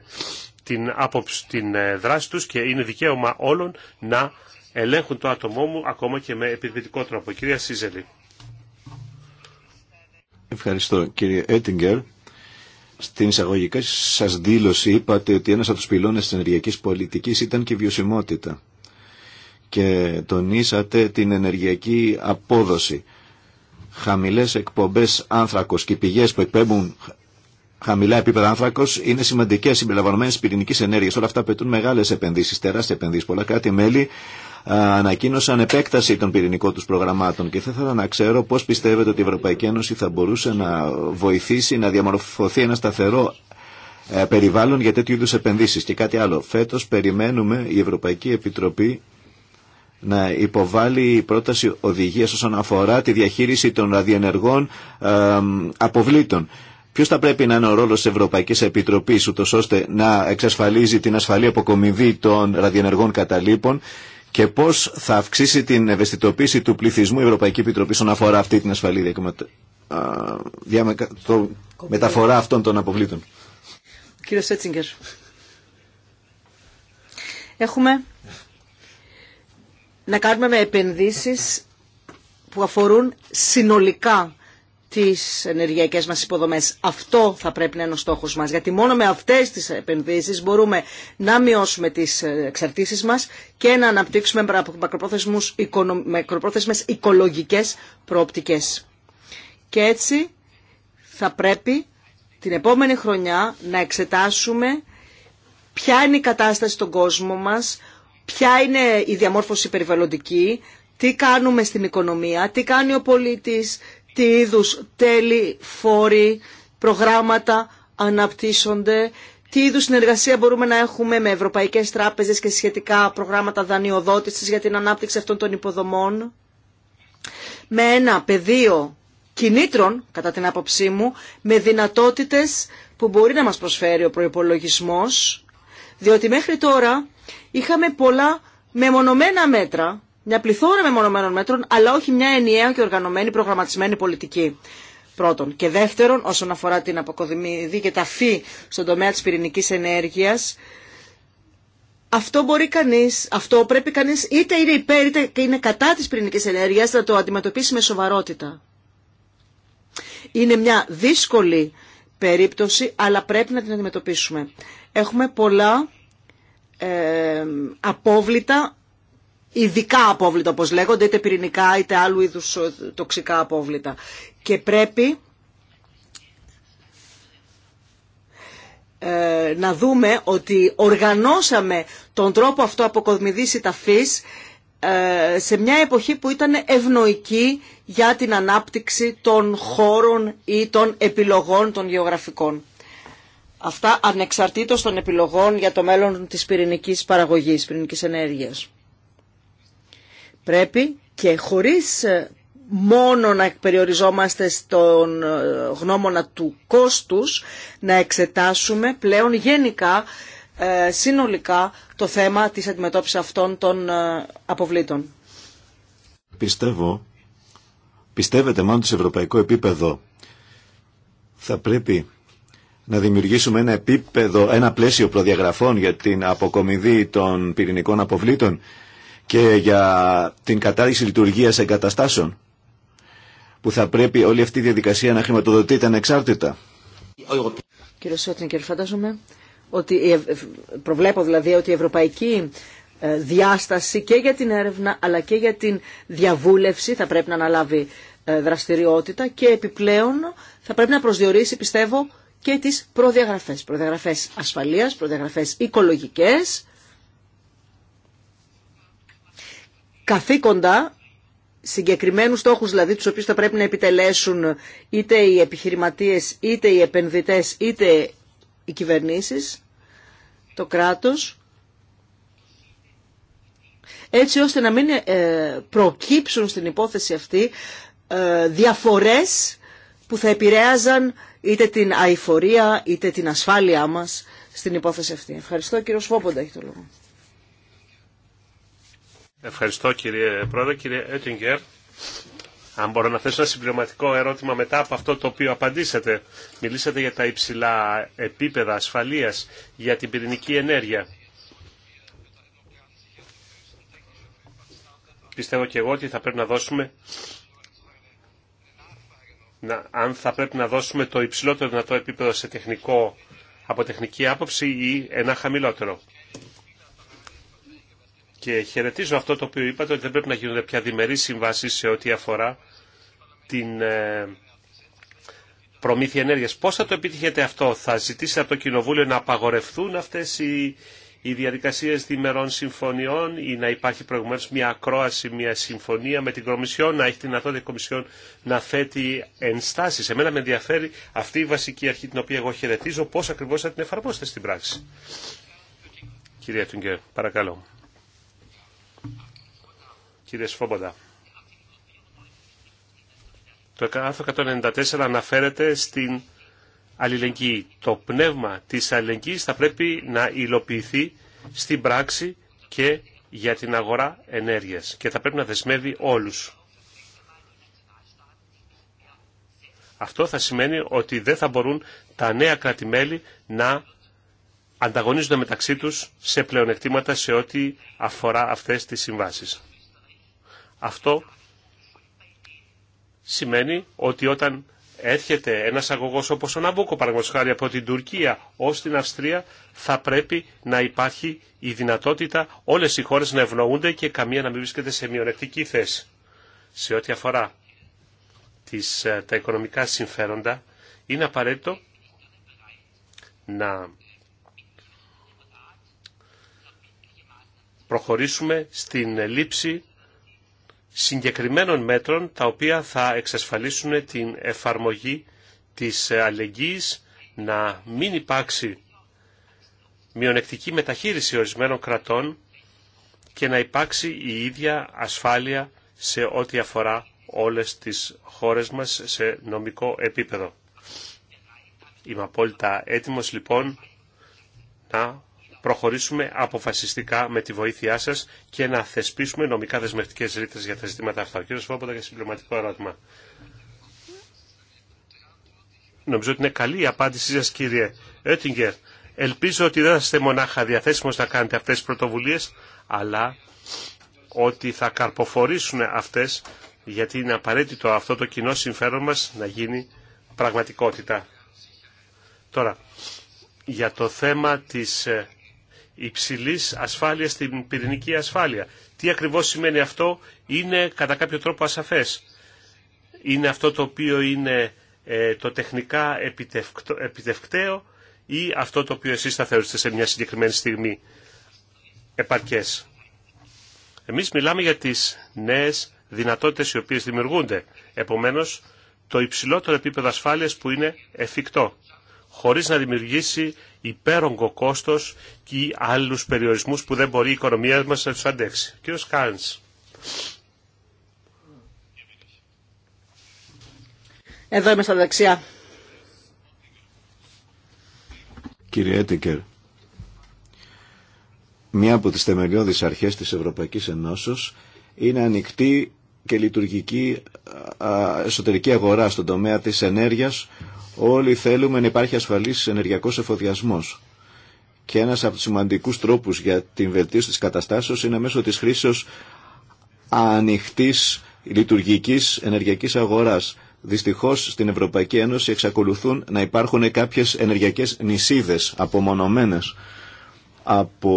S1: την, άποψη, την ε, δράση τους και είναι δικαίωμα όλων να ελέγχουν το άτομό μου ακόμα και με επιβητικό τρόπο. Κυρία Σίζελη.
S4: Ευχαριστώ κύριε Έτιγκερ. Στην εισαγωγική σας δήλωση είπατε ότι ένας από τους πυλώνες της ενεργειακής πολιτικής ήταν και η βιωσιμότητα και τονίσατε την ενεργειακή απόδοση χαμηλές εκπομπές άνθρακος και οι πηγές που εκπέμπουν χαμηλά επίπεδα άνθρακο είναι σημαντικέ συμπεριλαμβανομένε πυρηνική ενέργεια. Όλα αυτά απαιτούν μεγάλε επενδύσει, τεράστιε επενδύσει. Πολλά κράτη-μέλη ανακοίνωσαν επέκταση των πυρηνικών του προγραμμάτων και θα ήθελα να ξέρω πώ πιστεύετε ότι η Ευρωπαϊκή Ένωση θα μπορούσε να βοηθήσει να διαμορφωθεί ένα σταθερό ε, περιβάλλον για τέτοιου είδου επενδύσει. Και κάτι άλλο. Φέτο περιμένουμε η Ευρωπαϊκή Επιτροπή να υποβάλει πρόταση οδηγίας όσον αφορά τη διαχείριση των ραδιενεργών αποβλήτων. Ποιο θα πρέπει να είναι ο ρόλο τη Ευρωπαϊκή Επιτροπή, ούτω ώστε να εξασφαλίζει την ασφαλή αποκομιδή των ραδιενεργών καταλήπων και πώ θα αυξήσει την ευαισθητοποίηση του πληθυσμού η Ευρωπαϊκή Επιτροπή όσον αφορά αυτή την ασφαλή μεταφορά αυτών των αποβλήτων.
S3: Κύριε Σέτσιγκερ. Έχουμε να κάνουμε με επενδύσεις που αφορούν συνολικά τις ενεργειακές μας υποδομές. Αυτό θα πρέπει να είναι ο στόχος μας, γιατί μόνο με αυτές τις επενδύσεις μπορούμε να μειώσουμε τις εξαρτήσεις μας και να αναπτύξουμε μακροπρόθεσμες οικολογικές προοπτικές. Και έτσι θα πρέπει την επόμενη χρονιά να εξετάσουμε ποια είναι η κατάσταση στον κόσμο μας, ποια είναι η διαμόρφωση περιβαλλοντική, τι κάνουμε στην οικονομία, τι κάνει ο πολίτης, τι είδους τέλη, φόροι, προγράμματα αναπτύσσονται, τι είδου συνεργασία μπορούμε να έχουμε με ευρωπαϊκές τράπεζες και σχετικά προγράμματα δανειοδότησης για την ανάπτυξη αυτών των υποδομών, με ένα πεδίο κινήτρων, κατά την άποψή μου, με δυνατότητες που μπορεί να μας προσφέρει ο προϋπολογισμός, διότι μέχρι τώρα είχαμε πολλά μεμονωμένα μέτρα, μια πληθώρα μεμονωμένων μέτρων, αλλά όχι μια ενιαία και οργανωμένη προγραμματισμένη πολιτική. Πρώτον. Και δεύτερον, όσον αφορά την αποκοδημίδη και τα φύ στον τομέα της πυρηνικής ενέργειας, αυτό μπορεί κανείς, αυτό πρέπει κανείς, είτε είναι υπέρ είτε είναι κατά της πυρηνικής ενέργειας, να το αντιμετωπίσει με σοβαρότητα. Είναι μια δύσκολη περίπτωση, αλλά πρέπει να την αντιμετωπίσουμε. Έχουμε πολλά απόβλητα, ειδικά απόβλητα όπως λέγονται, είτε πυρηνικά είτε άλλου είδους ε, τοξικά απόβλητα. Και πρέπει ε, να δούμε ότι οργανώσαμε τον τρόπο αυτό αποκοδμιδίσει τα ε, σε μια εποχή που ήταν ευνοϊκή για την ανάπτυξη των χώρων ή των επιλογών των γεωγραφικών. Αυτά ανεξαρτήτως των επιλογών για το μέλλον της πυρηνικής παραγωγής, πυρηνικής ενέργειας. Πρέπει και χωρίς ε, μόνο να περιοριζόμαστε στον ε, γνώμονα του κόστους, να εξετάσουμε πλέον γενικά, ε, συνολικά, το θέμα της αντιμετώπισης αυτών των αποβλήτων.
S4: Πιστεύω, πιστεύετε μάλλον σε ευρωπαϊκό επίπεδο, θα πρέπει να δημιουργήσουμε ένα επίπεδο, ένα πλαίσιο προδιαγραφών για την αποκομιδή των πυρηνικών αποβλήτων και για την κατάργηση λειτουργίας εγκαταστάσεων που θα πρέπει όλη αυτή η διαδικασία να χρηματοδοτείται ανεξάρτητα.
S3: Κύριε Σότνικερ, φαντάζομαι ότι προβλέπω δηλαδή ότι η ευρωπαϊκή ε, διάσταση και για την έρευνα αλλά και για την διαβούλευση θα πρέπει να αναλάβει ε, δραστηριότητα και επιπλέον θα πρέπει να προσδιορίσει πιστεύω και τις προδιαγραφές. Προδιαγραφές ασφαλείας, προδιαγραφές οικολογικές, καθήκοντα συγκεκριμένους στόχους δηλαδή τους οποίους θα πρέπει να επιτελέσουν είτε οι επιχειρηματίες, είτε οι επενδυτές, είτε οι κυβερνήσεις, το κράτος, έτσι ώστε να μην ε, προκύψουν στην υπόθεση αυτή ε, διαφορές που θα επηρέαζαν είτε την αηφορία είτε την ασφάλειά μας στην υπόθεση αυτή. Ευχαριστώ κύριο Σφόποντα έχει το λόγο.
S1: Ευχαριστώ κύριε Πρόεδρε. Κύριε Έτιγκερ, αν μπορώ να θέσω ένα συμπληρωματικό ερώτημα μετά από αυτό το οποίο απαντήσατε. Μιλήσατε για τα υψηλά επίπεδα ασφαλείας, για την πυρηνική ενέργεια. Πιστεύω και εγώ ότι θα πρέπει να δώσουμε να, αν θα πρέπει να δώσουμε το υψηλότερο δυνατό επίπεδο σε τεχνικό, από τεχνική άποψη ή ένα χαμηλότερο. Και χαιρετίζω αυτό το οποίο είπατε ότι δεν πρέπει να γίνονται πια διμερείς συμβάσεις σε ό,τι αφορά την ε, προμήθεια ενέργειας. Πώς θα το επιτυχετε αυτό, θα ζητήσετε από το Κοινοβούλιο να απαγορευτούν αυτές οι, οι διαδικασίε διμερών συμφωνιών ή να υπάρχει προηγουμένω μια ακρόαση, μια συμφωνία με την Κομισιόν, να έχει τη δυνατότητα η Κομισιόν να θέτει ενστάσει. Εμένα με ενδιαφέρει αυτή η βασική αρχή την οποία εγώ χαιρετίζω, πώ ακριβώ θα την εφαρμόσετε στην πράξη. Κυρία Τουγκέ, παρακαλώ. Κύριε Σφόμποντα. Το άρθρο 194 αναφέρεται στην αλληλεγγύη. Το πνεύμα της αλληλεγγύης θα πρέπει να υλοποιηθεί στην πράξη και για την αγορά ενέργειας και θα πρέπει να δεσμεύει όλους. Αυτό θα σημαίνει ότι δεν θα μπορούν τα νέα κρατημέλη να ανταγωνίζονται μεταξύ τους σε πλεονεκτήματα σε ό,τι αφορά αυτές τις συμβάσεις. Αυτό σημαίνει ότι όταν έρχεται ένα αγωγός όπως ο Ναμπούκο παραγωγικά από την Τουρκία ω την Αυστρία θα πρέπει να υπάρχει η δυνατότητα όλες οι χώρες να ευνοούνται και καμία να μην βρίσκεται σε μειονεκτική θέση. Σε ό,τι αφορά τις, ε, τα οικονομικά συμφέροντα είναι απαραίτητο να προχωρήσουμε στην λήψη συγκεκριμένων μέτρων τα οποία θα εξασφαλίσουν την εφαρμογή της αλληλεγγύης να μην υπάρξει μειονεκτική μεταχείριση ορισμένων κρατών και να υπάρξει η ίδια ασφάλεια σε ό,τι αφορά όλες τις χώρες μας σε νομικό επίπεδο. Είμαι απόλυτα έτοιμος λοιπόν να προχωρήσουμε αποφασιστικά με τη βοήθειά σα και να θεσπίσουμε νομικά δεσμευτικέ ρήτρε για τα ζητήματα αυτά. Κύριε Σφόποντα, για συμπληρωματικό ερώτημα. Νομίζω ότι είναι καλή η απάντησή σα, κύριε Έτιγκερ. Ελπίζω ότι δεν θα είστε μονάχα διαθέσιμος να κάνετε αυτές τις πρωτοβουλίες, αλλά ότι θα καρποφορήσουν αυτές, γιατί είναι απαραίτητο αυτό το κοινό συμφέρον μας να γίνει πραγματικότητα. Τώρα, για το θέμα της ε, Υψηλή ασφάλεια στην πυρηνική ασφάλεια. Τι ακριβώς σημαίνει αυτό είναι κατά κάποιο τρόπο ασαφές. Είναι αυτό το οποίο είναι ε, το τεχνικά επιτευκταίο ή αυτό το οποίο εσείς θα θεωρήσετε σε μια συγκεκριμένη στιγμή επαρκές. Εμείς μιλάμε για τις νέες δυνατότητες οι οποίες δημιουργούνται. Επομένως, το υψηλότερο επίπεδο ασφάλειας που είναι εφικτό, χωρίς να δημιουργήσει υπέρογκο κόστος και άλλους περιορισμούς που δεν μπορεί η οικονομία μας να τους αντέξει. Κύριος
S3: Εδώ είμαι στα δεξιά.
S1: Κύριε
S4: Έτικερ, μία από τις θεμελιώδεις αρχές της Ευρωπαϊκής Ενώσεως είναι ανοιχτή και λειτουργική εσωτερική αγορά στον τομέα της ενέργειας Όλοι θέλουμε να υπάρχει ασφαλής ενεργειακός εφοδιασμός. Και ένας από τους σημαντικούς τρόπους για την βελτίωση της καταστάσεως είναι μέσω της χρήσεως ανοιχτής λειτουργικής ενεργειακής αγοράς. Δυστυχώς στην Ευρωπαϊκή Ένωση εξακολουθούν να υπάρχουν κάποιες ενεργειακές νησίδες απομονωμένες από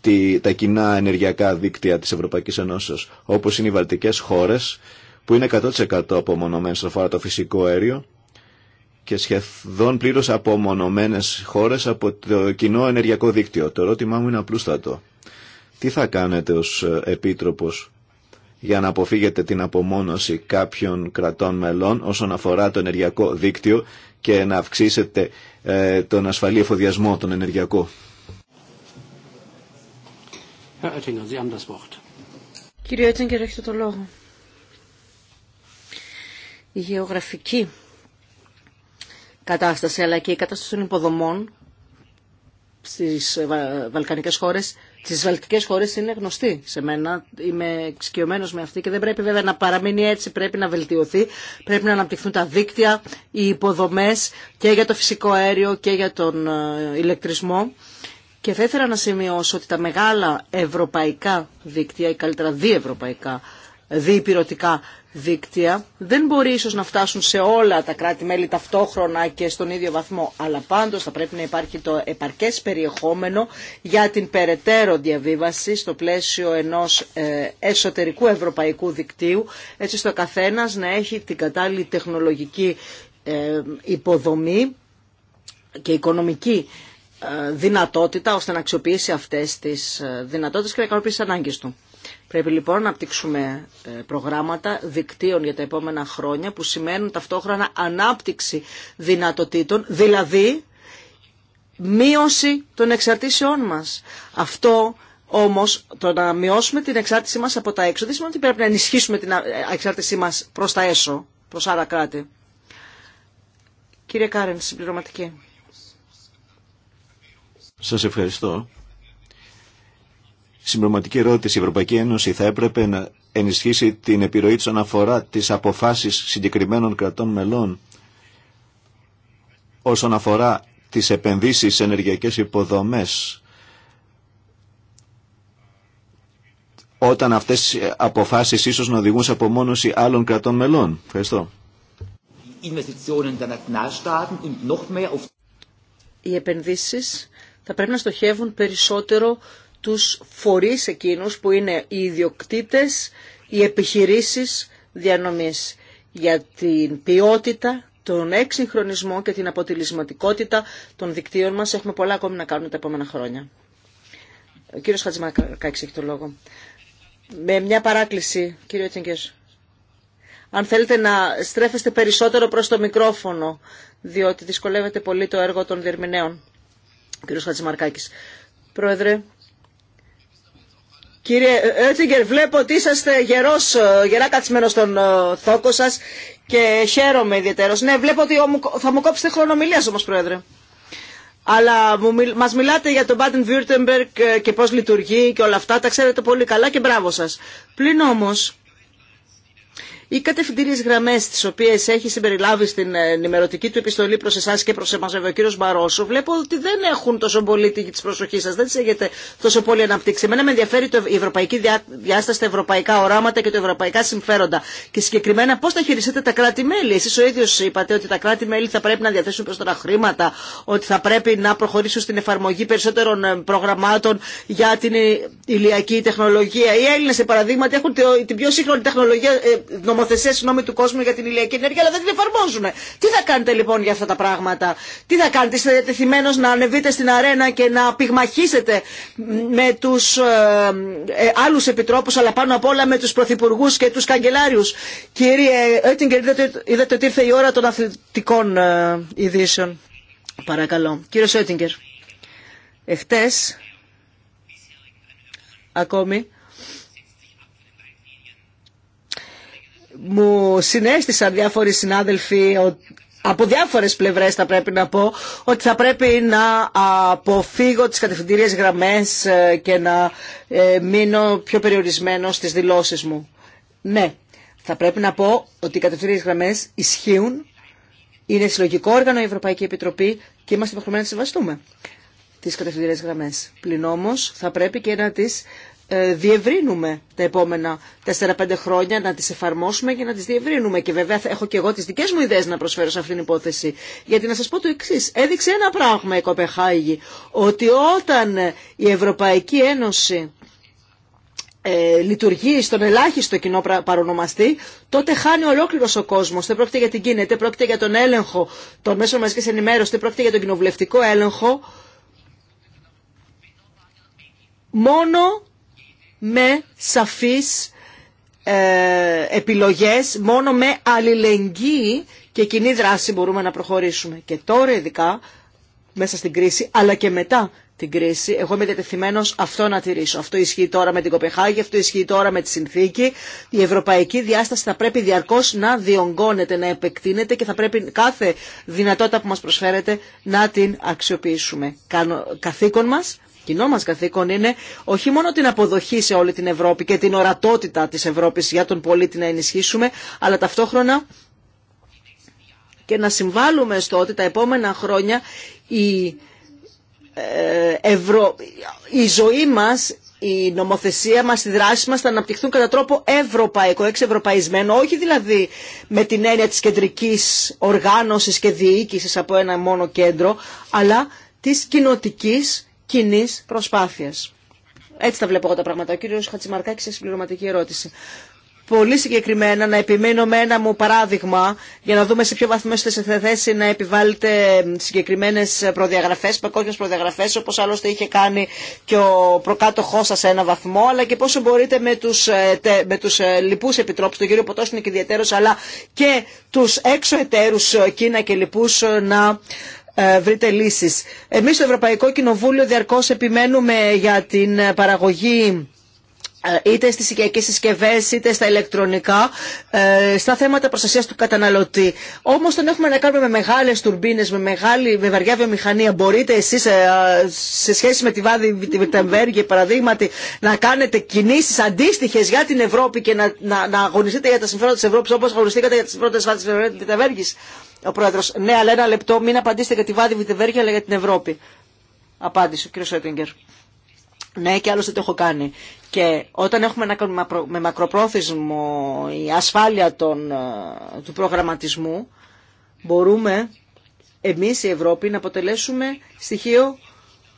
S4: τη, τα κοινά ενεργειακά δίκτυα της Ευρωπαϊκής Ένωσης όπως είναι οι βαλτικές χώρες, που είναι 100% απομονωμένες αφορά το φυσικό αέριο και σχεδόν πλήρω απομονωμένε χώρε από το κοινό ενεργειακό δίκτυο. Το ερώτημά μου είναι απλούστατο. Τι θα κάνετε ως Επίτροπος για να αποφύγετε την απομόνωση κάποιων κρατών μελών όσον αφορά το ενεργειακό δίκτυο και να αυξήσετε ε, τον ασφαλή εφοδιασμό, τον ενεργειακό.
S3: Κύριε Έτσιγκερ, έχετε το λόγο. Η γεωγραφική κατάσταση αλλά και η κατάσταση των υποδομών στις ε, βαλκανικές χώρες στις βαλκανικές χώρες είναι γνωστή σε μένα, είμαι εξοικειωμένος με αυτή και δεν πρέπει βέβαια να παραμείνει έτσι, πρέπει να βελτιωθεί, πρέπει να αναπτυχθούν τα δίκτυα, οι υποδομές και για το φυσικό αέριο και για τον ε, ηλεκτρισμό. Και θα ήθελα να σημειώσω ότι τα μεγάλα ευρωπαϊκά δίκτυα ή καλύτερα διευρωπαϊκά διυπηρωτικά δίκτυα δεν μπορεί ίσως να φτάσουν σε όλα τα κράτη-μέλη ταυτόχρονα και στον ίδιο βαθμό, αλλά πάντως θα πρέπει να υπάρχει το επαρκές περιεχόμενο για την περαιτέρω διαβίβαση στο πλαίσιο ενός ε, εσωτερικού ευρωπαϊκού δικτύου, έτσι στο καθένας να έχει την κατάλληλη τεχνολογική ε, υποδομή και οικονομική ε, δυνατότητα ώστε να αξιοποιήσει αυτές τις δυνατότητες και να ικανοποιήσει τις ανάγκες του. Πρέπει λοιπόν να απτύξουμε ε, προγράμματα δικτύων για τα επόμενα χρόνια που σημαίνουν ταυτόχρονα ανάπτυξη δυνατοτήτων, δηλαδή μείωση των εξαρτήσεών μας. Αυτό όμως το να μειώσουμε την εξάρτησή μας από τα έξω δεν σημαίνει ότι πρέπει να ενισχύσουμε την ε, εξάρτησή μας προς τα έσω, προς άλλα κράτη. Κύριε Κάρεν, συμπληρωματική.
S4: Σας ευχαριστώ. Συμπληρωματική ερώτηση. Η Ευρωπαϊκή Ένωση θα έπρεπε να ενισχύσει την επιρροή της αναφορά της αποφάσεις συγκεκριμένων κρατών μελών όσον αφορά τις επενδύσεις σε ενεργειακές υποδομές όταν αυτές οι αποφάσεις ίσως να οδηγούν σε απομόνωση άλλων κρατών μελών. Ευχαριστώ.
S3: Οι επενδύσεις θα πρέπει να στοχεύουν περισσότερο τους φορείς εκείνους που είναι οι ιδιοκτήτες, οι επιχειρήσεις διανομής για την ποιότητα, τον εξυγχρονισμό και την αποτελεσματικότητα των δικτύων μας. Έχουμε πολλά ακόμη να κάνουμε τα επόμενα χρόνια. Ο κύριος Χατζημακάκης έχει το λόγο. Με μια παράκληση, κύριε Τσιγκέρ. Αν θέλετε να στρέφεστε περισσότερο προς το μικρόφωνο, διότι δυσκολεύεται πολύ το έργο των διερμηνέων. Κύριος Χατζημαρκάκης. Πρόεδρε, Κύριε Έτσιγκερ, βλέπω ότι είσαστε γερός, ε, γερά κατσμένος στον ε, θόκο σας και χαίρομαι ιδιαίτερος. Ναι, βλέπω ότι θα μου κόψετε χρονομιλίας όμως, Πρόεδρε. Αλλά μας μιλάτε για τον Baden-Württemberg ε, και πώς λειτουργεί και όλα αυτά. Τα ξέρετε πολύ καλά και μπράβο σας. Πλην όμως, οι κατευθυντήριε γραμμέ, τι οποίε έχει συμπεριλάβει στην ενημερωτική του επιστολή προ εσά και εμά, βέβαια, ο κύριο Μπαρόσο βλέπω ότι δεν έχουν τόσο πολύ τη προσοχή σα. δεν τι έχετε τόσο πολύ αναπτύξει. Εμένα με ενδιαφέρει το, η ευρωπαϊκή διάσταση, τα ευρωπαϊκά οράματα και τα ευρωπαϊκά συμφέροντα και συγκεκριμένα πώ θα χειριστείτε τα κράτη-μέλη. Εσεί ο ίδιο είπατε ότι τα κράτη-μέλη θα πρέπει να διαθέσουν περισσότερα χρήματα, ότι θα πρέπει να προχωρήσουν στην εφαρμογή περισσότερων ε, προγραμμάτων για την ε, ηλιακή τεχνολογία. Οι σε παραδείγματι, έχουν την πιο σύγχρονη τεχνολογία ε, νομοθεσία συγγνώμη, του κόσμου για την ηλιακή ενέργεια, αλλά δεν την εφαρμόζουν. Τι θα κάνετε λοιπόν για αυτά τα πράγματα, τι θα κάνετε, είστε διατεθειμένο να ανεβείτε στην αρένα και να πυγμαχίσετε με του ε, ε, άλλου επιτρόπου, αλλά πάνω απ' όλα με του πρωθυπουργού και του καγκελάριου. Κύριε Έτιγκερ, είδατε, είδατε ότι ήρθε η ώρα των αθλητικών ε, ειδήσεων. Παρακαλώ. Κύριε Έτιγκερ, εχθές ακόμη μου συνέστησαν διάφοροι συνάδελφοι από διάφορες πλευρές θα πρέπει να πω ότι θα πρέπει να αποφύγω τις κατευθυντήριες γραμμές ε, και να ε, μείνω πιο περιορισμένο στις δηλώσεις μου. Ναι, θα πρέπει να πω ότι οι κατευθυντήριες γραμμές ισχύουν, είναι συλλογικό όργανο η Ευρωπαϊκή Επιτροπή και είμαστε υποχρεωμένοι να συμβαστούμε τις κατευθυντήριες γραμμές. Πλην όμως θα πρέπει και να τις ε, διευρύνουμε τα επόμενα 4-5 χρόνια, να τις εφαρμόσουμε και να τις διευρύνουμε. Και βέβαια έχω και εγώ τις δικές μου ιδέες να προσφέρω σε αυτήν την υπόθεση. Γιατί να σας πω το εξή. Έδειξε ένα πράγμα η Κοπεχάγη, ότι όταν η Ευρωπαϊκή Ένωση ε, λειτουργεί στον ελάχιστο κοινό παρονομαστή, τότε χάνει ολόκληρο ο κόσμο. Δεν πρόκειται για την Κίνα, δεν πρόκειται για τον έλεγχο των μέσων μαζική ενημέρωση, δεν πρόκειται για τον κοινοβουλευτικό έλεγχο. Μόνο με σαφείς ε, επιλογές, μόνο με αλληλεγγύη και κοινή δράση μπορούμε να προχωρήσουμε. Και τώρα ειδικά, μέσα στην κρίση, αλλά και μετά την κρίση, εγώ είμαι διατεθειμένο αυτό να τηρήσω. Αυτό ισχύει τώρα με την Κοπεχάγη, αυτό ισχύει τώρα με τη συνθήκη. Η ευρωπαϊκή διάσταση θα πρέπει διαρκώ να διονγκώνεται, να επεκτείνεται και θα πρέπει κάθε δυνατότητα που μα προσφέρεται να την αξιοποιήσουμε. Καθήκον μα κοινό μας καθήκον είναι όχι μόνο την αποδοχή σε όλη την Ευρώπη και την ορατότητα της Ευρώπης για τον πολίτη να ενισχύσουμε, αλλά ταυτόχρονα και να συμβάλλουμε στο ότι τα επόμενα χρόνια η, ε, Ευρω... η ζωή μας η νομοθεσία μας, οι δράσεις μας θα αναπτυχθούν κατά τρόπο ευρωπαϊκό, εξευρωπαϊσμένο, όχι δηλαδή με την έννοια της κεντρικής οργάνωσης και διοίκησης από ένα μόνο κέντρο, αλλά της κοινοτικής κοινή προσπάθεια. Έτσι τα βλέπω εγώ τα πράγματα. Ο κύριο Χατσιμαρκάκη έχει συμπληρωματική ερώτηση. Πολύ συγκεκριμένα να επιμείνω με ένα μου παράδειγμα για να δούμε σε ποιο βαθμό είστε σε θέση να επιβάλλετε συγκεκριμένε προδιαγραφέ, παγκόσμιε προδιαγραφέ, όπω άλλωστε είχε κάνει και ο προκάτοχό σα σε ένα βαθμό, αλλά και πόσο μπορείτε με του ε, με τους ε, λοιπού επιτρόπου, τον κύριο Ποτόσνη και ιδιαίτερο, αλλά και του έξω εταίρου ε, Κίνα και λοιπού να ε, βρείτε λύσεις. Εμείς στο Ευρωπαϊκό Κοινοβούλιο διαρκώς επιμένουμε για την παραγωγή ε, είτε στις οικιακές συσκευές, είτε στα ηλεκτρονικά, ε, στα θέματα προστασίας του καταναλωτή. Όμως τον έχουμε να κάνουμε με μεγάλες τουρμπίνες, με, μεγάλη, με βαριά βιομηχανία. Μπορείτε εσείς ε, σε σχέση με τη Βάδη τη παραδείγματι, να κάνετε κινήσεις αντίστοιχες για την Ευρώπη και να, να, αγωνιστείτε για τα συμφέροντα της Ευρώπης όπως αγωνιστήκατε για τα συμφέροντα της Βιτεμβέργης. Ο πρόεδρος, ναι, αλλά ένα λεπτό, μην απαντήσετε για τη Βάδη αλλά για την Ευρώπη. Απάντησε ο κ. Σέτιγκερ. Ναι, και άλλωστε το έχω κάνει. Και όταν έχουμε να με μακροπρόθεσμο η ασφάλεια των, ε, του προγραμματισμού, μπορούμε εμείς η Ευρώπη να αποτελέσουμε στοιχείο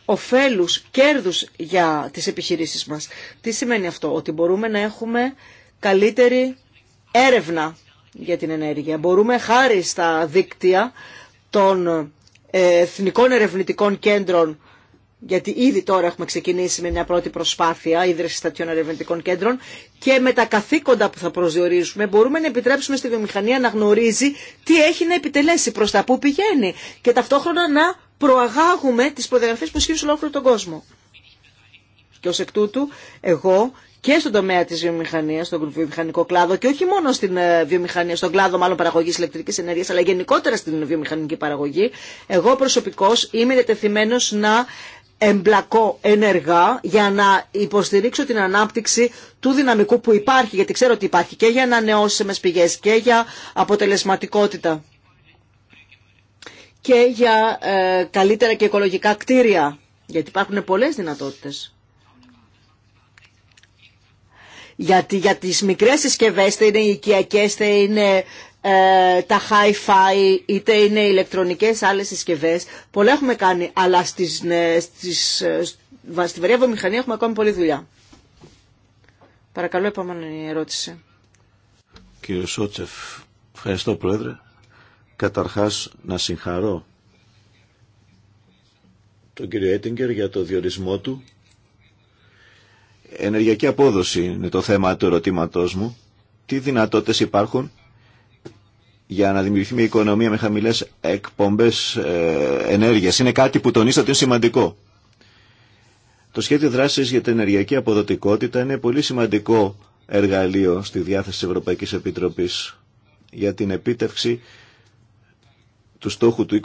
S3: ωφέλους, κέρδους για τις επιχειρήσεις μας. Τι σημαίνει αυτό, ότι μπορούμε να έχουμε καλύτερη έρευνα για την ενέργεια. Μπορούμε χάρη στα δίκτυα των ε, εθνικών ερευνητικών κέντρων γιατί ήδη τώρα έχουμε ξεκινήσει με μια πρώτη προσπάθεια ίδρυση στατιών ερευνητικών κέντρων και με τα καθήκοντα που θα προσδιορίσουμε μπορούμε να επιτρέψουμε στη βιομηχανία να γνωρίζει τι έχει να επιτελέσει, προς τα που πηγαίνει και ταυτόχρονα να προαγάγουμε τις προδιαγραφές που ισχύουν σε ολόκληρο τον κόσμο. Και ως εκ τούτου, εγώ και στον τομέα της βιομηχανίας, στον βιομηχανικό κλάδο και όχι μόνο στην ε, βιομηχανία, στον κλάδο μάλλον παραγωγής ηλεκτρικής ενέργειας αλλά γενικότερα στην βιομηχανική παραγωγή, εγώ προσωπικώς είμαι διατεθειμένος να εμπλακώ ενεργά για να υποστηρίξω την ανάπτυξη του δυναμικού που υπάρχει, γιατί ξέρω ότι υπάρχει και για ανανεώσιμες πηγές και για αποτελεσματικότητα και για ε, καλύτερα και οικολογικά κτίρια, γιατί υπάρχουν πολλές δυνατότητες. Γιατί για τις μικρές συσκευές, θα είναι οικιακές, θα είναι ε, τα hi-fi, είτε είναι ηλεκτρονικές άλλες συσκευές. Πολλά έχουμε κάνει, αλλά στις, ε, στις, ε, στη βαριά βιομηχανία έχουμε ακόμη πολλή δουλειά. Παρακαλώ, επόμενη ερώτηση.
S4: Κύριε Σότσεφ, ευχαριστώ Πρόεδρε. Καταρχάς, να συγχαρώ τον κύριο Έτιγκερ για το διορισμό του. Ενεργειακή απόδοση είναι το θέμα του ερωτήματός μου. Τι δυνατότητες υπάρχουν για να δημιουργηθεί μια οικονομία με χαμηλέ εκπομπές ε, ενέργειας. Είναι κάτι που τονίζεται ότι είναι σημαντικό. Το σχέδιο δράσης για την ενεργειακή αποδοτικότητα είναι πολύ σημαντικό εργαλείο στη διάθεση της Ευρωπαϊκής Επιτροπής για την επίτευξη του στόχου του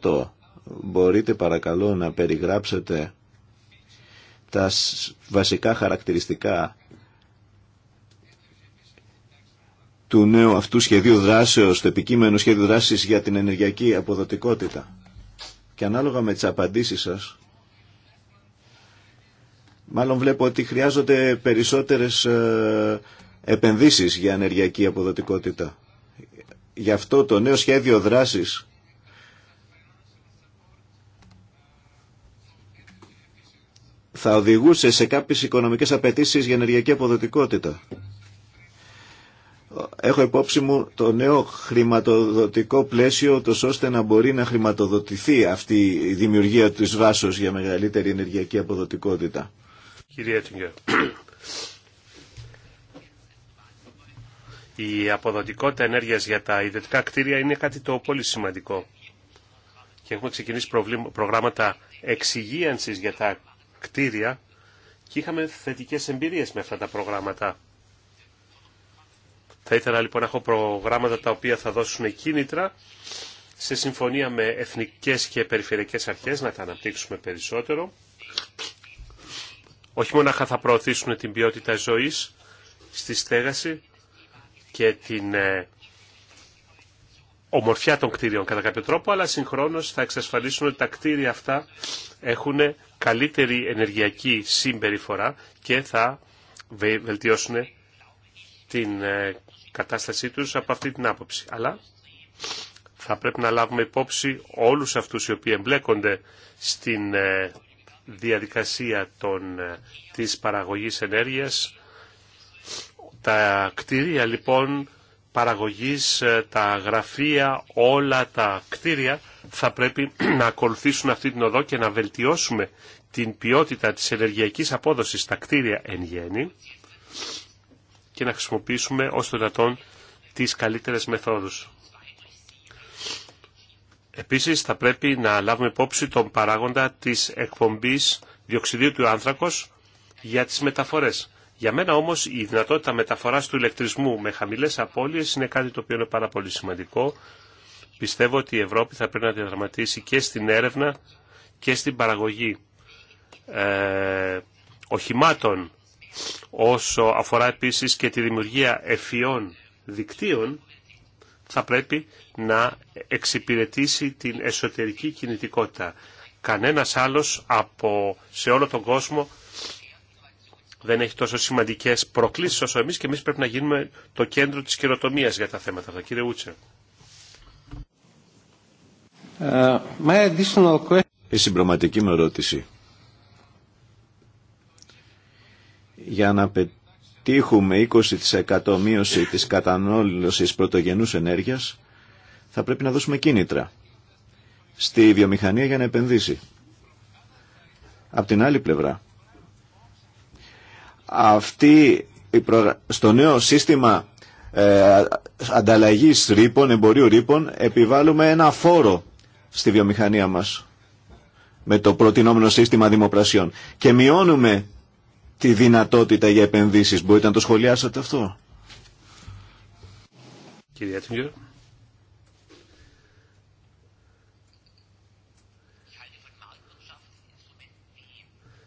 S4: 20%. Μπορείτε παρακαλώ να περιγράψετε τα βασικά χαρακτηριστικά του νέου αυτού σχεδίου δράσεως, το επικείμενο σχέδιο δράσης για την ενεργειακή αποδοτικότητα. Και ανάλογα με τις απαντήσεις σας, μάλλον βλέπω ότι χρειάζονται περισσότερες ε, επενδύσεις για ενεργειακή αποδοτικότητα. Γι' αυτό το νέο σχέδιο δράσης θα οδηγούσε σε κάποιες οικονομικές απαιτήσεις για ενεργειακή αποδοτικότητα έχω υπόψη μου το νέο χρηματοδοτικό πλαίσιο τόσο ώστε να μπορεί να χρηματοδοτηθεί αυτή η δημιουργία της βάσος για μεγαλύτερη ενεργειακή αποδοτικότητα.
S1: Κύριε η αποδοτικότητα ενέργειας για τα ιδιωτικά κτίρια είναι κάτι το πολύ σημαντικό. Και έχουμε ξεκινήσει προγράμματα εξυγίανσης για τα κτίρια και είχαμε θετικές εμπειρίες με αυτά τα προγράμματα. Θα ήθελα λοιπόν να έχω προγράμματα τα οποία θα δώσουν κίνητρα σε συμφωνία με εθνικές και περιφερειακές αρχές να τα αναπτύξουμε περισσότερο. Όχι μόνο θα προωθήσουν την ποιότητα ζωής στη στέγαση και την ε, ομορφιά των κτίριων κατά κάποιο τρόπο, αλλά συγχρόνως θα εξασφαλίσουν ότι τα κτίρια αυτά έχουν καλύτερη ενεργειακή συμπεριφορά και θα βελτιώσουν την ε, κατάστασή τους από αυτή την άποψη. Αλλά θα πρέπει να λάβουμε υπόψη όλους αυτούς οι οποίοι εμπλέκονται στην ε, διαδικασία των, ε, της παραγωγής ενέργειας. Τα κτίρια λοιπόν παραγωγής, ε, τα γραφεία, όλα τα κτίρια θα πρέπει να ακολουθήσουν αυτή την οδό και να βελτιώσουμε την ποιότητα της ενεργειακής απόδοσης στα κτίρια εν γέννη και να χρησιμοποιήσουμε ως το δυνατόν τις καλύτερες μεθόδους. Επίσης θα πρέπει να λάβουμε υπόψη τον παράγοντα της εκπομπής διοξιδίου του άνθρακος για τις μεταφορές. Για μένα όμως η δυνατότητα μεταφοράς του ηλεκτρισμού με χαμηλές απώλειες είναι κάτι το οποίο είναι πάρα πολύ σημαντικό. Πιστεύω ότι η Ευρώπη θα πρέπει να διαδραματίσει και στην έρευνα και στην παραγωγή ε, οχημάτων Όσο αφορά επίσης και τη δημιουργία ευφυών δικτύων, θα πρέπει να εξυπηρετήσει την εσωτερική κινητικότητα. Κανένας άλλος από, σε όλο τον κόσμο δεν έχει τόσο σημαντικές προκλήσεις όσο εμείς και εμείς πρέπει να γίνουμε το κέντρο της καινοτομία για τα θέματα αυτά. Κύριε Ούτσερ.
S4: Ε, Η συμπροματική μου ερώτηση για να πετύχουμε 20% μείωση της κατανόλωσης πρωτογενούς ενέργειας, θα πρέπει να δώσουμε κίνητρα στη βιομηχανία για να επενδύσει. Απ' την άλλη πλευρά, αυτή στο νέο σύστημα ε, ανταλλαγής ρήπων, εμπορίου ρήπων, επιβάλλουμε ένα φόρο στη βιομηχανία μας με το προτινόμενο σύστημα δημοπρασιών και μειώνουμε τη δυνατότητα για επενδύσεις. Μπορείτε να το σχολιάσετε αυτό.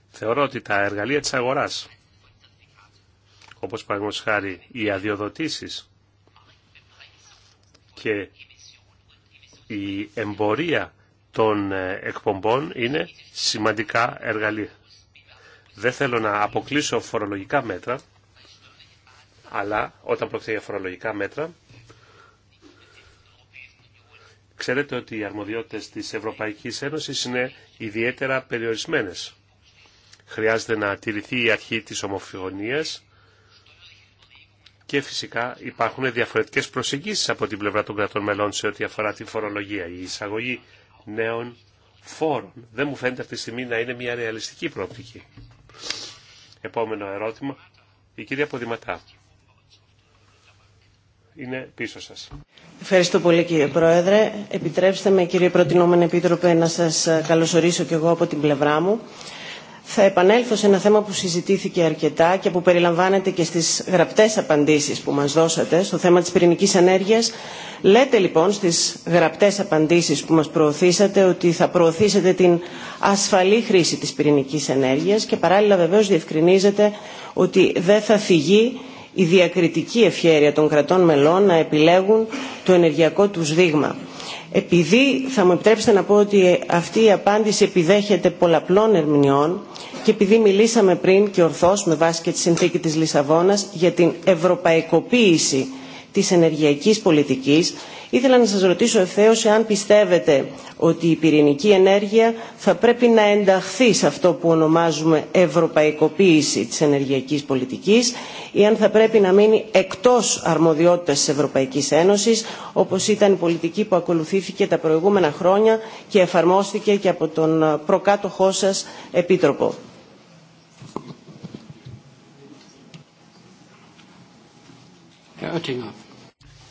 S1: Θεωρώ ότι τα εργαλεία της αγοράς, όπως παραδείγματος χάρη οι αδειοδοτήσεις και η εμπορία των ε, εκπομπών είναι σημαντικά εργαλεία. Δεν θέλω να αποκλείσω φορολογικά μέτρα, αλλά όταν πρόκειται για φορολογικά μέτρα, ξέρετε ότι οι αρμοδιότητες της Ευρωπαϊκής Ένωσης είναι ιδιαίτερα περιορισμένες. Χρειάζεται να τηρηθεί η αρχή της ομοφυγωνία και φυσικά υπάρχουν διαφορετικές προσεγγίσεις από την πλευρά των κρατών μελών σε ό,τι αφορά τη φορολογία. Η εισαγωγή νέων φόρων δεν μου φαίνεται αυτή τη στιγμή να είναι μια ρεαλιστική προοπτική. Επόμενο ερώτημα. Η κυρία Ποδηματά. Είναι πίσω σας.
S5: Ευχαριστώ πολύ κύριε Πρόεδρε. Επιτρέψτε με κύριε Προτινόμενο Επίτροπε να σας καλωσορίσω κι εγώ από την πλευρά μου. Θα επανέλθω σε ένα θέμα που συζητήθηκε αρκετά και που περιλαμβάνεται και στις γραπτές απαντήσεις που μας δώσατε στο θέμα της πυρηνικής ενέργειας. Λέτε λοιπόν στις γραπτές απαντήσεις που μας προωθήσατε ότι θα προωθήσετε την ασφαλή χρήση της πυρηνικής ενέργειας και παράλληλα βεβαίως διευκρινίζετε ότι δεν θα φυγεί η διακριτική ευχέρεια των κρατών μελών να επιλέγουν το ενεργειακό τους δείγμα. Επειδή θα μου επιτρέψετε να πω ότι αυτή η απάντηση επιδέχεται πολλαπλών ερμηνεών και επειδή μιλήσαμε πριν και ορθώς με βάση και τη συνθήκη της Λισαβόνας για την ευρωπαϊκοποίηση της ενεργειακής πολιτικής, ήθελα να σας ρωτήσω ευθέως εάν πιστεύετε ότι η πυρηνική ενέργεια θα πρέπει να ενταχθεί σε αυτό που ονομάζουμε ευρωπαϊκοποίηση της ενεργειακής πολιτικής ή αν θα πρέπει να μείνει εκτός αρμοδιότητας της Ευρωπαϊκής Ένωσης όπως ήταν η πολιτική που ακολουθήθηκε τα προηγούμενα χρόνια και εφαρμόστηκε και από τον προκάτοχό σας
S1: Επίτροπο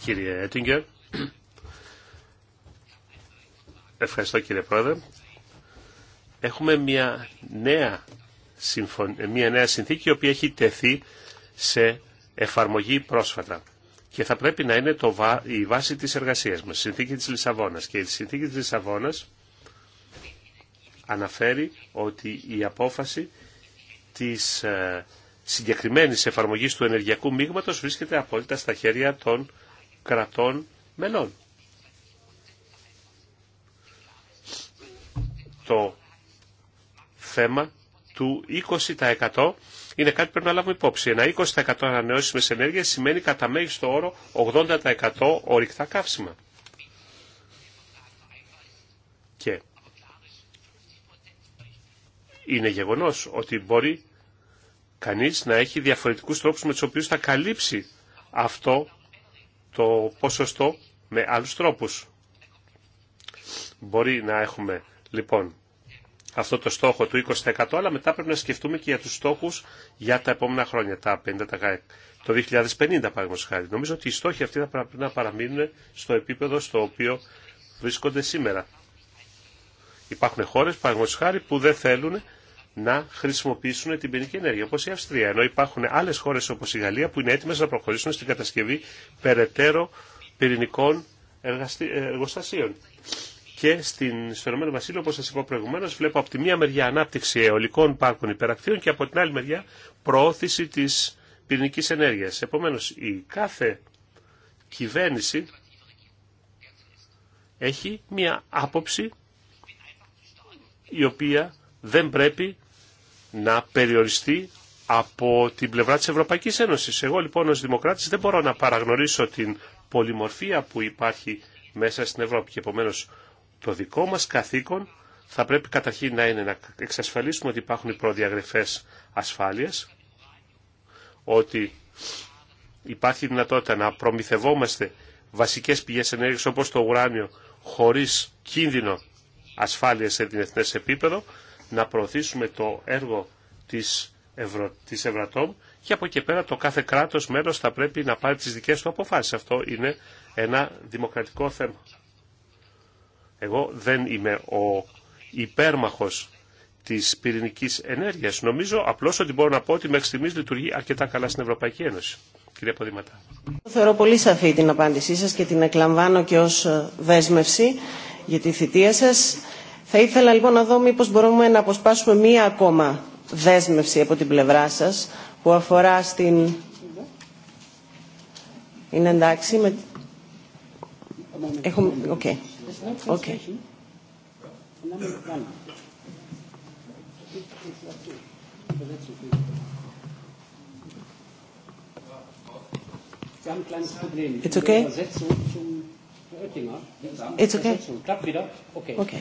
S1: κύριε Έτιγκερ. Ευχαριστώ κύριε Πρόεδρε. Έχουμε μια νέα, μια νέα συνθήκη η οποία έχει τεθεί σε εφαρμογή πρόσφατα και θα πρέπει να είναι το η βάση της εργασίας μας, η συνθήκη της Λισαβόνας. Και η συνθήκη της Λισαβόνας αναφέρει ότι η απόφαση της ε, συγκεκριμένης εφαρμογής του ενεργειακού μείγματος βρίσκεται απόλυτα στα χέρια των κρατών μελών. Το θέμα του 20% είναι κάτι που πρέπει να λάβουμε υπόψη. Ένα 20% ανανεώσιμε ενέργεια σημαίνει κατά μέγιστο όρο 80% ορυκτά καύσιμα. Και είναι γεγονός ότι μπορεί κανείς να έχει διαφορετικούς τρόπους με τους οποίους θα καλύψει αυτό το ποσοστό με άλλους τρόπους. Μπορεί να έχουμε λοιπόν αυτό το στόχο του 20% αλλά μετά πρέπει να σκεφτούμε και για τους στόχους για τα επόμενα χρόνια, τα 50%. Το 2050 παραδείγματος Νομίζω ότι οι στόχοι αυτοί θα πρέπει να παραμείνουν στο επίπεδο στο οποίο βρίσκονται σήμερα. Υπάρχουν χώρες παραδείγματος που δεν θέλουν να χρησιμοποιήσουν την πυρηνική ενέργεια, Όπω η Αυστρία. Ενώ υπάρχουν άλλε χώρε όπω η Γαλλία που είναι έτοιμε να προχωρήσουν στην κατασκευή περαιτέρω πυρηνικών ε, εργοστασίων. Και στην, στο Ηνωμένο Βασίλειο, όπως σας είπα προηγουμένω, βλέπω από τη μία μεριά ανάπτυξη αιωλικών πάρκων υπερακτήρων και από την άλλη μεριά προώθηση τη πυρηνικη ενεργεια επομενω η κάθε κυβέρνηση έχει μία άποψη η οποία δεν πρέπει να περιοριστεί από την πλευρά της Ευρωπαϊκής Ένωσης. Εγώ λοιπόν ως δημοκράτης δεν μπορώ να παραγνωρίσω την πολυμορφία που υπάρχει μέσα στην Ευρώπη και επομένως το δικό μας καθήκον θα πρέπει καταρχήν να είναι να εξασφαλίσουμε ότι υπάρχουν οι προδιαγραφές ασφάλειας, ότι υπάρχει δυνατότητα να προμηθευόμαστε βασικές πηγές ενέργειας όπως το ουράνιο χωρίς κίνδυνο ασφάλειας σε διεθνές επίπεδο, να προωθήσουμε το έργο της, Ευρω... της Ευρατόμ και από εκεί πέρα το κάθε κράτος μέλος θα πρέπει να πάρει τις δικές του αποφάσεις. Αυτό είναι ένα δημοκρατικό θέμα. Εγώ δεν είμαι ο υπέρμαχος της πυρηνικής ενέργειας. Νομίζω απλώς ότι μπορώ να πω ότι μέχρι στιγμής λειτουργεί αρκετά καλά στην Ευρωπαϊκή Ένωση. Κύριε Ποδηματά.
S5: Θεωρώ πολύ σαφή την απάντησή σας και την εκλαμβάνω και ως ε, δέσμευση για τη θητεία σας. Θα ήθελα λοιπόν να δω μήπως μπορούμε να αποσπάσουμε μία ακόμα δέσμευση από την πλευρά σας που αφορά στην... Είναι εντάξει με... Έχουμε... Οκ.
S3: Okay. Okay.
S5: It's
S2: okay. It's okay. Okay.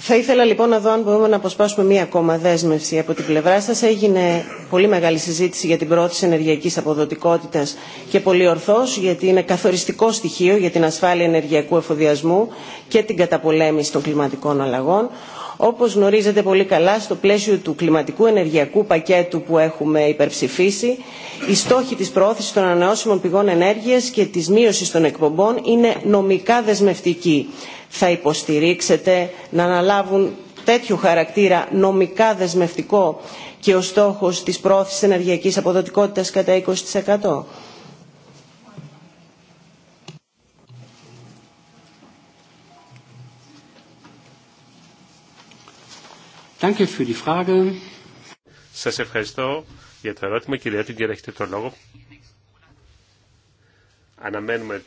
S5: Θα ήθελα λοιπόν να δω αν μπορούμε να αποσπάσουμε μία ακόμα δέσμευση από την πλευρά σα. Έγινε πολύ μεγάλη συζήτηση για την πρόθεση ενεργειακή αποδοτικότητα και πολύ ορθώ, γιατί είναι καθοριστικό στοιχείο για την ασφάλεια ενεργειακού εφοδιασμού και την καταπολέμηση των κλιματικών αλλαγών όπως γνωρίζετε πολύ καλά στο πλαίσιο του κλιματικού ενεργειακού πακέτου που έχουμε υπερψηφίσει οι στόχοι της προώθησης των ανανεώσιμων πηγών ενέργειας και της μείωσης των εκπομπών είναι νομικά δεσμευτικοί. θα υποστηρίξετε να αναλάβουν τέτοιο χαρακτήρα νομικά δεσμευτικό και ο στόχος της προώθησης ενεργειακής αποδοτικότητας κατά 20%.
S1: Σα Σας ευχαριστώ για το ερώτημα. Κυρία Τιγκέρα, έχετε το λόγο. Αναμένουμε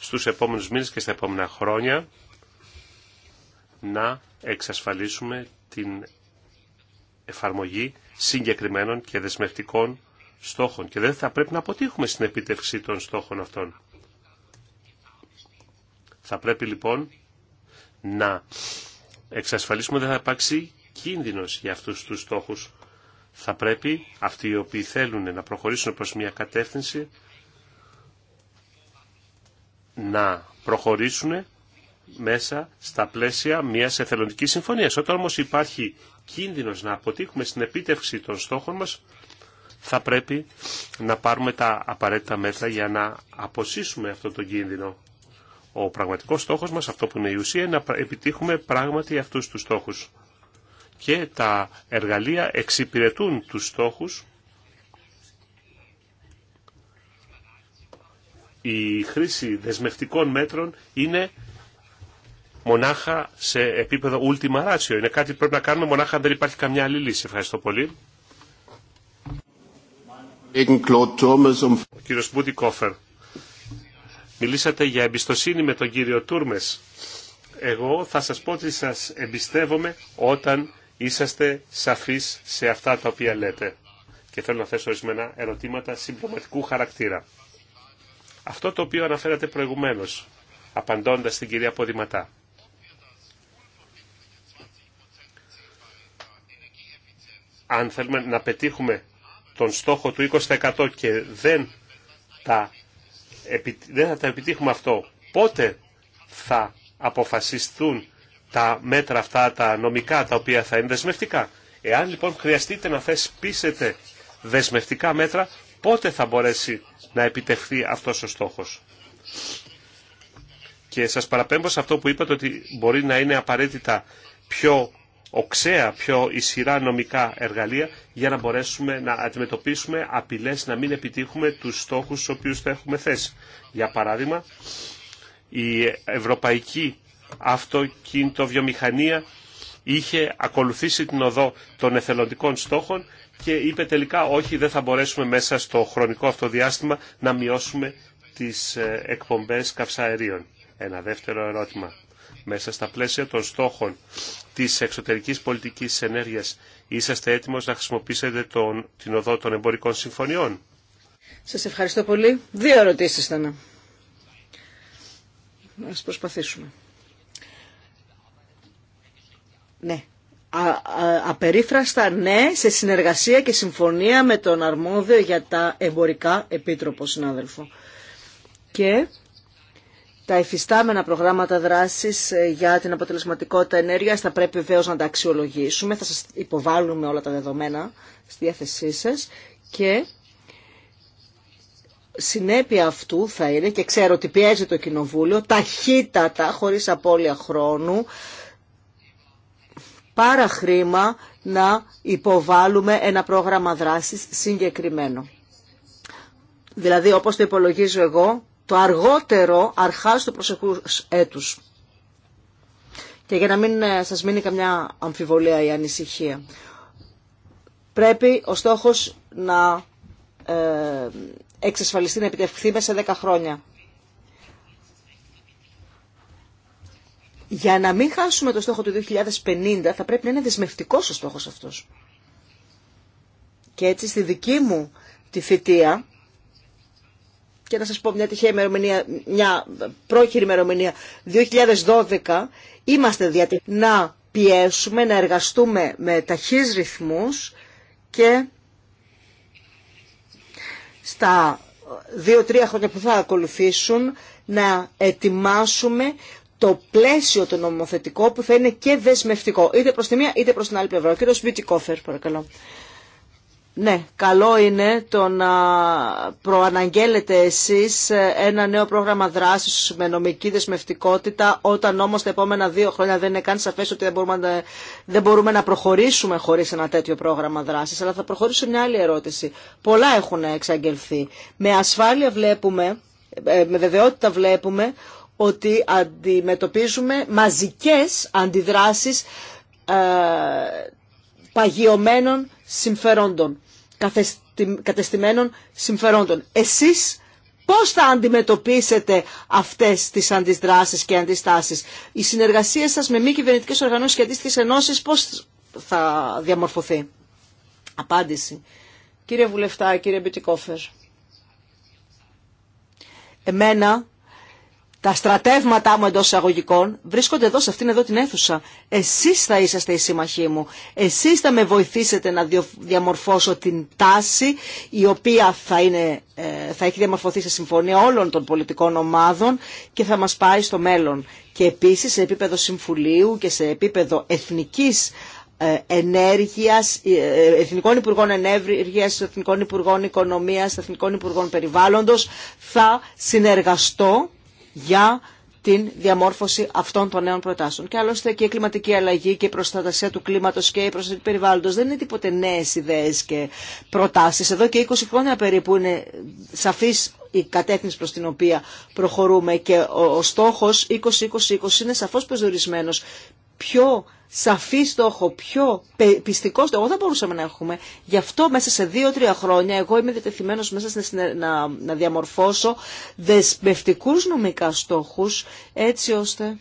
S1: στους επόμενους μήνες και στα επόμενα χρόνια να εξασφαλίσουμε την εφαρμογή συγκεκριμένων και δεσμευτικών στόχων και δεν θα πρέπει να αποτύχουμε στην επίτευξη των στόχων αυτών. Θα πρέπει λοιπόν να εξασφαλίσουμε ότι θα υπάρξει κίνδυνος για αυτούς τους στόχους. Θα πρέπει αυτοί οι οποίοι θέλουν να προχωρήσουν προς μια κατεύθυνση να προχωρήσουν μέσα στα πλαίσια μιας εθελοντικής συμφωνίας. Όταν όμως υπάρχει κίνδυνος να αποτύχουμε στην επίτευξη των στόχων μας, θα πρέπει να πάρουμε τα απαραίτητα μέτρα για να αποσύσουμε αυτό τον κίνδυνο ο πραγματικός στόχος μας, αυτό που είναι η ουσία, είναι να επιτύχουμε πράγματι αυτούς τους στόχους. Και τα εργαλεία εξυπηρετούν τους στόχους. Η χρήση δεσμευτικών μέτρων είναι μονάχα σε επίπεδο ultima ratio. Είναι κάτι που πρέπει να κάνουμε μονάχα αν δεν υπάρχει καμιά άλλη λύση. Ευχαριστώ πολύ. Ο κύριος Μπούτι Κόφερ. Μιλήσατε για εμπιστοσύνη με τον κύριο Τούρμες. Εγώ θα σας πω ότι σας εμπιστεύομαι όταν είσαστε σαφείς σε αυτά τα οποία λέτε. Και θέλω να θέσω ορισμένα ερωτήματα συμπληρωματικού χαρακτήρα. Αυτό το οποίο αναφέρατε προηγουμένως, απαντώντας στην κυρία Ποδηματά. Αν θέλουμε να πετύχουμε τον στόχο του 20% και δεν τα δεν θα τα επιτύχουμε αυτό. Πότε θα αποφασιστούν τα μέτρα αυτά, τα νομικά, τα οποία θα είναι δεσμευτικά. Εάν λοιπόν χρειαστείτε να θεσπίσετε δεσμευτικά μέτρα, πότε θα μπορέσει να επιτευχθεί αυτός ο στόχος. Και σας παραπέμπω σε αυτό που είπατε ότι μπορεί να είναι απαραίτητα πιο οξέα, πιο ισχυρά νομικά εργαλεία για να μπορέσουμε να αντιμετωπίσουμε απειλές, να μην επιτύχουμε τους στόχους στους οποίους θα έχουμε θέσει. Για παράδειγμα, η ευρωπαϊκή αυτοκινητοβιομηχανία είχε ακολουθήσει την οδό των εθελοντικών στόχων και είπε τελικά όχι δεν θα μπορέσουμε μέσα στο χρονικό αυτό διάστημα να μειώσουμε τις ε, εκπομπές καυσαερίων. Ένα δεύτερο ερώτημα μέσα στα πλαίσια των στόχων της εξωτερικής πολιτικής ενέργειας είσαστε έτοιμος να χρησιμοποιήσετε τον, την οδό των εμπορικών συμφωνιών.
S3: Σας ευχαριστώ πολύ. Δύο ερωτήσεις ήταν. Ας προσπαθήσουμε. Ναι. Α, α, απερίφραστα ναι σε συνεργασία και συμφωνία με τον αρμόδιο για τα εμπορικά επίτροπο συνάδελφο. Και τα εφιστάμενα προγράμματα δράσης ε, για την αποτελεσματικότητα ενέργειας θα πρέπει βεβαίω να τα αξιολογήσουμε. Θα σας υποβάλουμε όλα τα δεδομένα στη διάθεσή σα. και συνέπεια αυτού θα είναι και ξέρω ότι πιέζει το Κοινοβούλιο ταχύτατα, χωρίς απώλεια χρόνου, πάρα χρήμα να υποβάλουμε ένα πρόγραμμα δράσης συγκεκριμένο. Δηλαδή όπως το υπολογίζω εγώ, το αργότερο αρχά του προσεχού έτου. Και για να μην ε, σα μείνει καμιά αμφιβολία ή ανησυχία. Πρέπει ο στόχο να ε, εξασφαλιστεί, να επιτευχθεί μέσα σε 10 χρόνια. Για να μην χάσουμε το στόχο του 2050 θα πρέπει να είναι δεσμευτικό ο στόχος αυτός. Και έτσι στη δική μου τη θητεία και να σας πω μια τυχαία ημερομηνία, μια πρόχειρη ημερομηνία, 2012, είμαστε διατεθειμένοι να πιέσουμε, να εργαστούμε με ταχύς ρυθμούς και στα δύο-τρία χρόνια που θα ακολουθήσουν να ετοιμάσουμε το πλαίσιο το νομοθετικό που θα είναι και δεσμευτικό, είτε προς τη μία είτε προς την άλλη πλευρά. Ο κύριος παρακαλώ. Ναι, καλό είναι το να προαναγγέλλετε εσείς ένα νέο πρόγραμμα δράσης με νομική δεσμευτικότητα, όταν όμως τα επόμενα δύο χρόνια δεν είναι καν σαφές ότι δεν μπορούμε, να, προχωρήσουμε χωρίς ένα τέτοιο πρόγραμμα δράσης. Αλλά θα προχωρήσω μια άλλη ερώτηση. Πολλά έχουν εξαγγελθεί. Με ασφάλεια βλέπουμε, ε, με βεβαιότητα βλέπουμε, ότι αντιμετωπίζουμε μαζικές αντιδράσεις ε, παγιωμένων συμφερόντων κατεστημένων συμφερόντων. Εσείς πώς θα αντιμετωπίσετε αυτές τις αντιδράσεις και αντιστάσεις. Η συνεργασία σας με μη κυβερνητικέ οργανώσεις και αντίστοιχες ενώσεις πώς θα διαμορφωθεί. Απάντηση. Κύριε Βουλευτά, κύριε Μπιτικόφερ. Εμένα τα στρατεύματά μου εντό εισαγωγικών βρίσκονται εδώ σε αυτήν εδώ την αίθουσα. Εσεί θα είσαστε οι σύμμαχοί μου. Εσεί θα με βοηθήσετε να διαμορφώσω την τάση η οποία θα, είναι, ε, θα έχει διαμορφωθεί σε συμφωνία όλων των πολιτικών ομάδων και θα μα πάει στο μέλλον. Και επίση σε επίπεδο Συμφουλίου και σε επίπεδο εθνική ε, ενέργειας, ε, Εθνικών Υπουργών Ενέργειας, Εθνικών Υπουργών Οικονομίας, Εθνικών Υπουργών Περιβάλλοντος θα συνεργαστώ για την διαμόρφωση αυτών των νέων προτάσεων. Και άλλωστε και η κλιματική αλλαγή και η προστασία του κλίματο και η προστασία του περιβάλλοντο δεν είναι τίποτε νέε ιδέε και προτάσει. Εδώ και 20 χρόνια περίπου είναι σαφή η κατεύθυνση προ την οποία προχωρούμε και ο, ο στόχος 20-20-20 είναι σαφώ προσδιορισμένο πιο σαφή στόχο, πιο πιστικό στόχο δεν μπορούσαμε να έχουμε. Γι' αυτό μέσα σε δύο-τρία χρόνια εγώ είμαι διατεθειμένος μέσα να, να, να διαμορφώσω δεσμευτικούς νομικά στόχους έτσι ώστε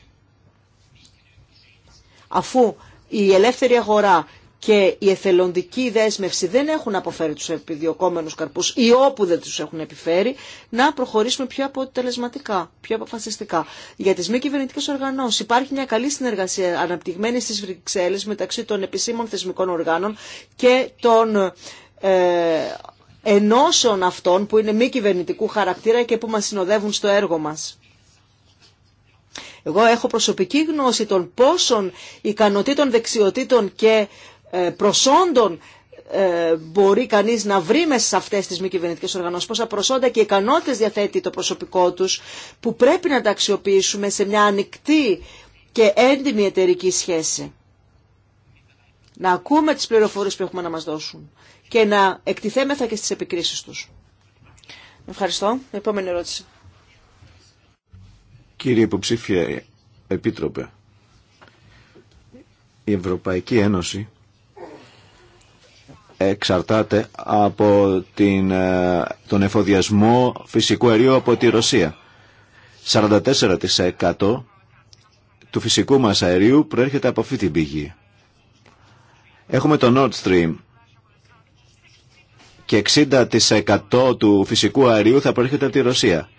S3: αφού η ελεύθερη αγορά και η εθελοντική δέσμευση δεν έχουν αποφέρει τους επιδιωκόμενους καρπούς ή όπου δεν τους έχουν επιφέρει, να προχωρήσουμε πιο αποτελεσματικά, πιο αποφασιστικά. Για τις μη κυβερνητικέ οργανώσεις υπάρχει μια καλή συνεργασία αναπτυγμένη στις Βρυξέλλες μεταξύ των επισήμων θεσμικών οργάνων και των... Ε, ενώσεων αυτών που είναι μη κυβερνητικού χαρακτήρα και που μας συνοδεύουν στο έργο μας. Εγώ έχω προσωπική γνώση των πόσων ικανοτήτων, δεξιοτήτων και ε, προσόντων ε, μπορεί κανείς να βρει μέσα σε αυτές τις μη κυβερνητικές οργανώσεις, πόσα προσόντα και ικανότητες διαθέτει το προσωπικό τους, που πρέπει να τα αξιοποιήσουμε σε μια ανοιχτή και έντιμη εταιρική σχέση. Να ακούμε τις πληροφορίες που έχουμε να μας δώσουν και να εκτιθέμεθα και στις επικρίσεις τους. Ευχαριστώ. Επόμενη ερώτηση.
S4: Κύριε υποψήφια Επίτροπε, η Ευρωπαϊκή Ένωση εξαρτάται από την, ε, τον εφοδιασμό φυσικού αερίου από τη Ρωσία. 44% του φυσικού μας αερίου προέρχεται από αυτή την πηγή. Έχουμε το Nord Stream και 60% του φυσικού αερίου θα προέρχεται από τη Ρωσία.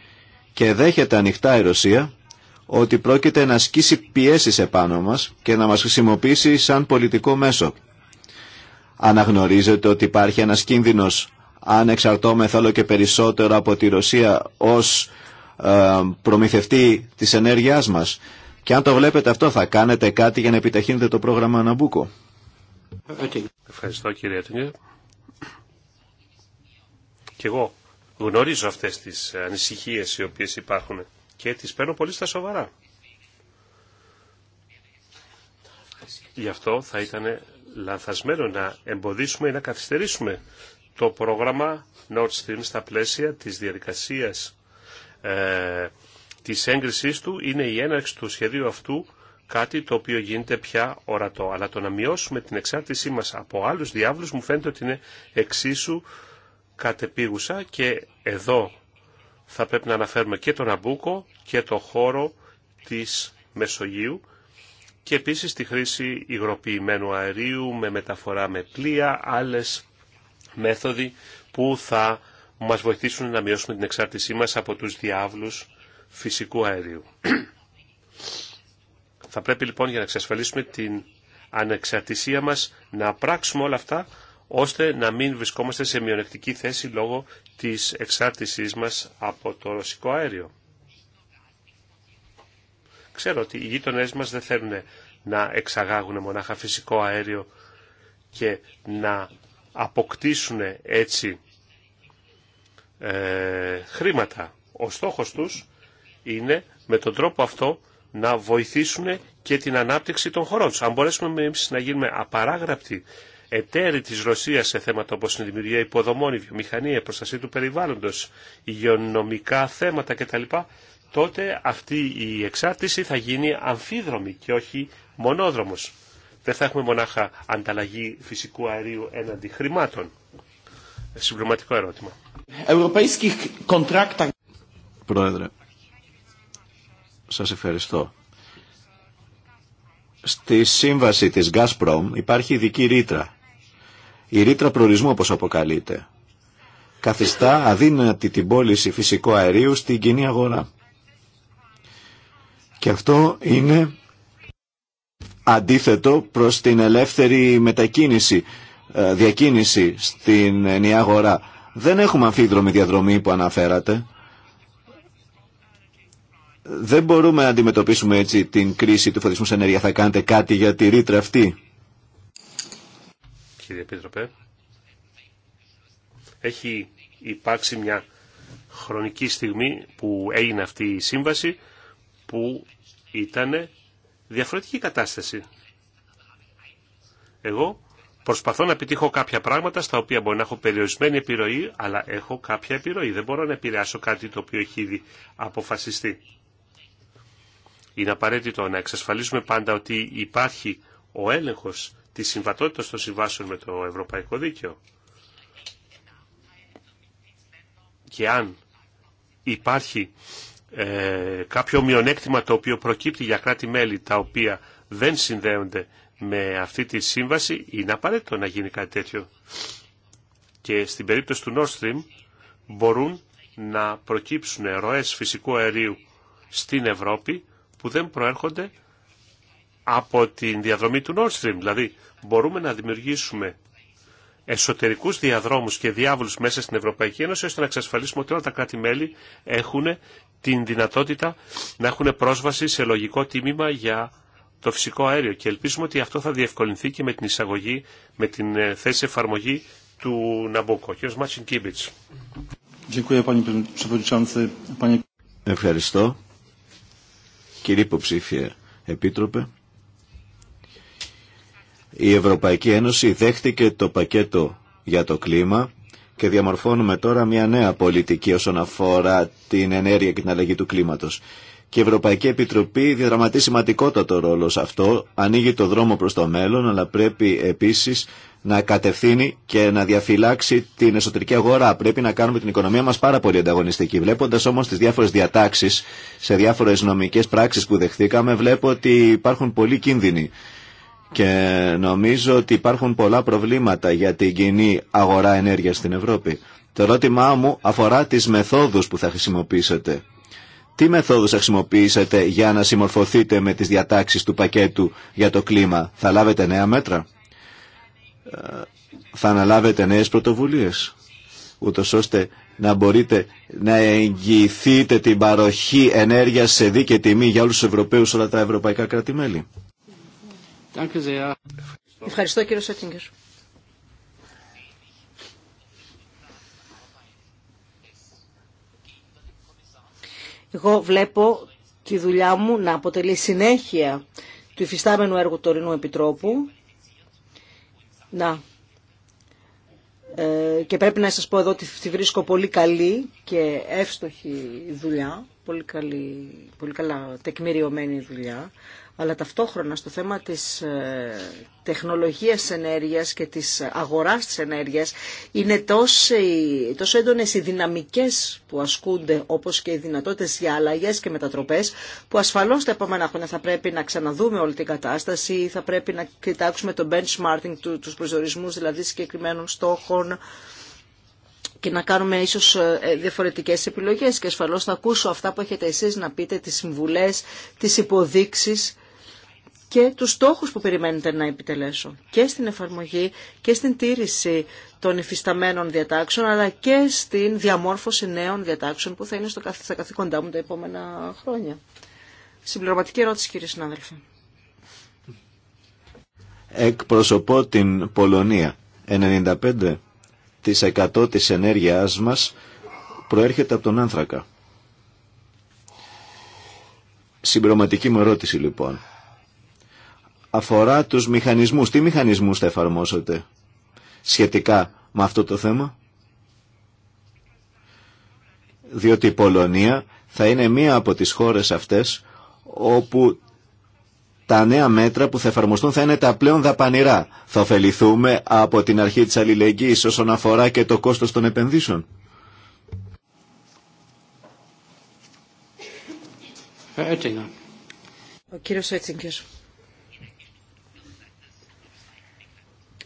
S4: Και δέχεται ανοιχτά η Ρωσία ότι πρόκειται να ασκήσει πιέσεις επάνω μας και να μας χρησιμοποιήσει σαν πολιτικό μέσο αναγνωρίζετε ότι υπάρχει ένας κίνδυνος αν εξαρτώμεθα όλο και περισσότερο από τη Ρωσία ως ε, προμηθευτή της ενέργειάς μας. Και αν το βλέπετε αυτό θα κάνετε κάτι για να επιταχύνετε το πρόγραμμα Αναμπούκο.
S1: Okay. Ευχαριστώ κύριε Τινιέ. Και εγώ γνωρίζω αυτές τις ανησυχίες οι οποίες υπάρχουν και τις παίρνω πολύ στα σοβαρά. Γι' αυτό θα ήταν λανθασμένο να εμποδίσουμε ή να καθυστερήσουμε το πρόγραμμα Nord Stream στα πλαίσια της διαδικασίας ε, της έγκρισής του είναι η έναρξη του σχεδίου αυτού κάτι το οποίο γίνεται πια ορατό. Αλλά το να μειώσουμε την εξάρτησή μας από άλλους διάβλους μου φαίνεται ότι είναι εξίσου κατεπίγουσα και εδώ θα πρέπει να αναφέρουμε και τον Αμπούκο και το χώρο της Μεσογείου και επίσης τη χρήση υγροποιημένου αερίου με μεταφορά με πλοία, άλλες μέθοδοι που θα μας βοηθήσουν να μειώσουμε την εξάρτησή μας από τους διάβλους φυσικού αερίου. θα πρέπει λοιπόν για να εξασφαλίσουμε την ανεξαρτησία μας να πράξουμε όλα αυτά ώστε να μην βρισκόμαστε σε μειονεκτική θέση λόγω της εξάρτησής μας από το ρωσικό αέριο. Ξέρω ότι οι γείτονέ μας δεν θέλουν να εξαγάγουν μονάχα φυσικό αέριο και να αποκτήσουν έτσι ε, χρήματα. Ο στόχος τους είναι με τον τρόπο αυτό να βοηθήσουν και την ανάπτυξη των χωρών τους. Αν μπορέσουμε να γίνουμε απαράγραπτοι εταίροι της Ρωσίας σε θέματα όπως η δημιουργία υποδομών, η βιομηχανία, η προστασία του περιβάλλοντος, υγειονομικά θέματα κτλ τότε αυτή η εξάρτηση θα γίνει αμφίδρομη και όχι μονόδρομος. Δεν θα έχουμε μονάχα ανταλλαγή φυσικού αερίου έναντι χρημάτων. Ε, συμπληρωματικό ερώτημα.
S4: Πρόεδρε, σας ευχαριστώ. Στη σύμβαση της Gazprom υπάρχει ειδική ρήτρα. Η ρήτρα προορισμού όπως αποκαλείται. Καθιστά αδύνατη την πώληση φυσικού αερίου στην κοινή αγορά. Και αυτό είναι αντίθετο προς την ελεύθερη μετακίνηση, ε, διακίνηση στην ενιαία αγορά. Δεν έχουμε αμφίδρομη διαδρομή που αναφέρατε. Δεν μπορούμε να αντιμετωπίσουμε έτσι την κρίση του φωτισμού σε ενέργεια. Θα κάνετε κάτι για τη ρήτρα αυτή.
S1: Κύριε Επίτροπε, έχει υπάρξει μια χρονική στιγμή που έγινε αυτή η σύμβαση που ήταν διαφορετική κατάσταση. Εγώ προσπαθώ να επιτύχω κάποια πράγματα στα οποία μπορεί να έχω περιορισμένη επιρροή, αλλά έχω κάποια επιρροή. Δεν μπορώ να επηρεάσω κάτι το οποίο έχει ήδη αποφασιστεί. Είναι απαραίτητο να εξασφαλίσουμε πάντα ότι υπάρχει ο έλεγχος της συμβατότητας των συμβάσεων με το Ευρωπαϊκό Δίκαιο. Και αν υπάρχει ε, κάποιο μειονέκτημα το οποίο προκύπτει για κράτη-μέλη τα οποία δεν συνδέονται με αυτή τη σύμβαση, είναι απαραίτητο να γίνει κάτι τέτοιο. Και στην περίπτωση του Nord Stream μπορούν να προκύψουν ροές φυσικού αερίου στην Ευρώπη που δεν προέρχονται από την διαδρομή του Nord Stream. Δηλαδή μπορούμε να δημιουργήσουμε εσωτερικούς διαδρόμους και διάβολους μέσα στην Ευρωπαϊκή Ένωση ώστε να εξασφαλίσουμε ότι όλα τα κράτη-μέλη έχουν την δυνατότητα να έχουν πρόσβαση σε λογικό τίμημα για το φυσικό αέριο και ελπίζουμε ότι αυτό θα διευκολυνθεί και με την εισαγωγή, με την ε, θέση εφαρμογή του Ναμπούκο. Κύριος Μάτσιν Κίμπιτς.
S4: Ευχαριστώ. Κύριε υποψήφια επίτροπε, η Ευρωπαϊκή Ένωση δέχτηκε το πακέτο για το κλίμα και διαμορφώνουμε τώρα μια νέα πολιτική όσον αφορά την ενέργεια και την αλλαγή του κλίματος. Και η Ευρωπαϊκή Επιτροπή διαδραματεί σημαντικότατο ρόλο σε αυτό, ανοίγει το δρόμο προς το μέλλον, αλλά πρέπει επίσης να κατευθύνει και να διαφυλάξει την εσωτερική αγορά. Πρέπει να κάνουμε την οικονομία μας πάρα πολύ ανταγωνιστική. Βλέποντας όμως τις διάφορες διατάξεις σε διάφορες νομικές πράξεις που δεχθήκαμε, βλέπω ότι υπάρχουν πολλοί κίνδυνοι και νομίζω ότι υπάρχουν πολλά προβλήματα για την κοινή αγορά ενέργειας στην Ευρώπη. Το ερώτημά μου αφορά τις μεθόδους που θα χρησιμοποιήσετε. Τι μεθόδους θα χρησιμοποιήσετε για να συμμορφωθείτε με τις διατάξεις του πακέτου για το κλίμα. Θα λάβετε νέα μέτρα. Ε, θα αναλάβετε νέες πρωτοβουλίες. Ούτως ώστε να μπορείτε να εγγυηθείτε την παροχή ενέργειας σε δίκαιη τιμή για όλους τους Ευρωπαίους όλα τα ευρωπαϊκά κράτη-μέλη.
S3: Ευχαριστώ κύριο Εγώ βλέπω τη δουλειά μου να αποτελεί συνέχεια του υφιστάμενου έργου του Ορεινού Επιτρόπου. Να. Ε, και πρέπει να σας πω εδώ ότι τη βρίσκω πολύ καλή και εύστοχη δουλειά, πολύ, καλή, πολύ καλά τεκμηριωμένη δουλειά αλλά ταυτόχρονα στο θέμα της ε, τεχνολογίας ενέργειας και της αγοράς της ενέργειας είναι τόσο, τόσο έντονες οι δυναμικές που ασκούνται όπως και οι δυνατότητες για αλλαγέ και μετατροπές που ασφαλώς τα επόμενα χρόνια θα πρέπει να ξαναδούμε όλη την κατάσταση, θα πρέπει να κοιτάξουμε το benchmarking, του, τους προσδορισμούς δηλαδή συγκεκριμένων στόχων, και να κάνουμε ίσως ε, διαφορετικές επιλογές και ασφαλώς θα ακούσω αυτά που έχετε εσείς να πείτε, τις συμβουλές, τις υποδείξεις και τους στόχους που περιμένετε να επιτελέσω και στην εφαρμογή και στην τήρηση των υφισταμένων διατάξεων αλλά και στην διαμόρφωση νέων διατάξεων που θα είναι στο, στα καθήκοντά μου τα επόμενα χρόνια. Συμπληρωματική ερώτηση κύριε συνάδελφε.
S4: Εκπροσωπώ την Πολωνία. 95% της ενέργειάς μας προέρχεται από τον άνθρακα. Συμπληρωματική μου ερώτηση λοιπόν αφορά τους μηχανισμούς. Τι μηχανισμούς θα εφαρμόσετε σχετικά με αυτό το θέμα. Διότι η Πολωνία θα είναι μία από τις χώρες αυτές όπου τα νέα μέτρα που θα εφαρμοστούν θα είναι τα πλέον δαπανηρά. Θα ωφεληθούμε από την αρχή της αλληλεγγύης όσον αφορά και το κόστος των επενδύσεων.
S3: Ο κύριος Έτσιγκερ.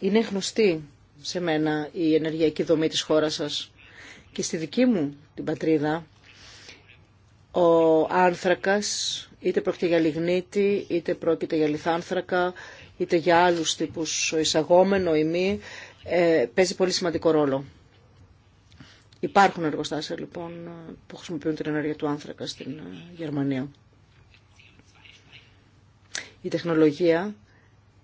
S3: Είναι γνωστή σε μένα η ενεργειακή δομή της χώρας σας και στη δική μου την πατρίδα ο άνθρακας είτε πρόκειται για λιγνίτη είτε πρόκειται για λιθάνθρακα είτε για άλλους τύπους εισαγόμενο ή μη ε, παίζει πολύ σημαντικό ρόλο. Υπάρχουν εργοστάσια λοιπόν που χρησιμοποιούν την ενέργεια του άνθρακα στην ε, Γερμανία. Η τεχνολογία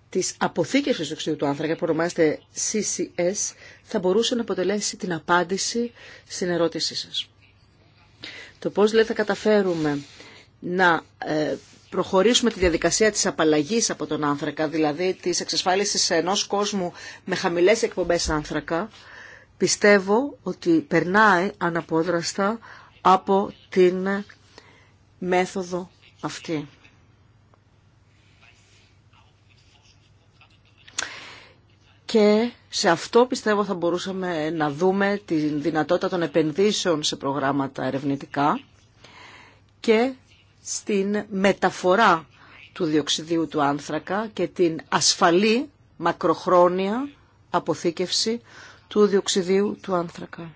S3: Τη αποθήκευσης του οξυδίου του άνθρακα που ονομάζεται CCS θα μπορούσε να αποτελέσει την απάντηση στην ερώτησή σας. Το πώς λέει θα καταφέρουμε να ε, προχωρήσουμε τη διαδικασία της απαλλαγής από τον άνθρακα, δηλαδή της εξασφάλισης ενός κόσμου με χαμηλές εκπομπές άνθρακα, πιστεύω ότι περνάει αναπόδραστα από την μέθοδο αυτή. και σε αυτό πιστεύω θα μπορούσαμε να δούμε τη δυνατότητα των επενδύσεων σε προγράμματα ερευνητικά και στην μεταφορά του διοξιδίου του άνθρακα και την ασφαλή μακροχρόνια αποθήκευση του διοξιδίου του άνθρακα.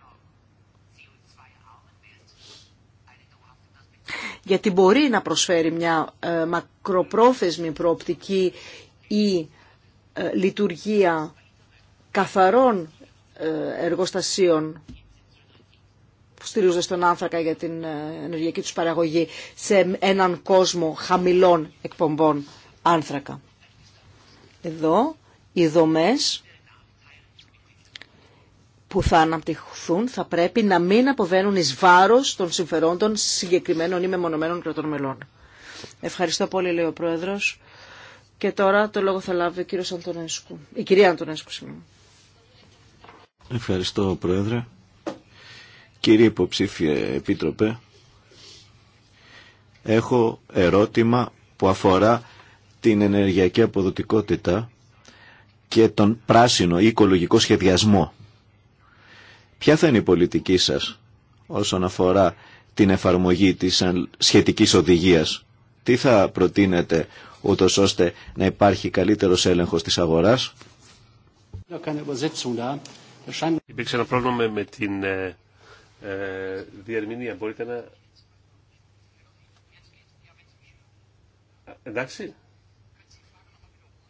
S3: Γιατί μπορεί να προσφέρει μια ε, μακροπρόθεσμη προοπτική ή ε, λειτουργία καθαρών ε, εργοστασίων που στηρίζονται στον άνθρακα για την ε, ενεργειακή τους παραγωγή σε έναν κόσμο χαμηλών εκπομπών άνθρακα. Εδώ οι δομές που θα αναπτυχθούν θα πρέπει να μην αποβαίνουν εις βάρος των συμφερόντων συγκεκριμένων ή μεμονωμένων κρατών μελών. Ευχαριστώ πολύ, λέει ο Πρόεδρος. Και τώρα το λόγο θα λάβει ο κύριος Αντωνέσκου. Η κυρία Αντωνέσκου, συγγνώμη.
S4: Ευχαριστώ, Πρόεδρε. Κύριε Υποψήφιε Επίτροπε, έχω ερώτημα που αφορά την ενεργειακή αποδοτικότητα και τον πράσινο ή οικολογικό σχεδιασμό. Ποια θα είναι η πολιτική σας όσον αφορά την εφαρμογή της σχετικής οδηγίας. Τι θα προτείνετε ούτω ώστε να υπάρχει καλύτερος έλεγχος της αγοράς.
S1: Υπήρξε ένα πρόβλημα με την ε, ε, διερμηνία. Μπορείτε να... Εντάξει.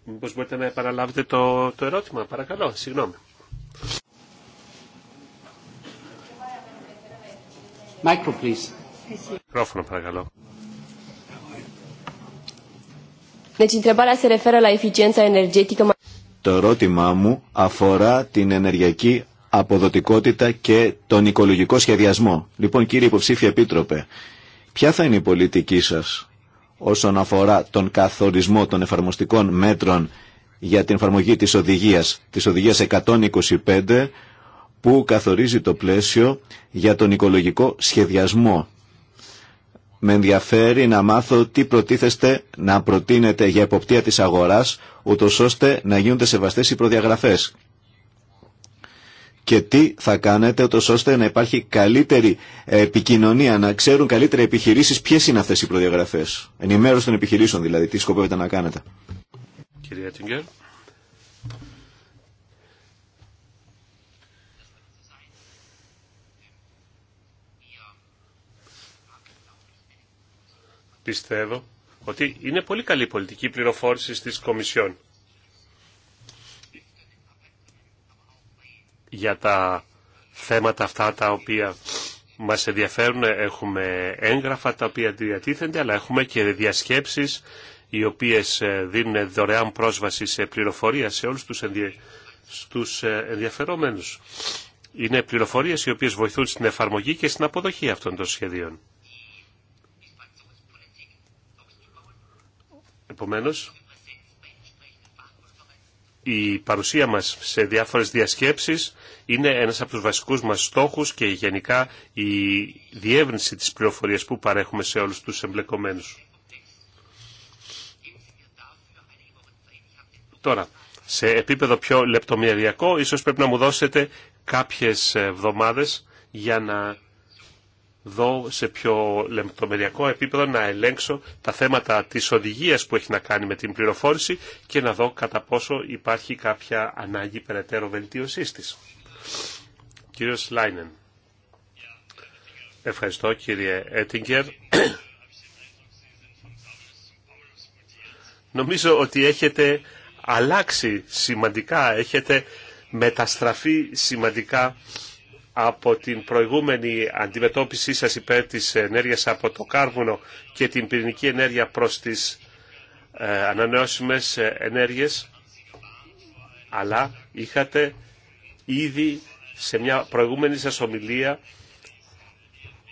S1: Μήπως μπορείτε να επαναλάβετε το, το ερώτημα. Παρακαλώ. Συγγνώμη. Micro, please. Μικρόφωνο, παρακαλώ. Deci, întrebarea se referă la eficiența energetică.
S4: Το ερώτημά μου αφορά την ενεργειακή αποδοτικότητα και τον οικολογικό σχεδιασμό. Λοιπόν κύριε υποψήφια επίτροπε, ποια θα είναι η πολιτική σας όσον αφορά τον καθορισμό των εφαρμοστικών μέτρων για την εφαρμογή της οδηγίας, της οδηγίας 125 που καθορίζει το πλαίσιο για τον οικολογικό σχεδιασμό με ενδιαφέρει να μάθω τι προτίθεστε να προτείνετε για εποπτεία της αγοράς, ούτω ώστε να γίνονται σεβαστές οι προδιαγραφές. Και τι θα κάνετε ούτως ώστε να υπάρχει καλύτερη επικοινωνία, να ξέρουν καλύτερα επιχειρήσεις ποιες είναι αυτές οι προδιαγραφές. Ενημέρωση των επιχειρήσεων δηλαδή, τι σκοπεύετε να κάνετε.
S1: Κύριε πιστεύω ότι είναι πολύ καλή πολιτική πληροφόρηση της Κομισιόν. Για τα θέματα αυτά τα οποία μας ενδιαφέρουν έχουμε έγγραφα τα οποία διατίθενται αλλά έχουμε και διασκέψεις οι οποίες ε, δίνουν δωρεάν πρόσβαση σε πληροφορία σε όλους τους, ενδια... Ε, ενδιαφερόμενους. Είναι πληροφορίες οι οποίες βοηθούν στην εφαρμογή και στην αποδοχή αυτών των σχεδίων. Επομένως, η παρουσία μας σε διάφορες διασκέψεις είναι ένας από τους βασικούς μας στόχους και γενικά η διεύρυνση της πληροφορίας που παρέχουμε σε όλους τους εμπλεκομένους. Τώρα, σε επίπεδο πιο λεπτομεριακό, ίσως πρέπει να μου δώσετε κάποιες εβδομάδες για να δω σε πιο λεπτομεριακό επίπεδο να ελέγξω τα θέματα της οδηγίας που έχει να κάνει με την πληροφόρηση και να δω κατά πόσο υπάρχει κάποια ανάγκη περαιτέρω βελτίωσής της. Κύριος Λάινεν. Ευχαριστώ κύριε Έτιγκερ. Νομίζω ότι έχετε αλλάξει σημαντικά, έχετε μεταστραφεί σημαντικά από την προηγούμενη αντιμετώπιση σας υπέρ της ενέργειας από το κάρβουνο και την πυρηνική ενέργεια προς τις ε, ανανεώσιμες ε, ενέργειες, αλλά είχατε ήδη σε μια προηγούμενη σας ομιλία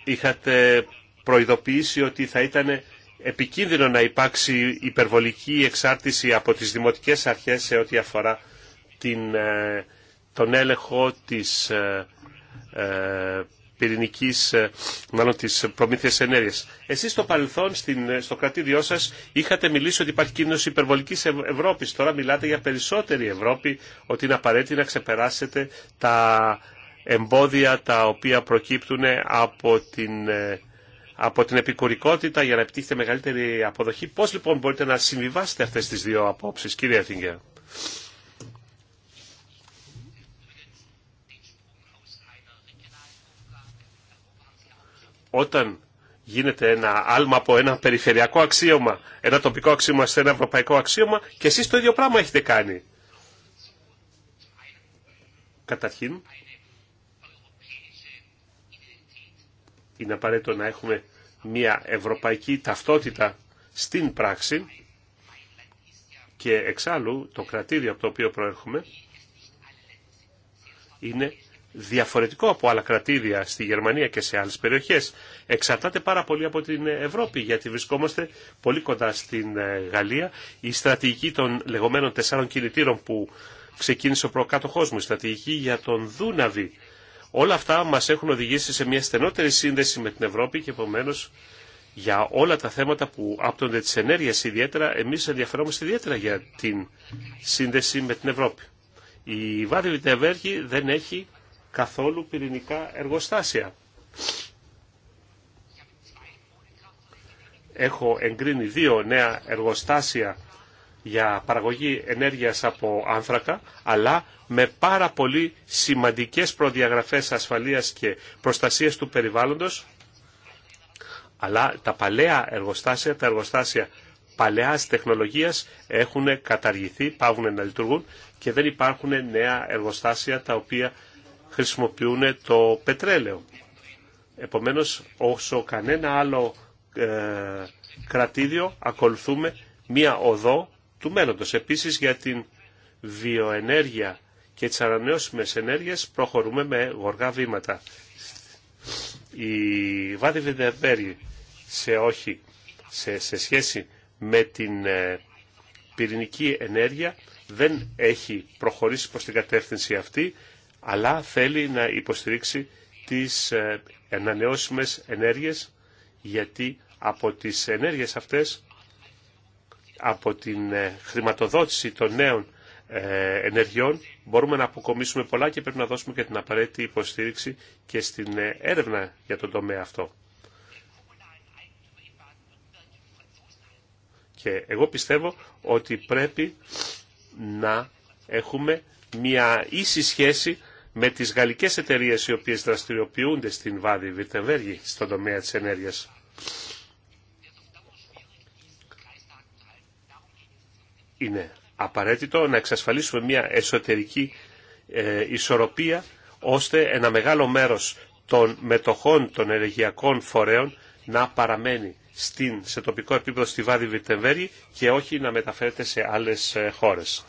S1: είχατε προειδοποιήσει ότι θα ήταν επικίνδυνο να υπάρξει υπερβολική εξάρτηση από τις δημοτικές αρχές σε ό,τι αφορά την, ε, τον έλεγχο της ε, ε, πυρηνικής, ε, μάλλον της προμήθειας ενέργειας. Εσείς στο παρελθόν, στην, ε, στο κρατήδιό σας, είχατε μιλήσει ότι υπάρχει κίνδυνος υπερβολικής Ευρώπης. Τώρα μιλάτε για περισσότερη Ευρώπη, ότι είναι απαραίτητη να ξεπεράσετε τα εμπόδια τα οποία προκύπτουν από την, από την επικουρικότητα για να επιτύχετε μεγαλύτερη αποδοχή. Πώς λοιπόν μπορείτε να συμβιβάσετε αυτές τις δύο απόψεις, κύριε Έθιγκερ. όταν γίνεται ένα άλμα από ένα περιφερειακό αξίωμα, ένα τοπικό αξίωμα σε ένα ευρωπαϊκό αξίωμα και εσείς το ίδιο πράγμα έχετε κάνει. Καταρχήν, είναι απαραίτητο να έχουμε μια ευρωπαϊκή ταυτότητα στην πράξη και εξάλλου το κρατήριο από το οποίο προέρχομαι είναι διαφορετικό από άλλα κρατήδια στη Γερμανία και σε άλλες περιοχές. Εξαρτάται πάρα πολύ από την Ευρώπη γιατί βρισκόμαστε πολύ κοντά στην ε, Γαλλία. Η στρατηγική των λεγόμενων τεσσάρων κινητήρων που ξεκίνησε ο προκάτοχός μου, η στρατηγική για τον Δούναβη. Όλα αυτά μας έχουν οδηγήσει σε μια στενότερη σύνδεση με την Ευρώπη και επομένως για όλα τα θέματα που άπτονται τις ενέργειες ιδιαίτερα, εμείς ενδιαφερόμαστε ιδιαίτερα για την σύνδεση με την Ευρώπη. Η Βάδη Βιτεβέργη δεν έχει καθόλου πυρηνικά εργοστάσια. Έχω εγκρίνει δύο νέα εργοστάσια για παραγωγή ενέργειας από άνθρακα, αλλά με πάρα πολύ σημαντικές προδιαγραφές ασφαλείας και προστασίας του περιβάλλοντος, αλλά τα παλαιά εργοστάσια, τα εργοστάσια παλαιάς τεχνολογίας έχουν καταργηθεί, πάβουν να λειτουργούν και δεν υπάρχουν νέα εργοστάσια τα οποία χρησιμοποιούν το πετρέλαιο. Επομένως, όσο κανένα άλλο ε, κρατήδιο, ακολουθούμε μία οδό του μέλλοντος. Επίσης, για την βιοενέργεια και τις ανανεώσιμες ενέργειες προχωρούμε με γοργά βήματα. Η Βάδη Βιντεμπέρι σε, όχι, σε, σχέση με την ε, πυρηνική ενέργεια δεν έχει προχωρήσει προς την κατεύθυνση αυτή αλλά θέλει να υποστηρίξει τις ε, ανανεώσιμες ενέργειες, γιατί από τις ενέργειες αυτές, από την ε, χρηματοδότηση των νέων ε, ενεργειών, μπορούμε να αποκομίσουμε πολλά και πρέπει να δώσουμε και την απαραίτητη υποστήριξη και στην έρευνα για τον τομέα αυτό. Και εγώ πιστεύω ότι πρέπει να έχουμε μια ίση σχέση με τις γαλλικές εταιρείες οι οποίες δραστηριοποιούνται στην Βάδη Βιρτεμβέργη στον τομέα της ενέργειας. Είναι απαραίτητο να εξασφαλίσουμε μια εσωτερική ε, ισορροπία ώστε ένα μεγάλο μέρος των μετοχών των ενεργειακών φορέων να παραμένει στην, σε τοπικό επίπεδο στη Βάδη Βιρτεμβέργη και όχι να μεταφέρεται σε άλλες ε, χώρες.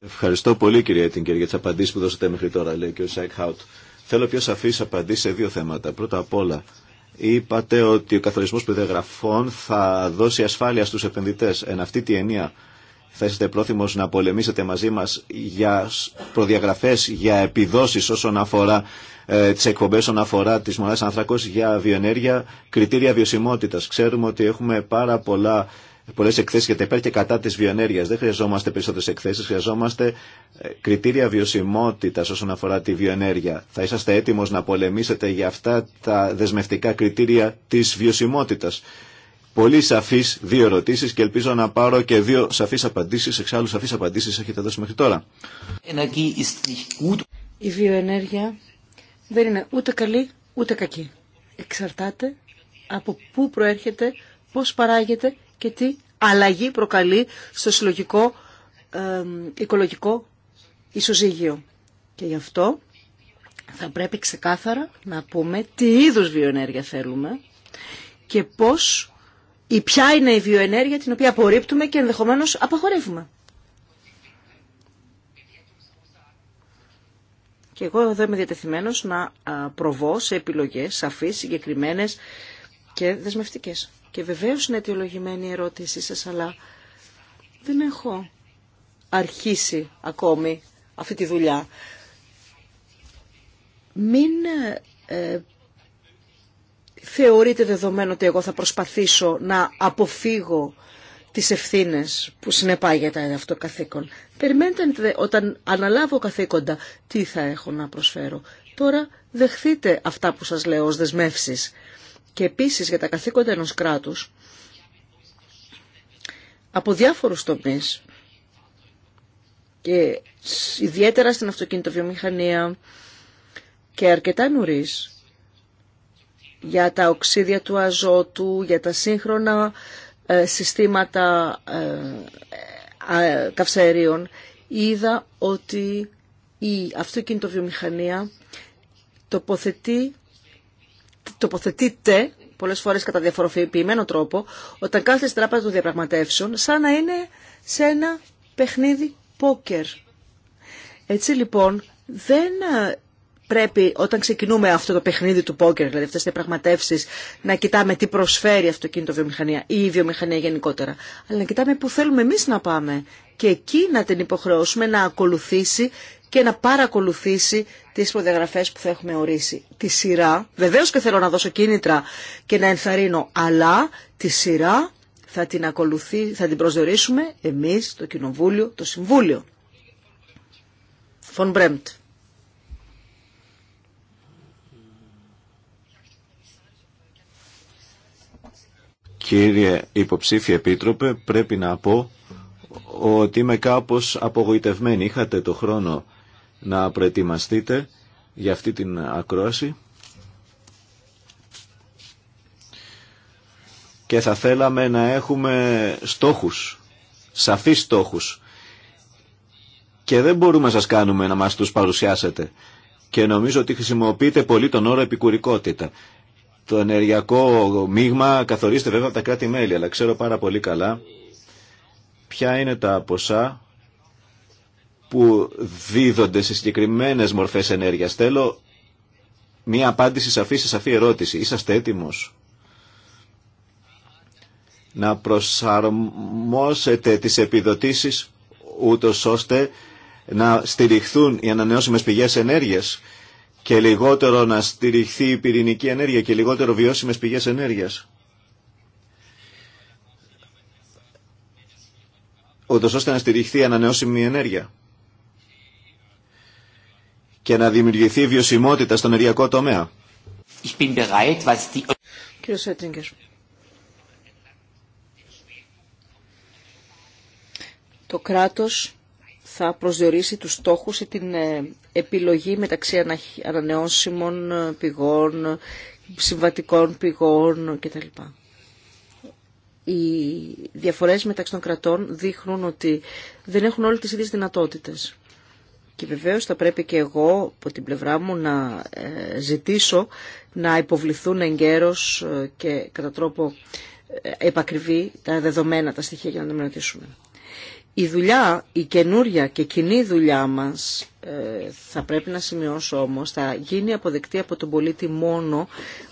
S4: Ευχαριστώ πολύ κύριε Έτιγκερ για τι απαντήσει που δώσατε μέχρι τώρα, λέει και ο Χαουτ. Θέλω πιο σαφή απαντήσεις σε δύο θέματα. Πρώτα απ' όλα, είπατε ότι ο καθορισμό παιδεγραφών θα δώσει ασφάλεια στου επενδυτέ. Εν αυτή τη ενία θα είστε πρόθυμος να πολεμήσετε μαζί μα για προδιαγραφέ, για επιδόσεις όσον αφορά ε, τις εκπομπές, όσον αφορά τι μονάδε άνθρακο, για βιοενέργεια, κριτήρια βιωσιμότητα. Ξέρουμε ότι έχουμε πάρα πολλά πολλέ εκθέσει για τα και κατά τη βιοενέργεια. Δεν χρειαζόμαστε περισσότερε εκθέσει, χρειαζόμαστε ε, κριτήρια βιωσιμότητα όσον αφορά τη βιοενέργεια. Θα είσαστε έτοιμο να πολεμήσετε για αυτά τα δεσμευτικά κριτήρια τη βιωσιμότητα. Πολύ σαφεί δύο ερωτήσει και ελπίζω να πάρω και δύο σαφεί απαντήσει. Εξάλλου, σαφεί απαντήσει έχετε δώσει μέχρι τώρα.
S3: Η βιοενέργεια δεν είναι ούτε καλή ούτε κακή. Εξαρτάται από πού προέρχεται, πώς παράγεται και τι αλλαγή προκαλεί στο συλλογικό ε, οικολογικό ισοζύγιο. Και γι' αυτό θα πρέπει ξεκάθαρα να πούμε τι είδους βιοενέργεια θέλουμε και πώς ή ποια είναι η βιοενέργεια την οποία απορρίπτουμε και ενδεχομένως απαγορεύουμε. Και εγώ εδώ είμαι διατεθειμένος να προβώ σε επιλογές σαφείς, συγκεκριμένες και δεσμευτικές. Και βεβαίως είναι αιτιολογημένη η ερώτησή σας, αλλά δεν έχω αρχίσει ακόμη αυτή τη δουλειά. Μην ε, θεωρείτε δεδομένο ότι εγώ θα προσπαθήσω να αποφύγω τις ευθύνες που συνεπάγεται αυτό το καθήκον. Περιμένετε όταν αναλάβω καθήκοντα τι θα έχω να προσφέρω. Τώρα δεχθείτε αυτά που σας λέω ως δεσμεύσεις και επίσης για τα καθήκοντα ενός κράτους από διάφορους τομείς και ιδιαίτερα στην αυτοκινητοβιομηχανία και αρκετά νωρίς για τα οξύδια του αζότου, για τα σύγχρονα ε, συστήματα ε, καυσαερίων είδα ότι η αυτοκινητοβιομηχανία τοποθετεί τοποθετείται πολλές φορές κατά διαφοροποιημένο τρόπο όταν κάθεται στην τράπεζα των διαπραγματεύσεων σαν να είναι σε ένα παιχνίδι πόκερ. Έτσι λοιπόν δεν ε, πρέπει όταν ξεκινούμε αυτό το παιχνίδι του πόκερ, δηλαδή αυτές τις διαπραγματεύσεις, να κοιτάμε τι προσφέρει αυτοκίνητο βιομηχανία ή η βιομηχανία γενικότερα, αλλά να κοιτάμε πού θέλουμε εμείς να πάμε και εκεί να την υποχρεώσουμε να ακολουθήσει και να παρακολουθήσει τις προδιαγραφές που θα έχουμε ορίσει. Τη σειρά, βεβαίως και θέλω να δώσω κίνητρα και να ενθαρρύνω, αλλά τη σειρά θα την, ακολουθεί, θα την προσδιορίσουμε εμείς, το Κοινοβούλιο, το Συμβούλιο. Φον Μπρέμπτ.
S4: Κύριε Υποψήφιε Επίτροπε, πρέπει να πω ότι είμαι κάπως απογοητευμένη. Είχατε το χρόνο να προετοιμαστείτε για αυτή την ακρόαση και θα θέλαμε να έχουμε στόχους, σαφείς στόχους και δεν μπορούμε να σας κάνουμε να μας τους παρουσιάσετε και νομίζω ότι χρησιμοποιείτε πολύ τον όρο επικουρικότητα. Το ενεργειακό μείγμα καθορίζεται βέβαια από τα κράτη-μέλη, αλλά ξέρω πάρα πολύ καλά ποια είναι τα ποσά που δίδονται σε συγκεκριμένες μορφές ενέργειας. Θέλω μία απάντηση σαφή σε σαφή ερώτηση. Είσαστε έτοιμος να προσαρμόσετε τις επιδοτήσεις ούτω ώστε να στηριχθούν οι ανανεώσιμες πηγές ενέργειας και λιγότερο να στηριχθεί η πυρηνική ενέργεια και λιγότερο βιώσιμες πηγές ενέργειας. Ούτως ώστε να στηριχθεί η ανανεώσιμη ενέργεια και να δημιουργηθεί βιωσιμότητα στον ενεργειακό τομέα.
S3: Το κράτος θα προσδιορίσει τους στόχους ή την ε, επιλογή μεταξύ ανανεώσιμων ε, πηγών, συμβατικών πηγών κτλ. Οι διαφορές μεταξύ των κρατών δείχνουν ότι δεν έχουν όλοι τις ίδιες δυνατότητες. Και βεβαίως θα πρέπει και εγώ από την πλευρά μου να ε, ζητήσω να υποβληθούν εγκαίρως ε, και κατά τρόπο ε, επακριβή τα δεδομένα, τα στοιχεία για να τα μελετήσουμε. Η δουλειά, η καινούρια και κοινή δουλειά μας, θα πρέπει να σημειώσω όμως, θα γίνει αποδεκτή από τον πολίτη μόνο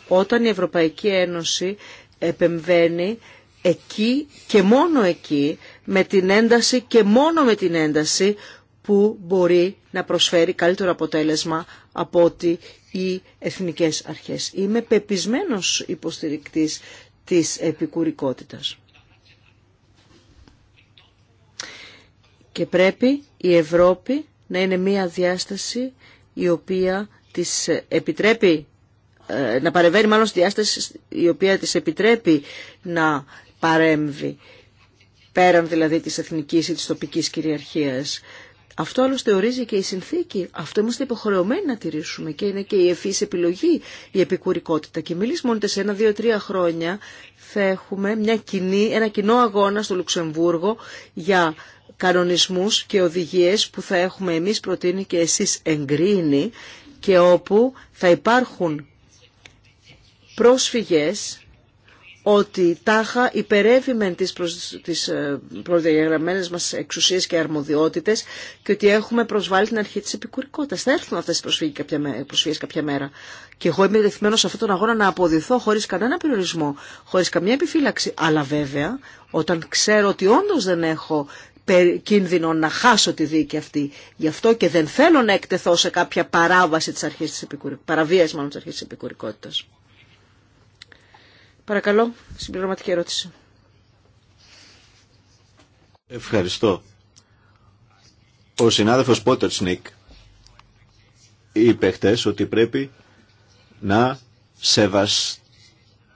S3: όταν η Ευρωπαϊκή Ένωση επεμβαίνει εκεί και μόνο εκεί, με την ένταση και μόνο με την ένταση που μπορεί να προσφέρει καλύτερο αποτέλεσμα από ότι οι εθνικές αρχές. Είμαι πεπισμένος υποστηρικτής της επικουρικότητας. Και πρέπει η Ευρώπη να είναι μία διάσταση η οποία της επιτρέπει ε, να παρεμβαίνει μάλλον στη διάσταση η οποία της επιτρέπει να παρέμβει πέραν δηλαδή της εθνικής ή της τοπικής κυριαρχίας. Αυτό άλλωστε ορίζει και η συνθήκη. Αυτό είμαστε υποχρεωμένοι να τηρήσουμε και είναι και η ευφύ επιλογή, η επικουρικότητα. Και μιλείς μόνο σε ένα, δύο, τρία χρόνια θα έχουμε μια κοινή, ένα κοινό αγώνα στο Λουξεμβούργο για κανονισμούς και οδηγίες που θα έχουμε εμείς προτείνει και εσείς εγκρίνει και όπου θα υπάρχουν πρόσφυγες ότι τάχα υπερεύει μεν τις, προ... τις ε, προδιαγραμμένες μας εξουσίες και αρμοδιότητες και ότι έχουμε προσβάλει την αρχή της επικουρικότητας. Θα έρθουν αυτές οι προσφύγες κάποια, μέρα. Και εγώ είμαι δεθμένος σε αυτόν τον αγώνα να αποδηθώ χωρίς κανένα περιορισμό, χωρίς καμία επιφύλαξη. Αλλά βέβαια, όταν ξέρω ότι όντως δεν έχω κίνδυνο να χάσω τη δίκη αυτή. Γι' αυτό και δεν θέλω να εκτεθώ σε κάποια παράβαση της αρχής της επικουρικότητας, παραβίαση της αρχής της επικουρικότητας. Παρακαλώ, συμπληρωματική ερώτηση.
S4: Ευχαριστώ. Ο συνάδελφος Πότερτσνικ είπε χτες ότι πρέπει να σεβασ...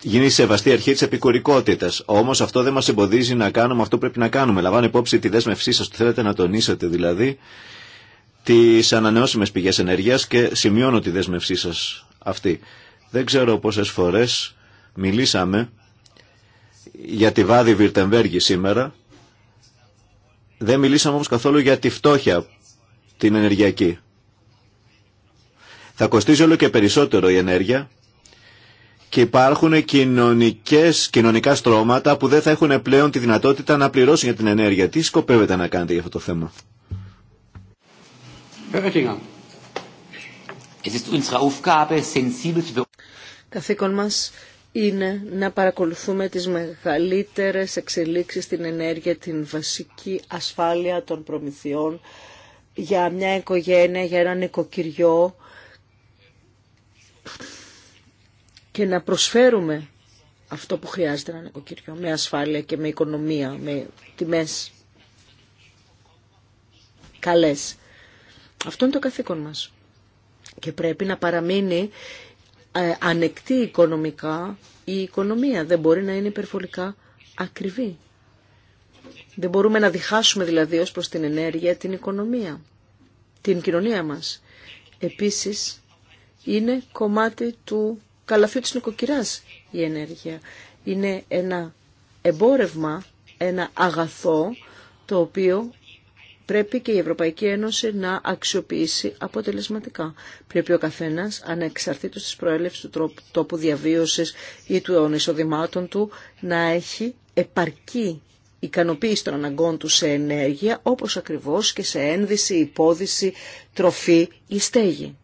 S4: γίνει σεβαστή αρχή της επικουρικότητας. Όμως αυτό δεν μας εμποδίζει να κάνουμε αυτό που πρέπει να κάνουμε. Λαμβάνω υπόψη τη δέσμευσή σας που θέλετε να τονίσετε δηλαδή τις ανανεώσιμες πηγές ενέργειας και σημειώνω τη δέσμευσή σας αυτή. Δεν ξέρω πόσες φορές Μιλήσαμε για τη Βάδη Βιρτεμβέργη σήμερα. Δεν μιλήσαμε όμως καθόλου για τη φτώχεια, την ενεργειακή. Θα κοστίζει όλο και περισσότερο η ενέργεια και υπάρχουν κοινωνικές, κοινωνικά στρώματα που δεν θα έχουν πλέον τη δυνατότητα να πληρώσουν για την ενέργεια. Τι σκοπεύετε να κάνετε για αυτό το θέμα.
S2: Καθήκον μας
S3: είναι να παρακολουθούμε τις μεγαλύτερες εξελίξεις στην ενέργεια, την βασική ασφάλεια των προμηθειών για μια οικογένεια, για ένα οικοκυριό και να προσφέρουμε αυτό που χρειάζεται ένα νοικοκυριό με ασφάλεια και με οικονομία, με τιμές καλές. Αυτό είναι το καθήκον μας. Και πρέπει να παραμείνει ε, ανεκτή οικονομικά η οικονομία. Δεν μπορεί να είναι υπερβολικά ακριβή. Δεν μπορούμε να διχάσουμε δηλαδή ως προς την ενέργεια την οικονομία, την κοινωνία μας. Επίσης είναι κομμάτι του καλαφίου της νοικοκυράς η ενέργεια. Είναι ένα εμπόρευμα, ένα αγαθό το οποίο πρέπει και η Ευρωπαϊκή Ένωση να αξιοποιήσει αποτελεσματικά. Πρέπει ο καθένα ανεξαρτήτως της προέλευσης του τόπου διαβίωση ή των εισοδημάτων του, να έχει επαρκή ικανοποίηση των αναγκών του σε ενέργεια, όπως ακριβώς και σε ένδυση, υπόδηση, τροφή ή στέγη.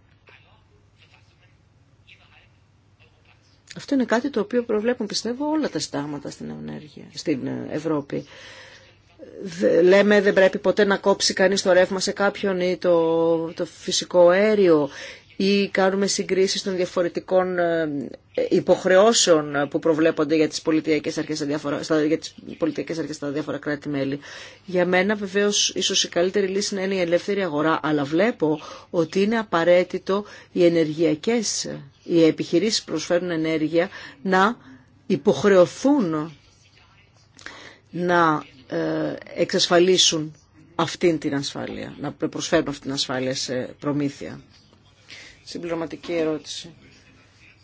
S3: Αυτό είναι κάτι το οποίο προβλέπουν, πιστεύω, όλα τα στάματα στην Ευρώπη λέμε δεν πρέπει ποτέ να κόψει κανείς το ρεύμα σε κάποιον ή το, το φυσικό αέριο ή κάνουμε συγκρίσεις των διαφορετικών ε, υποχρεώσεων που προβλέπονται για τις πολιτικές αρχές στα διάφορα, για πολιτικές αρχές στα κρατη κράτη-μέλη. Για μένα βεβαίως ίσως η καλύτερη λύση να είναι η ελεύθερη αγορά, αλλά βλέπω ότι είναι απαραίτητο οι ενεργειακές, οι επιχειρήσεις που προσφέρουν ενέργεια να υποχρεωθούν να ε, εξασφαλίσουν αυτήν την ασφάλεια, να προσφέρουν αυτήν την ασφάλεια σε προμήθεια. Συμπληρωματική ερώτηση.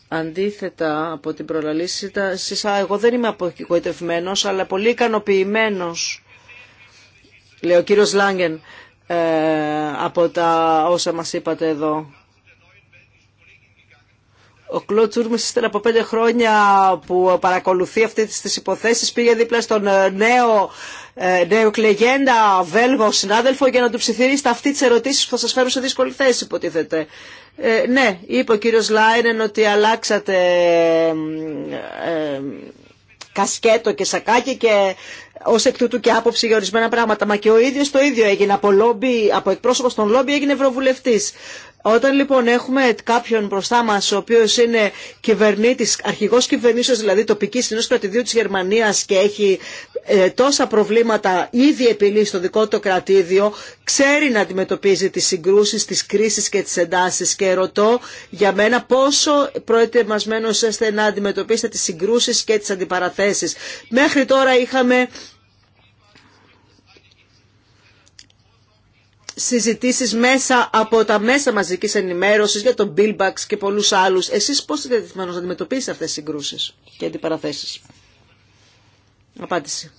S3: Αντίθετα από την προλαλήση, εγώ δεν είμαι αποκοητευμένος, αλλά πολύ ικανοποιημένο. λέει ο κύριος Λάγκεν, ε, από τα όσα μας είπατε εδώ. Ο Κλωτ Τούρμες ύστερα από πέντε χρόνια που παρακολουθεί αυτέ τι υποθέσει, πήγε δίπλα στον ε, ε, νέο κλεγέντα Βέλγο συνάδελφο για να του ψιθυρίσει αυτή τις ερωτήσει που θα σας φέρουν σε δύσκολη θέση υποτίθεται. Ε, ναι, είπε ο κύριο Λάινεν ότι αλλάξατε κασκέτο και σακάκι και ω εκ τούτου και άποψη για ορισμένα πράγματα. Μα και ο ίδιο το ίδιο έγινε. Από, λόμπι, από εκπρόσωπο των λόμπι έγινε ευρωβουλευτή. Όταν λοιπόν έχουμε κάποιον μπροστά μα, ο οποίο είναι κυβερνήτη, αρχηγό κυβερνήσεω δηλαδή τοπική ενό κρατηδίου τη Γερμανία και έχει ε, τόσα προβλήματα ήδη επιλύσει στο δικό του κρατήδιο, ξέρει να αντιμετωπίζει τι συγκρούσει, τι κρίσει και τι εντάσει. Και ρωτώ για μένα πόσο προετοιμασμένο είστε να αντιμετωπίσετε τι συγκρούσει και τι αντιπαραθέσει. Μέχρι τώρα είχαμε συζητήσεις μέσα από τα μέσα μαζικής ενημέρωσης για τον Billbox και πολλούς άλλους. Εσείς πώς είστε να αντιμετωπίσετε αυτές τις συγκρούσεις και αντιπαραθέσεις. Απάντηση.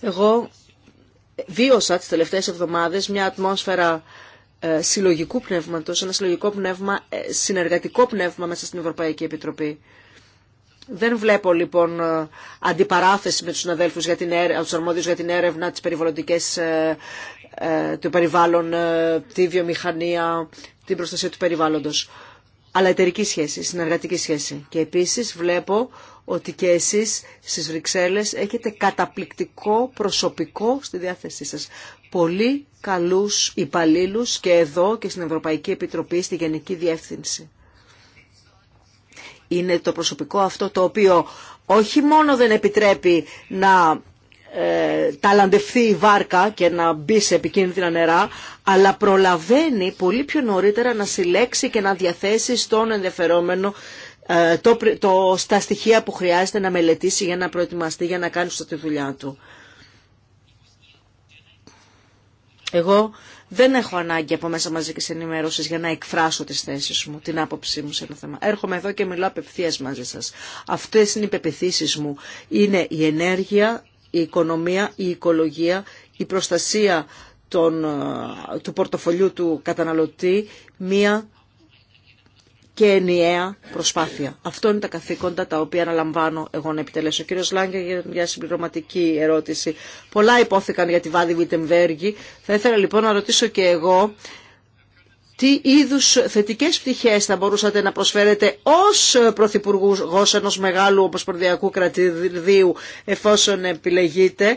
S3: Εγώ βίωσα τις τελευταίες εβδομάδες μια ατμόσφαιρα ε, συλλογικού πνεύματος, ένα συλλογικό πνεύμα, ε, συνεργατικό πνεύμα μέσα στην Ευρωπαϊκή Επιτροπή. Δεν βλέπω λοιπόν ε, αντιπαράθεση με τους αδέλφους για την, τους αρμόδιους για την έρευνα, τις περιβαλλοντικές, ε, ε, το περιβάλλον, τη βιομηχανία, την προστασία του περιβάλλοντος. Αλλά εταιρική σχέση, συνεργατική σχέση. Και επίσης βλέπω ότι και εσείς στις Βρυξέλλες έχετε καταπληκτικό προσωπικό στη διάθεσή σας. Πολύ καλούς υπαλλήλους και εδώ και στην Ευρωπαϊκή Επιτροπή, στη Γενική Διεύθυνση είναι το προσωπικό αυτό το οποίο όχι μόνο δεν επιτρέπει να ε, ταλαντευθεί η βάρκα και να μπει σε επικίνδυνα νερά, αλλά προλαβαίνει πολύ πιο νωρίτερα να συλλέξει και να διαθέσει στον ενδιαφερόμενο ε, το, το, στα στοιχεία που χρειάζεται να μελετήσει για να προετοιμαστεί, για να κάνει σωστά τη δουλειά του. Εγώ δεν έχω ανάγκη από μέσα μαζική ενημέρωση για να εκφράσω τι θέσει μου, την άποψή μου σε ένα θέμα. Έρχομαι εδώ και μιλάω απευθεία μαζί σα. Αυτέ είναι οι πεπιθήσει μου. Είναι η ενέργεια, η οικονομία, η οικολογία, η προστασία ε, του πορτοφολιού του καταναλωτή, μία και ενιαία προσπάθεια. Αυτό είναι τα καθήκοντα τα οποία αναλαμβάνω εγώ να επιτελέσω. Ο κύριο Λάγκια για μια συμπληρωματική ερώτηση. Πολλά υπόθηκαν για τη Βάδη Βιτεμβέργη. Θα ήθελα λοιπόν να ρωτήσω και εγώ τι είδου θετικέ πτυχές θα μπορούσατε να προσφέρετε ω Πρωθυπουργό ενό μεγάλου ομοσπονδιακού κρατηδίου εφόσον επιλεγείτε.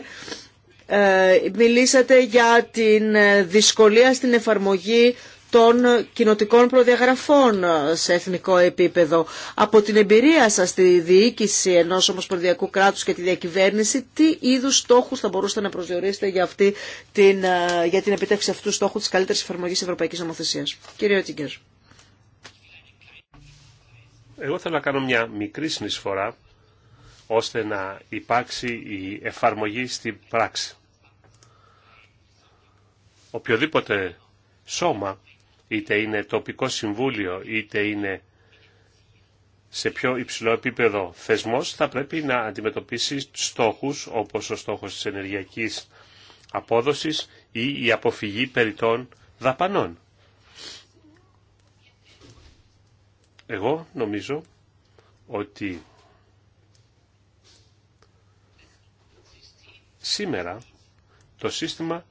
S3: Ε, μιλήσατε για την δυσκολία στην εφαρμογή των κοινοτικών προδιαγραφών σε εθνικό επίπεδο. Από την εμπειρία σας στη διοίκηση ενός ομοσπονδιακού κράτους και τη διακυβέρνηση, τι είδους στόχους θα μπορούσατε να προσδιορίσετε για, αυτή την, ε, για την επιτεύξη αυτού του στόχου της καλύτερης εφαρμογής ευρωπαϊκής νομοθεσίας. Κύριε Οτιγκέρ.
S1: Εγώ θέλω να κάνω μια μικρή συνεισφορά ώστε να υπάρξει η εφαρμογή στην πράξη. Οποιοδήποτε σώμα είτε είναι τοπικό συμβούλιο, είτε είναι σε πιο υψηλό επίπεδο θεσμός, θα πρέπει να αντιμετωπίσει στόχους όπως ο στόχος της ενεργειακής απόδοσης ή η αποφυγή περιττών δαπανών. Εγώ νομίζω ότι σήμερα το σύστημα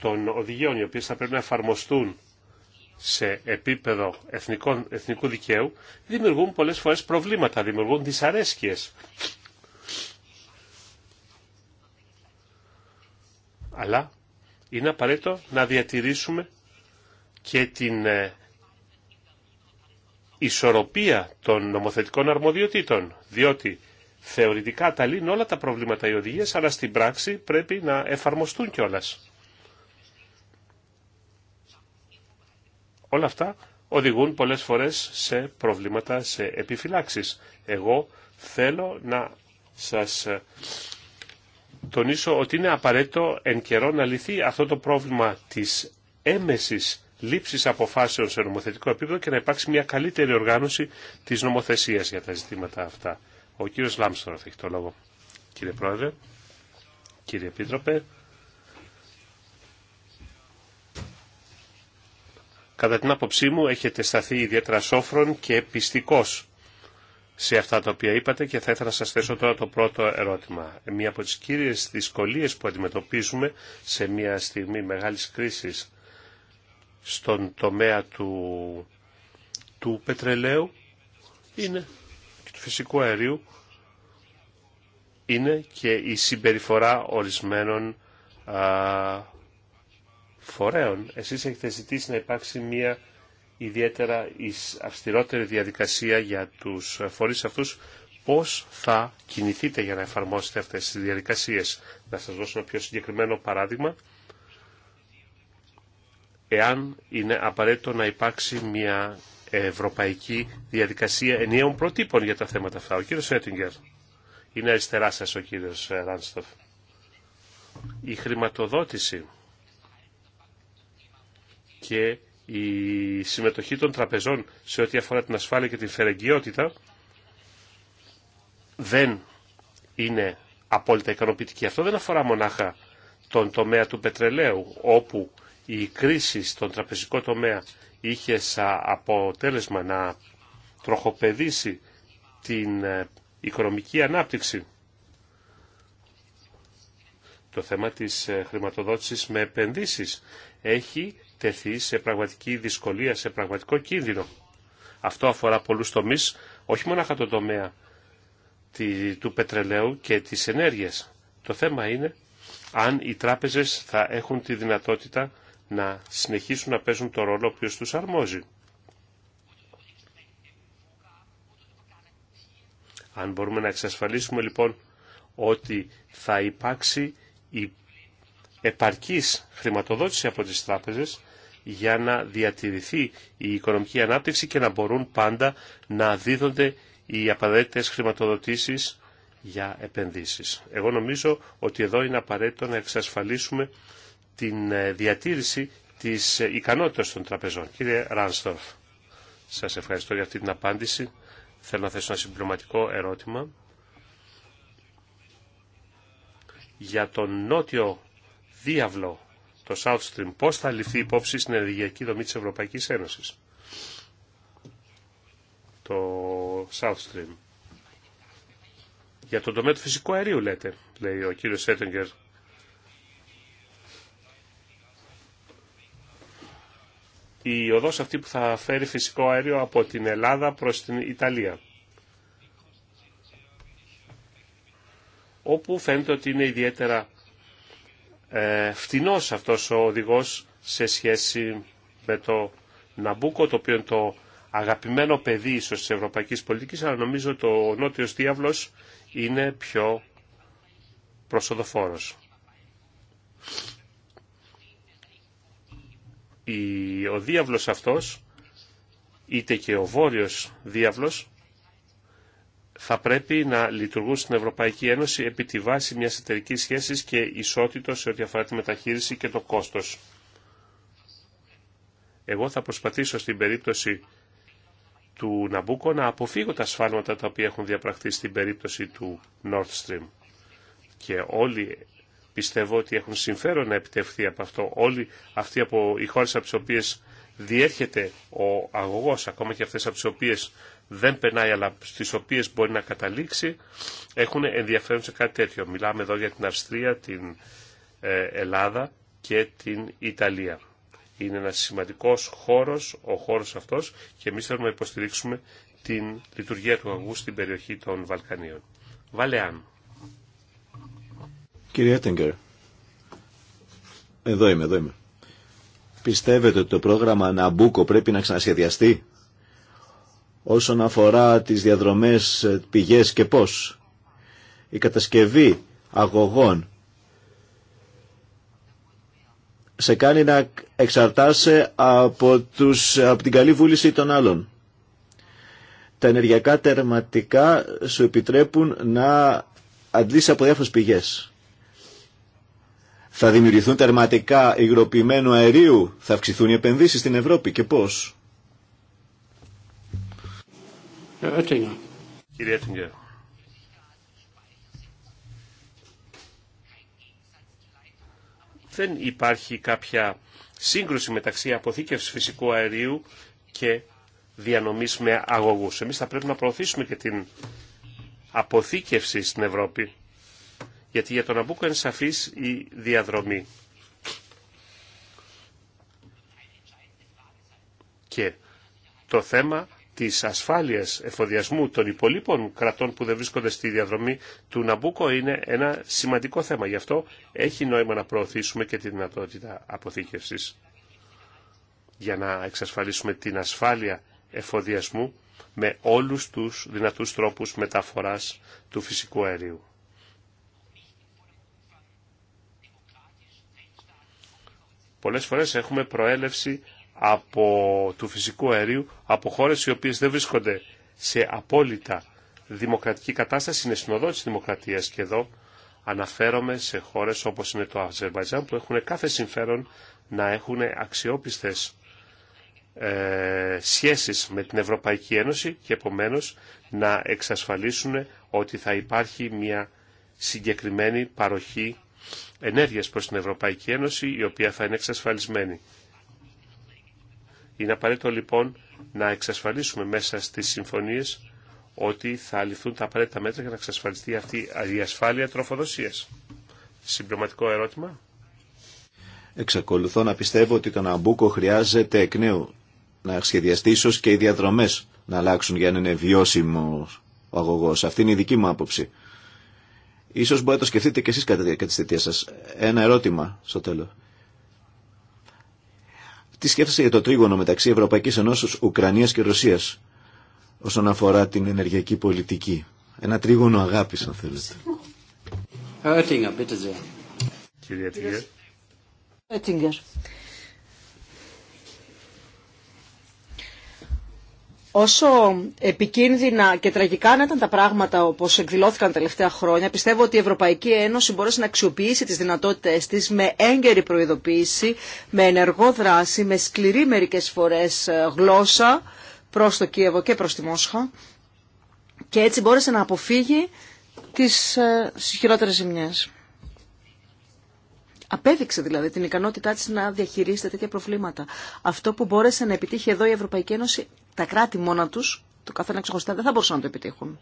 S1: των οδηγιών, οι οποίε θα πρέπει να εφαρμοστούν σε επίπεδο εθνικού δικαίου, δημιουργούν πολλές φορές προβλήματα, δημιουργούν δυσαρέσκειε. Αλλά είναι απαραίτητο να διατηρήσουμε και την ε, ισορροπία των νομοθετικών αρμοδιοτήτων, διότι θεωρητικά τα λύνουν όλα τα προβλήματα οι οδηγίες, αλλά στην πράξη πρέπει να εφαρμοστούν κιόλας. Όλα αυτά οδηγούν πολλές φορές σε προβλήματα, σε επιφυλάξεις. Εγώ θέλω να σας ε, τονίσω ότι είναι απαραίτητο εν καιρό να λυθεί αυτό το πρόβλημα της έμεσης λήψης αποφάσεων σε νομοθετικό επίπεδο και να υπάρξει μια καλύτερη οργάνωση της νομοθεσίας για τα ζητήματα αυτά. Ο κύριος Λάμστορφ, έχει το λόγο. Κύριε Πρόεδρε, κύριε Επίτροπε, Κατά την άποψή μου έχετε σταθεί ιδιαίτερα σόφρον και πιστικός σε αυτά τα οποία είπατε και θα ήθελα να σας θέσω τώρα το πρώτο ερώτημα. Μία από τις κύριες δυσκολίες που αντιμετωπίζουμε σε μια στιγμή μεγάλης κρίσης στον τομέα του, του πετρελαίου είναι και του φυσικού αερίου είναι και η συμπεριφορά ορισμένων α, φορέων. Εσείς έχετε ζητήσει να υπάρξει μια ιδιαίτερα αυστηρότερη διαδικασία για τους φορείς αυτούς. Πώς θα κινηθείτε για να εφαρμόσετε αυτές τις διαδικασίες. Να σας δώσω ένα πιο συγκεκριμένο παράδειγμα. Εάν είναι απαραίτητο να υπάρξει μια ευρωπαϊκή διαδικασία ενιαίων προτύπων για τα θέματα αυτά. Ο κύριος Έτιγκερ. Είναι αριστερά σας ο κύριος Ράνστοφ. Η χρηματοδότηση και η συμμετοχή των τραπεζών σε ό,τι αφορά την ασφάλεια και την φερεγγιότητα δεν είναι απόλυτα ικανοποιητική. Αυτό δεν αφορά μονάχα τον τομέα του πετρελαίου, όπου η κρίση στον τραπεζικό τομέα είχε σαν αποτέλεσμα να τροχοπεδίσει την ε, οικονομική ανάπτυξη. Το θέμα της ε, χρηματοδότησης με επενδύσεις έχει τεθεί σε πραγματική δυσκολία, σε πραγματικό κίνδυνο. Αυτό αφορά πολλούς τομείς, όχι μόνο το τομέα του πετρελαίου και της ενέργειας. Το θέμα είναι αν οι τράπεζες θα έχουν τη δυνατότητα να συνεχίσουν να παίζουν το ρόλο που τους αρμόζει. Αν μπορούμε να εξασφαλίσουμε λοιπόν ότι θα υπάρξει η επαρκής χρηματοδότηση από τις τράπεζες, για να διατηρηθεί η οικονομική ανάπτυξη και να μπορούν πάντα να δίδονται οι απαραίτητες χρηματοδοτήσεις για επενδύσεις. Εγώ νομίζω ότι εδώ είναι απαραίτητο να εξασφαλίσουμε την ε, διατήρηση της ε, ικανότητας των τραπεζών. Κύριε Ράνστορφ, σας ευχαριστώ για αυτή την απάντηση. Θέλω να θέσω ένα συμπληρωματικό ερώτημα για τον νότιο διάβλο το South Stream, πώς θα ληφθεί υπόψη στην ενεργειακή δομή τη Ευρωπαϊκής Ένωσης. Το South Stream. Για τον τομέα του φυσικού αερίου λέτε, λέει ο κύριος Σέτεγκερ. Η οδός αυτή που θα φέρει φυσικό αέριο από την Ελλάδα προς την Ιταλία. όπου φαίνεται ότι είναι ιδιαίτερα ε, φτηνός αυτός ο οδηγός σε σχέση με το Ναμπούκο, το οποίο είναι το αγαπημένο παιδί ίσως της ευρωπαϊκής πολιτικής, αλλά νομίζω το ο νότιος διάβλος είναι πιο προσοδοφόρος. ο διάβλος αυτός, είτε και ο βόρειος διάβλος, θα πρέπει να λειτουργούν στην Ευρωπαϊκή Ένωση επί τη βάση μιας εταιρικής σχέσης και ισότητος, σε ό,τι αφορά τη μεταχείριση και το κόστος. Εγώ θα προσπαθήσω στην περίπτωση του Ναμπούκο να αποφύγω τα σφάλματα τα οποία έχουν διαπραχθεί στην περίπτωση του Nord Stream. Και όλοι πιστεύω ότι έχουν συμφέρον να επιτευχθεί από αυτό. Όλοι αυτοί από οι χώρες από τις οποίες διέρχεται ο αγωγός, ακόμα και αυτές από δεν περνάει αλλά στις οποίες μπορεί να καταλήξει έχουν ενδιαφέρον σε κάτι τέτοιο. Μιλάμε εδώ για την Αυστρία, την ε, Ελλάδα και την Ιταλία. Είναι ένας σημαντικός χώρος, ο χώρος αυτός και εμείς θέλουμε να υποστηρίξουμε την λειτουργία του αγού στην περιοχή των Βαλκανίων. Βαλεάν.
S4: Κύριε Έτεγκερ, εδώ είμαι, εδώ είμαι. Πιστεύετε ότι το πρόγραμμα Ναμπούκο πρέπει να ξανασχεδιαστεί όσον αφορά τις διαδρομές ε, πηγές και πώς. Η κατασκευή αγωγών σε κάνει να εξαρτάσαι από, τους, από την καλή βούληση των άλλων. Τα ενεργειακά τερματικά σου επιτρέπουν να αντλήσει από διάφορες πηγές. Θα δημιουργηθούν τερματικά υγροποιημένου αερίου, θα αυξηθούν οι επενδύσεις στην Ευρώπη και πώς.
S1: Herr ε, Oettinger. Δεν υπάρχει κάποια σύγκρουση μεταξύ αποθήκευσης φυσικού αερίου και διανομής με αγωγούς. Εμείς θα πρέπει να προωθήσουμε και την αποθήκευση στην Ευρώπη. Γιατί για τον Αμπούκο είναι σαφής η διαδρομή. Και το θέμα της ασφάλειας εφοδιασμού των υπολείπων κρατών που δεν βρίσκονται στη διαδρομή του Ναμπούκο είναι ένα σημαντικό θέμα. Γι' αυτό έχει νόημα να προωθήσουμε και τη δυνατότητα αποθήκευσης για να εξασφαλίσουμε την ασφάλεια εφοδιασμού με όλους τους δυνατούς τρόπους μεταφοράς του φυσικού αερίου. Πολλές φορές έχουμε προέλευση από, του φυσικού αερίου από χώρες οι οποίες δεν βρίσκονται σε απόλυτα δημοκρατική κατάσταση, είναι συνοδό της δημοκρατίας και εδώ αναφέρομαι σε χώρες όπως είναι το Αζερβαϊτζάν που έχουν κάθε συμφέρον να έχουν αξιόπιστες ε, σχέσεις με την Ευρωπαϊκή Ένωση και επομένως να εξασφαλίσουν ότι θα υπάρχει μια συγκεκριμένη παροχή ενέργειας προς την Ευρωπαϊκή Ένωση η οποία θα είναι εξασφαλισμένη. Είναι απαραίτητο λοιπόν να εξασφαλίσουμε μέσα στις συμφωνίες ότι θα ληφθούν τα απαραίτητα μέτρα για να εξασφαλιστεί αυτή η ασφάλεια τροφοδοσίας. Συμπληρωματικό ερώτημα.
S4: Εξακολουθώ να πιστεύω ότι το Ναμπούκο χρειάζεται εκ νέου να σχεδιαστεί ίσω και οι διαδρομέ να αλλάξουν για να είναι βιώσιμο ο αγωγό. Αυτή είναι η δική μου άποψη. Ίσως μπορείτε να το σκεφτείτε και εσεί κατά τη θητεία σα. Ένα ερώτημα στο τέλο. Τι σκέφτεσαι για το τρίγωνο μεταξύ Ευρωπαϊκής Ενώσης, Ουκρανίας και Ρωσίας όσον αφορά την ενεργειακή πολιτική. Ένα τρίγωνο αγάπης αν θέλετε.
S2: Κύριε
S3: Όσο επικίνδυνα και τραγικά να ήταν τα πράγματα όπως εκδηλώθηκαν τα τελευταία χρόνια, πιστεύω ότι η Ευρωπαϊκή Ένωση μπορέσει να αξιοποιήσει τις δυνατότητες της με έγκαιρη προειδοποίηση, με ενεργό δράση, με σκληρή μερικές φορές ε, γλώσσα προς το Κίεβο και προς τη Μόσχα και έτσι μπόρεσε να αποφύγει ε, τις χειρότερες ζημιές. Απέδειξε δηλαδή την ικανότητά της να διαχειρίζεται τέτοια προβλήματα. Αυτό που μπόρεσε να επιτύχει εδώ η Ευρωπαϊκή Ένωση τα κράτη μόνα του το καθένα ξεχωριστά, δεν θα μπορούσαν να το επιτύχουν.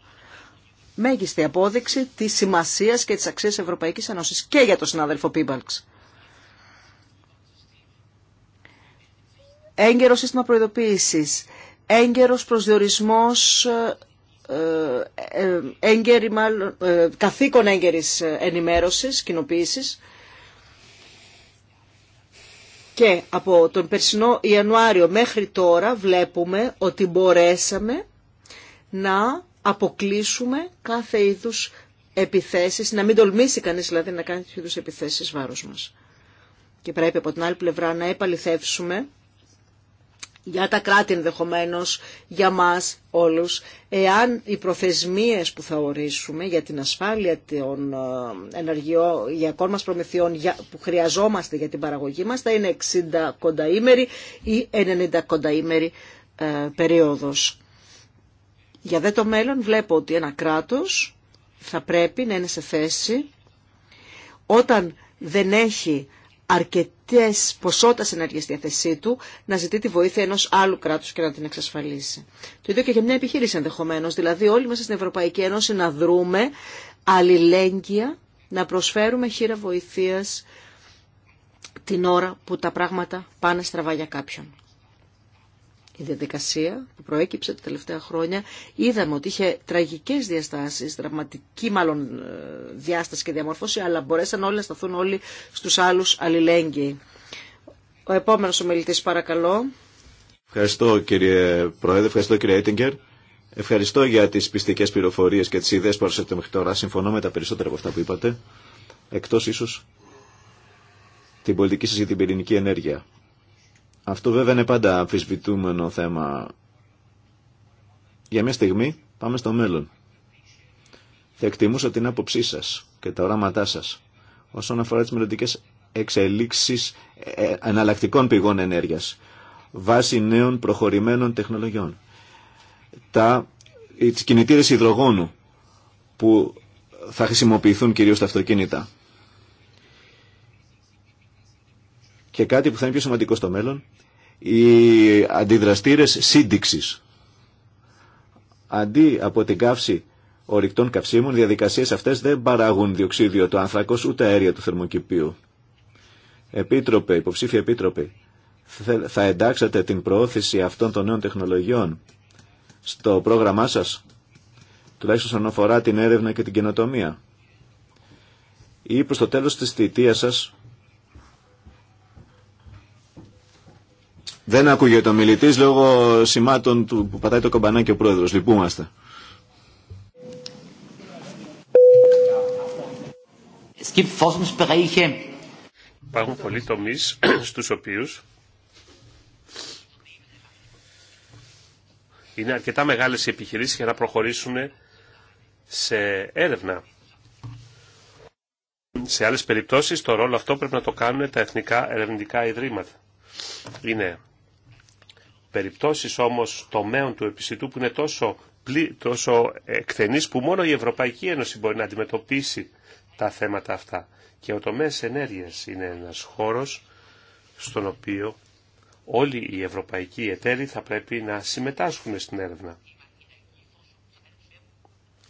S3: Μέγιστη απόδειξη της σημασίας και της αξίας Ευρωπαϊκής Ένωση και για τον συνάδελφο Πίμπαλξ. Έγκαιρο σύστημα Έγκαιρο προσδιορισμό προσδιορισμός ε, ε, ε, έγκαιρη, ενημέρωση καθήκον έγκαιρης ενημέρωσης, κοινοποίησης και από τον περσινό Ιανουάριο μέχρι τώρα βλέπουμε ότι μπορέσαμε να αποκλείσουμε κάθε είδους επιθέσεις, να μην τολμήσει κανείς δηλαδή να κάνει τέτοιου είδους επιθέσεις βάρος μας. Και πρέπει από την άλλη πλευρά να επαληθεύσουμε για τα κράτη ενδεχομένω, για μας όλους, εάν οι προθεσμίες που θα ορίσουμε για την ασφάλεια των ε, ενεργειακών μας προμηθειών που χρειαζόμαστε για την παραγωγή μας θα είναι 60 κονταήμερη ή 90 κονταήμερη ε, περίοδος. Για δε το μέλλον βλέπω ότι ένα κράτος θα πρέπει να είναι σε θέση όταν δεν έχει αρκετές ποσότητας ενέργειας στη διάθεσή του να ζητεί τη βοήθεια ενός άλλου κράτους και να την εξασφαλίσει. Το ίδιο και για μια επιχείρηση ενδεχομένως, δηλαδή όλοι μέσα στην Ευρωπαϊκή Ένωση να δρούμε αλληλέγγυα, να προσφέρουμε χείρα βοηθείας την ώρα που τα πράγματα πάνε στραβά για κάποιον η διαδικασία που προέκυψε τα τελευταία χρόνια είδαμε ότι είχε τραγικέ διαστάσει, δραματική μάλλον ε, διάσταση και διαμόρφωση, αλλά μπορέσαν όλοι να σταθούν όλοι στου άλλου αλληλέγγυοι. Ο επόμενος ομιλητή, παρακαλώ.
S4: Ευχαριστώ κύριε Πρόεδρε, ευχαριστώ κύριε Έτιγκερ. Ευχαριστώ για τι πιστικές πληροφορίε και τι ιδέε που παρουσιάσατε μέχρι τώρα. Συμφωνώ με τα περισσότερα από αυτά που είπατε, εκτός ίσως την πολιτική σα για την πυρηνική ενέργεια αυτό βέβαια είναι πάντα αμφισβητούμενο θέμα. Για μια στιγμή πάμε στο μέλλον. Θα εκτιμούσα την άποψή σας και τα οράματά σας όσον αφορά τις μελλοντικές εξελίξεις ε, ε, εναλλακτικών πηγών ενέργειας βάσει νέων προχωρημένων τεχνολογιών. Τα κινητήρε κινητήρες υδρογόνου που θα χρησιμοποιηθούν κυρίως τα αυτοκίνητα. και κάτι που θα είναι πιο σημαντικό στο μέλλον, οι αντιδραστήρες σύνδεξης. Αντί από την καύση ορυκτών καυσίμων, οι διαδικασίες αυτές δεν παράγουν διοξίδιο του άνθρακος ούτε αέρια του θερμοκηπίου. Επίτροπε, υποψήφια επίτροπε, θα εντάξατε την προώθηση αυτών των νέων τεχνολογιών στο πρόγραμμά σας, τουλάχιστον όσον αφορά την έρευνα και την καινοτομία. Ή προς το τέλος της θητείας σας Δεν ακούγεται ο μιλητή λόγω σημάτων του που πατάει το καμπανάκι ο πρόεδρο.
S1: Λυπούμαστε. Υπάρχουν πολλοί τομεί στου οποίου είναι αρκετά μεγάλε οι επιχειρήσει για να προχωρήσουν σε έρευνα. Σε άλλες περιπτώσεις το ρόλο αυτό πρέπει να το κάνουν τα εθνικά ερευνητικά ιδρύματα. Είναι περιπτώσεις όμως τομέων του επιστητού που είναι τόσο, πλή, που μόνο η Ευρωπαϊκή Ένωση μπορεί να αντιμετωπίσει τα θέματα αυτά. Και ο τομέας ενέργειας είναι ένας χώρος στον οποίο όλοι οι ευρωπαϊκοί εταίροι θα πρέπει να συμμετάσχουν στην έρευνα.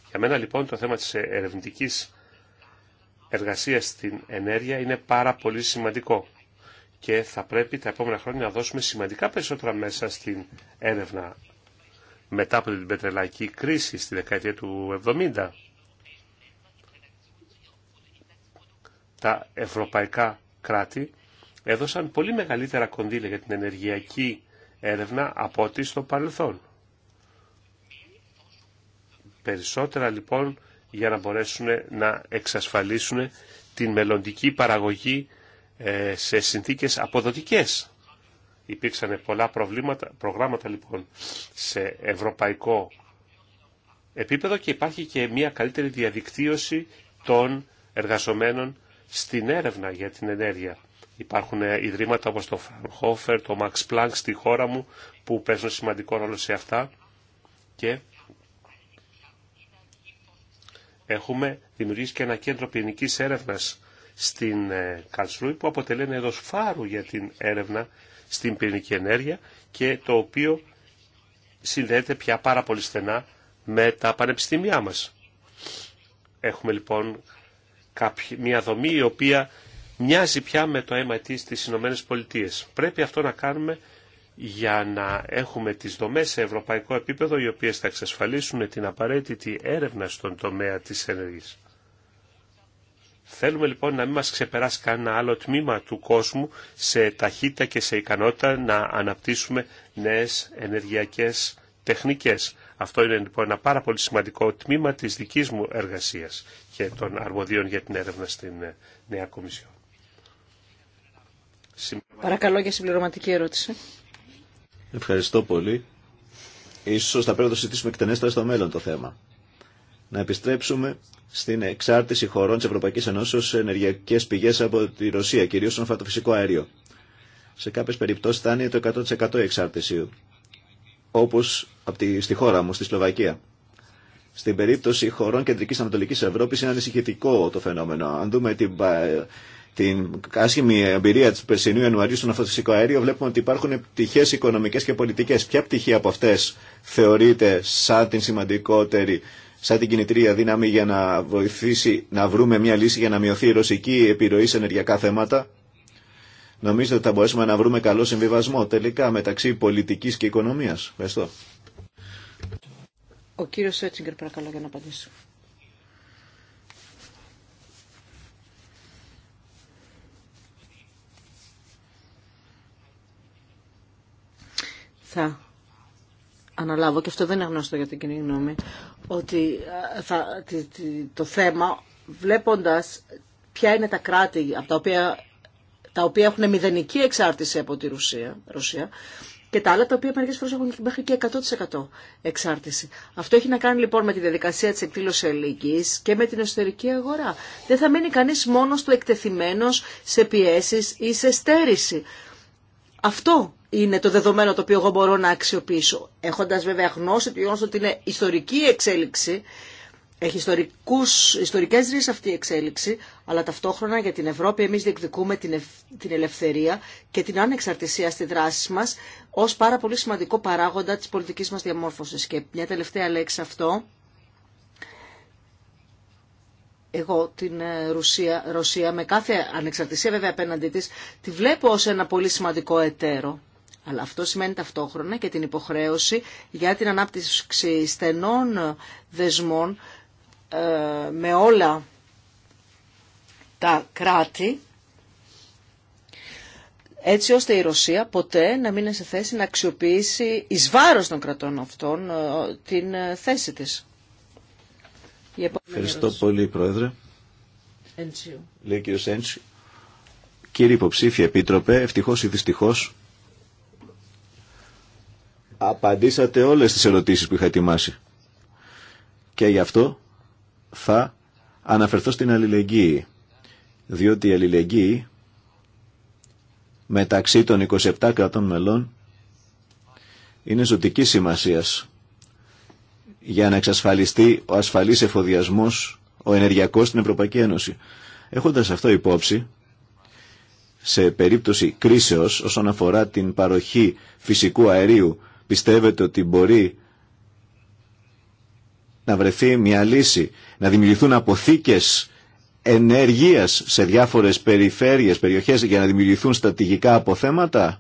S1: Για μένα λοιπόν το θέμα της ερευνητικής εργασίας στην ενέργεια είναι πάρα πολύ σημαντικό και θα πρέπει τα επόμενα χρόνια να δώσουμε σημαντικά περισσότερα μέσα στην έρευνα μετά από την πετρελαϊκή κρίση στη δεκαετία του 70. Τα ευρωπαϊκά κράτη έδωσαν πολύ μεγαλύτερα κονδύλια για την ενεργειακή έρευνα από ό,τι στο παρελθόν. Περισσότερα λοιπόν για να μπορέσουν να εξασφαλίσουν την μελλοντική παραγωγή ε, σε συνθήκες αποδοτικές. Υπήρξαν πολλά προβλήματα, προγράμματα λοιπόν σε ευρωπαϊκό επίπεδο και υπάρχει και μια καλύτερη διαδικτύωση των εργαζομένων στην έρευνα για την ενέργεια. Υπάρχουν ε, ιδρύματα όπως το Φρανχόφερ, το Max Planck στη χώρα μου που παίζουν σημαντικό ρόλο σε αυτά και έχουμε δημιουργήσει και ένα κέντρο ποινικής έρευνας στην Καλσρούη ε, που αποτελεί ένα έδος φάρου για την έρευνα στην πυρηνική ενέργεια και το οποίο συνδέεται πια πάρα πολύ στενά με τα πανεπιστήμια μας. Έχουμε λοιπόν μια δομή η οποία μοιάζει πια με το MIT στις Ηνωμένες Πολιτείες. Πρέπει αυτό να κάνουμε για να έχουμε τις δομές σε ευρωπαϊκό επίπεδο οι οποίες θα εξασφαλίσουν την απαραίτητη έρευνα στον τομέα της ενέργειας. Θέλουμε λοιπόν να μην μας ξεπεράσει κανένα άλλο τμήμα του κόσμου σε ταχύτητα και σε ικανότητα να αναπτύσσουμε νέες ενεργειακές τεχνικές. Αυτό είναι λοιπόν ένα πάρα πολύ σημαντικό τμήμα της δικής μου εργασίας και των αρμοδίων για την έρευνα στην ε, Νέα Κομισιόν.
S3: Παρακαλώ για συμπληρωματική ερώτηση.
S4: Ευχαριστώ πολύ. Ίσως θα πρέπει να το συζητήσουμε εκτενέστερα στο μέλλον το θέμα να επιστρέψουμε στην εξάρτηση χωρών τη Ευρωπαϊκή Ένωση σε ενεργειακές πηγές από τη Ρωσία, κυρίως στον φατοφυσικό αέριο. Σε κάποιε περιπτώσει θα είναι το 100% η εξάρτηση, όπω στη χώρα μου, στη Σλοβακία. Στην περίπτωση χωρών κεντρική Ανατολική Ευρώπη είναι ανησυχητικό το φαινόμενο. Αν δούμε την, την άσχημη εμπειρία τη περσινού Ιανουαρίου στον αυτοφυσικό αέριο βλέπουμε ότι υπάρχουν πτυχέ οικονομικέ και πολιτικέ. Ποια πτυχή από αυτέ θεωρείται σαν την σημαντικότερη σαν την κινητήρια δύναμη για να βοηθήσει να βρούμε μια λύση για να μειωθεί η ρωσική επιρροή σε ενεργειακά θέματα. Νομίζω ότι θα μπορέσουμε να βρούμε καλό συμβιβασμό τελικά μεταξύ πολιτικής και οικονομίας. Ευχαριστώ.
S3: Ο κύριος Σέτσιγκερ παρακαλώ για να απαντήσω. Θα αναλάβω, και αυτό δεν είναι γνωστό για την κοινή γνώμη, ότι θα, το θέμα βλέποντας ποια είναι τα κράτη από τα οποία, τα οποία έχουν μηδενική εξάρτηση από τη Ρωσία, Ρωσία και τα άλλα τα οποία μερικέ φορέ έχουν μέχρι και 100% εξάρτηση. Αυτό έχει να κάνει λοιπόν με τη διαδικασία τη εκδήλωση ελληνική και με την εσωτερική αγορά. Δεν θα μείνει κανεί μόνο του εκτεθειμένο σε πιέσει ή σε στέρηση. Αυτό είναι το δεδομένο το οποίο εγώ μπορώ να αξιοποιήσω. Έχοντας βέβαια γνώση του γεγονός ότι είναι ιστορική εξέλιξη, έχει ιστορικούς, ιστορικές ρίζες αυτή η εξέλιξη, αλλά ταυτόχρονα για την Ευρώπη εμείς διεκδικούμε την, την ελευθερία και την ανεξαρτησία στη δράση μας ως πάρα πολύ σημαντικό παράγοντα της πολιτικής μας διαμόρφωσης. Και μια τελευταία λέξη αυτό, εγώ την ε, Ρωσία με κάθε ανεξαρτησία βέβαια απέναντί της τη βλέπω ως ένα πολύ σημαντικό εταίρο. Αλλά αυτό σημαίνει ταυτόχρονα και την υποχρέωση για την ανάπτυξη στενών δεσμών ε, με όλα τα κράτη έτσι ώστε η Ρωσία ποτέ να μην είναι σε θέση να αξιοποιήσει εις βάρος των κρατών αυτών ε, την θέση της. Ευχαριστώ
S4: πολύ, Πρόεδρε. Λέει κύριο Κύριε υποψήφια επίτροπε, ευτυχώς ή δυστυχώς απαντήσατε όλες τις ερωτήσεις που είχα ετοιμάσει. Και γι' αυτό θα αναφερθώ στην αλληλεγγύη. Διότι η αλληλεγγύη μεταξύ των 27 κρατών μελών είναι ζωτική σημασίας για να εξασφαλιστεί ο ασφαλής εφοδιασμός, ο ενεργειακός στην Ευρωπαϊκή Ένωση. Έχοντας αυτό υπόψη, σε περίπτωση κρίσεως όσον αφορά την παροχή φυσικού αερίου, πιστεύετε ότι μπορεί να βρεθεί μια λύση, να δημιουργηθούν αποθήκες ενέργειας σε διάφορες περιφέρειες, περιοχές για να δημιουργηθούν στατηγικά αποθέματα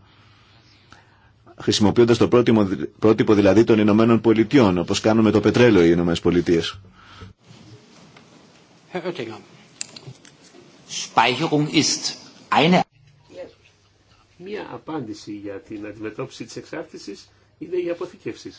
S4: χρησιμοποιώντας το πρότυπο, πρότυπο δηλαδή των Ηνωμένων Πολιτειών, όπως κάνουν με το πετρέλαιο οι Ηνωμένες Πολιτείες.
S1: Μία απάντηση για την αντιμετώπιση της εξάρτησης είναι η αποθηκεύση.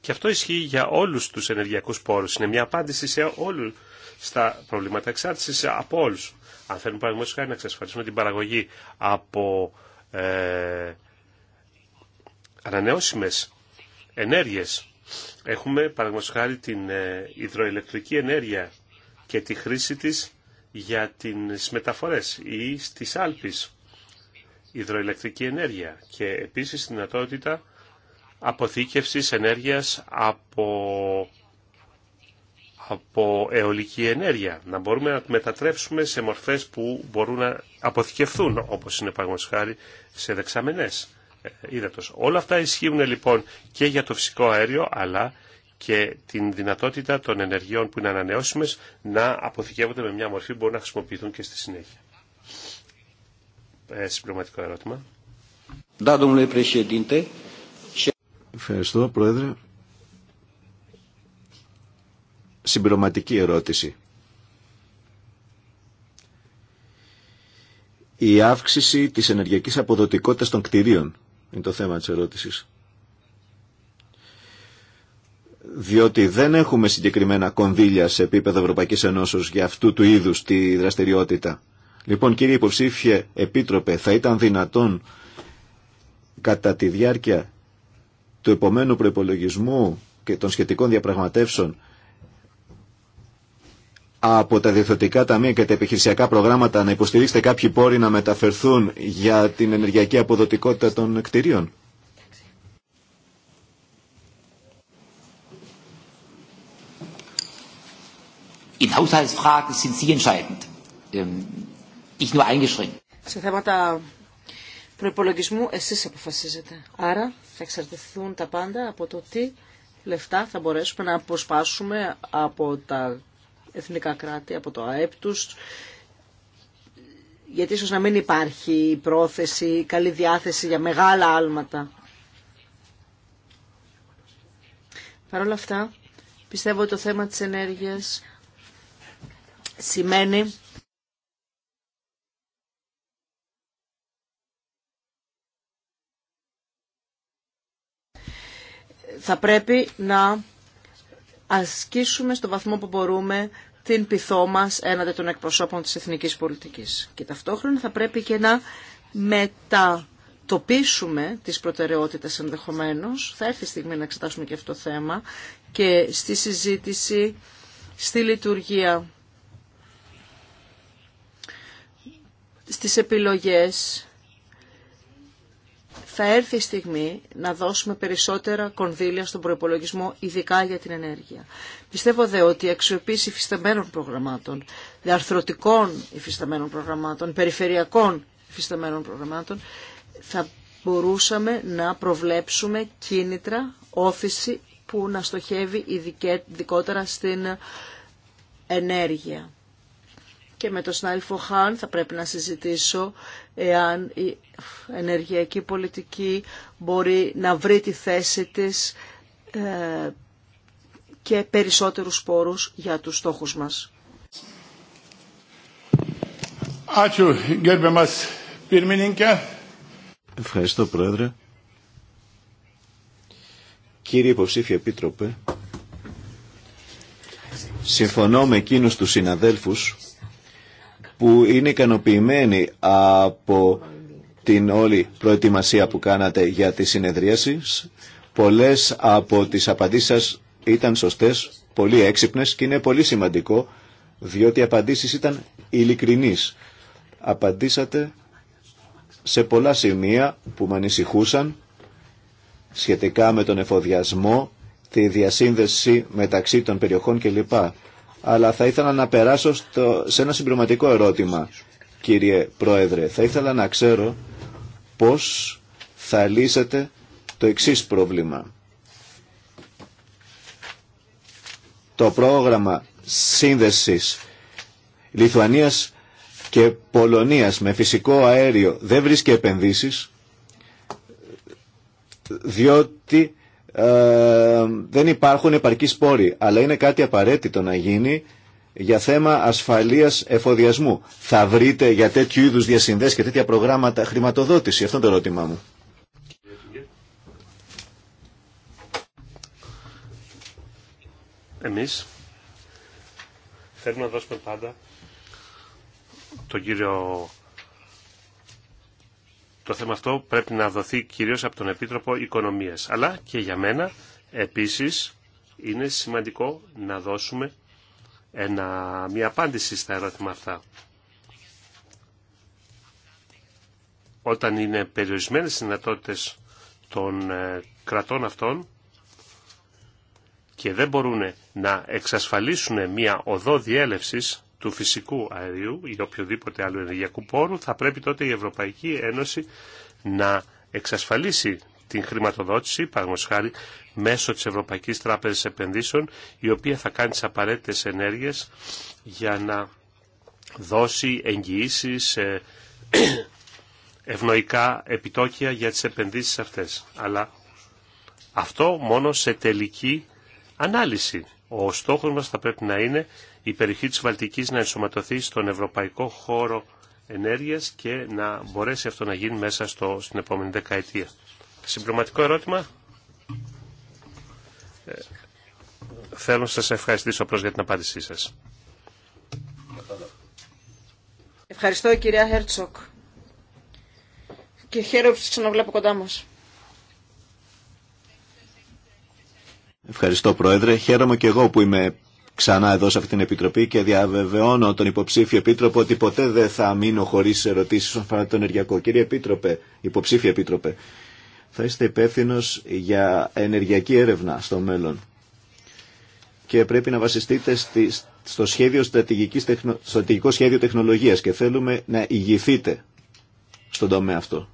S1: Και αυτό ισχύει για όλους τους ενεργειακούς πόρους. Είναι μια απάντηση σε όλους στα προβλήματα εξάρτησης από όλους. Αν θέλουμε παραδείγματος χάρη να εξασφαλίσουμε την παραγωγή από ε, ανανεώσιμες ενέργειες, έχουμε παραδείγματος την ε, υδροηλεκτρική ενέργεια και τη χρήση της για τις μεταφορές ή στις Άλπεις υδροηλεκτρική ενέργεια και επίσης τη δυνατότητα αποθήκευσης ενέργειας από από αιωλική ενέργεια, να μπορούμε να μετατρέψουμε σε μορφές που μπορούν να αποθηκευθούν, όπως είναι παγκοσχάρι, σε δεξαμενές ύδατος. Ε, Όλα αυτά ισχύουν λοιπόν και για το φυσικό αέριο, αλλά και την δυνατότητα των ενεργειών που είναι ανανεώσιμες να αποθηκεύονται με μια μορφή που μπορούν να χρησιμοποιηθούν και στη συνέχεια. Ε, συμπληρωματικό ερώτημα.
S4: Ευχαριστώ, Πρόεδρε συμπληρωματική ερώτηση. Η αύξηση της ενεργειακής αποδοτικότητας των κτηρίων είναι το θέμα της ερώτησης. Διότι δεν έχουμε συγκεκριμένα κονδύλια σε επίπεδο Ευρωπαϊκής Ενώσεως για αυτού του είδους τη δραστηριότητα. Λοιπόν κύριε υποψήφιε επίτροπε θα ήταν δυνατόν κατά τη διάρκεια του επομένου προπολογισμού και των σχετικών διαπραγματεύσεων από τα διευθυντικά ταμεία και τα επιχειρησιακά προγράμματα να υποστηρίξετε κάποιοι πόροι να μεταφερθούν για την ενεργειακή αποδοτικότητα των κτηρίων.
S2: In ähm,
S3: Σε θέματα προπολογισμού εσείς αποφασίζετε. Άρα θα εξαρτηθούν τα πάντα από το τι λεφτά θα μπορέσουμε να αποσπάσουμε από τα εθνικά κράτη, από το ΑΕΠ τους, γιατί ίσως να μην υπάρχει πρόθεση, καλή διάθεση για μεγάλα άλματα. Παρ' όλα αυτά, πιστεύω ότι το θέμα της ενέργειας σημαίνει θα πρέπει να ασκήσουμε στο βαθμό που μπορούμε την πυθό μας έναντι των εκπροσώπων της εθνικής πολιτικής. Και ταυτόχρονα θα πρέπει και να μετατοπίσουμε τις προτεραιότητες ενδεχομένως. Θα έρθει η στιγμή να εξετάσουμε και αυτό το θέμα και στη συζήτηση, στη λειτουργία, στις επιλογές θα έρθει η στιγμή να δώσουμε περισσότερα κονδύλια στον προπολογισμό, ειδικά για την ενέργεια. Πιστεύω δε ότι η αξιοποίηση υφισταμένων προγραμμάτων, διαρθρωτικών υφισταμένων προγραμμάτων, περιφερειακών υφισταμένων προγραμμάτων, θα μπορούσαμε να προβλέψουμε κίνητρα, όθηση που να στοχεύει ειδικότερα στην ενέργεια και με τον συνάδελφο Χάν θα πρέπει να συζητήσω εάν η ενεργειακή πολιτική μπορεί να βρει τη θέση της ε, και περισσότερους πόρους για τους στόχους μας.
S4: Ευχαριστώ Πρόεδρε. Κύριε Υποψήφια Επίτροπε, συμφωνώ με εκείνους τους συναδέλφους που είναι ικανοποιημένοι από την όλη προετοιμασία που κάνατε για τη συνεδρίαση. Πολλές από τις απαντήσεις σας ήταν σωστές, πολύ έξυπνες και είναι πολύ σημαντικό διότι οι απαντήσεις ήταν ειλικρινείς. Απαντήσατε σε πολλά σημεία που με ανησυχούσαν σχετικά με τον εφοδιασμό, τη διασύνδεση μεταξύ των περιοχών κλπ αλλά θα ήθελα να περάσω σε ένα συμπληρωματικό ερώτημα, κύριε Πρόεδρε. Θα ήθελα να ξέρω πώς θα λύσετε το εξής πρόβλημα. Το πρόγραμμα σύνδεσης Λιθουανίας και Πολωνίας με φυσικό αέριο δεν βρίσκει επενδύσεις διότι ε, δεν υπάρχουν επαρκή σπόροι, αλλά είναι κάτι απαραίτητο να γίνει για θέμα ασφαλείας εφοδιασμού. Θα βρείτε για τέτοιου είδους διασυνδέσεις και τέτοια προγράμματα χρηματοδότηση. Αυτό είναι το ερώτημά μου.
S1: Εμείς θέλουμε να δώσουμε πάντα τον κύριο το θέμα αυτό πρέπει να δοθεί κυρίως από τον Επίτροπο Οικονομίας. Αλλά και για μένα επίσης είναι σημαντικό να δώσουμε μια απάντηση στα ερώτημα αυτά. Όταν είναι περιορισμένες οι δυνατότητες των ε, κρατών αυτών και δεν μπορούν να εξασφαλίσουν μια οδό διέλευσης του φυσικού αερίου ή οποιοδήποτε άλλου ενεργειακού πόρου, θα πρέπει τότε η Ευρωπαϊκή Ένωση να εξασφαλίσει την χρηματοδότηση, παραδείγματος χάρη, μέσω της Ευρωπαϊκής Τράπεζας Επενδύσεων, η οποία θα πρεπει τοτε η ευρωπαικη ενωση να εξασφαλισει την χρηματοδοτηση παραδειγματο μεσω τη ευρωπαικης τραπεζα επενδυσεων η οποια θα κανει τι απαραίτητε ενέργειες για να δώσει εγγυήσει σε ευνοϊκά επιτόκια για τις επενδύσεις αυτές. Αλλά αυτό μόνο σε τελική ανάλυση. Ο στόχος μας θα πρέπει να είναι η περιοχή της Βαλτικής να ενσωματωθεί στον ευρωπαϊκό χώρο ενέργειας και να μπορέσει αυτό να γίνει μέσα στο, στην επόμενη δεκαετία. Συμπληρωματικό ερώτημα. Ε, θέλω να σας ευχαριστήσω απλώς για την απάντησή σας.
S3: Ευχαριστώ κυρία Χέρτσοκ. Και χαίρομαι που σας ξαναβλέπω κοντά μας.
S4: Ευχαριστώ Πρόεδρε. Χαίρομαι και εγώ που είμαι ξανά εδώ σε αυτή την Επιτροπή και διαβεβαιώνω τον υποψήφιο Επίτροπο ότι ποτέ δεν θα μείνω χωρί ερωτήσει όσον αφορά το ενεργειακό. Κύριε Επίτροπε, υποψήφιο Επίτροπε, θα είστε υπεύθυνο για ενεργειακή έρευνα στο μέλλον και πρέπει να βασιστείτε στη, στο σχέδιο στρατηγικής, στρατηγικό σχέδιο τεχνολογίας και θέλουμε να ηγηθείτε στον τομέα αυτό.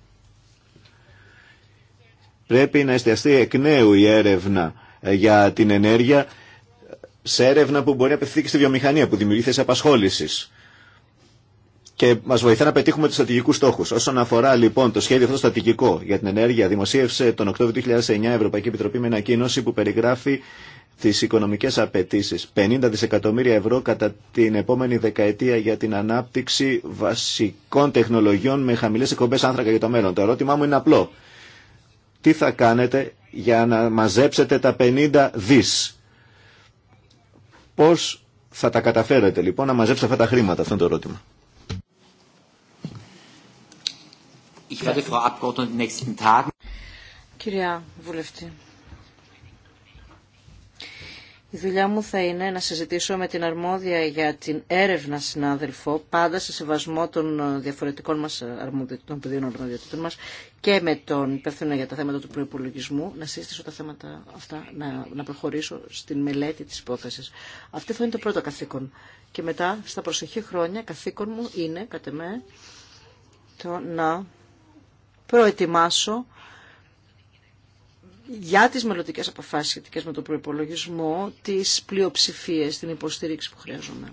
S4: Πρέπει να εστιαστεί εκ νέου η έρευνα ε, για την ενέργεια σε έρευνα που μπορεί να απευθύνει και στη βιομηχανία που δημιουργεί θέσει απασχόληση. Και μα βοηθά να πετύχουμε του στρατηγικού στόχου. Όσον αφορά λοιπόν το σχέδιο αυτό στρατηγικό για την ενέργεια, δημοσίευσε τον Οκτώβριο 2009 η Ευρωπαϊκή Επιτροπή με ανακοίνωση που περιγράφει τι οικονομικέ απαιτήσει. 50 δισεκατομμύρια ευρώ κατά την επόμενη δεκαετία για την ανάπτυξη βασικών τεχνολογιών με χαμηλέ εκπομπέ άνθρακα για το μέλλον. Το ερώτημά μου είναι απλό. Τι θα κάνετε για να μαζέψετε τα 50 δις Πώς θα τα καταφέρετε λοιπόν να μαζέψετε αυτά τα χρήματα, αυτό είναι το ερώτημα.
S2: Κυρία
S3: Βουλευτή, η δουλειά μου θα είναι να συζητήσω με την αρμόδια για την έρευνα συνάδελφο, πάντα σε σεβασμό των ε, διαφορετικών μας ε, αρμοδιοτήτων, των αρμοδιοτήτων μας και με τον υπεύθυνο για τα θέματα του προϋπολογισμού, να συζητήσω τα θέματα αυτά, να, να προχωρήσω στην μελέτη της υπόθεσης. Αυτό θα είναι το πρώτο καθήκον. Και μετά, στα προσεχή χρόνια, καθήκον μου είναι, κατά με, το να προετοιμάσω για τις μελλοντικές αποφάσεις σχετικέ με τον προϋπολογισμό, τις πλειοψηφίες, την υποστήριξη που χρειάζομαι.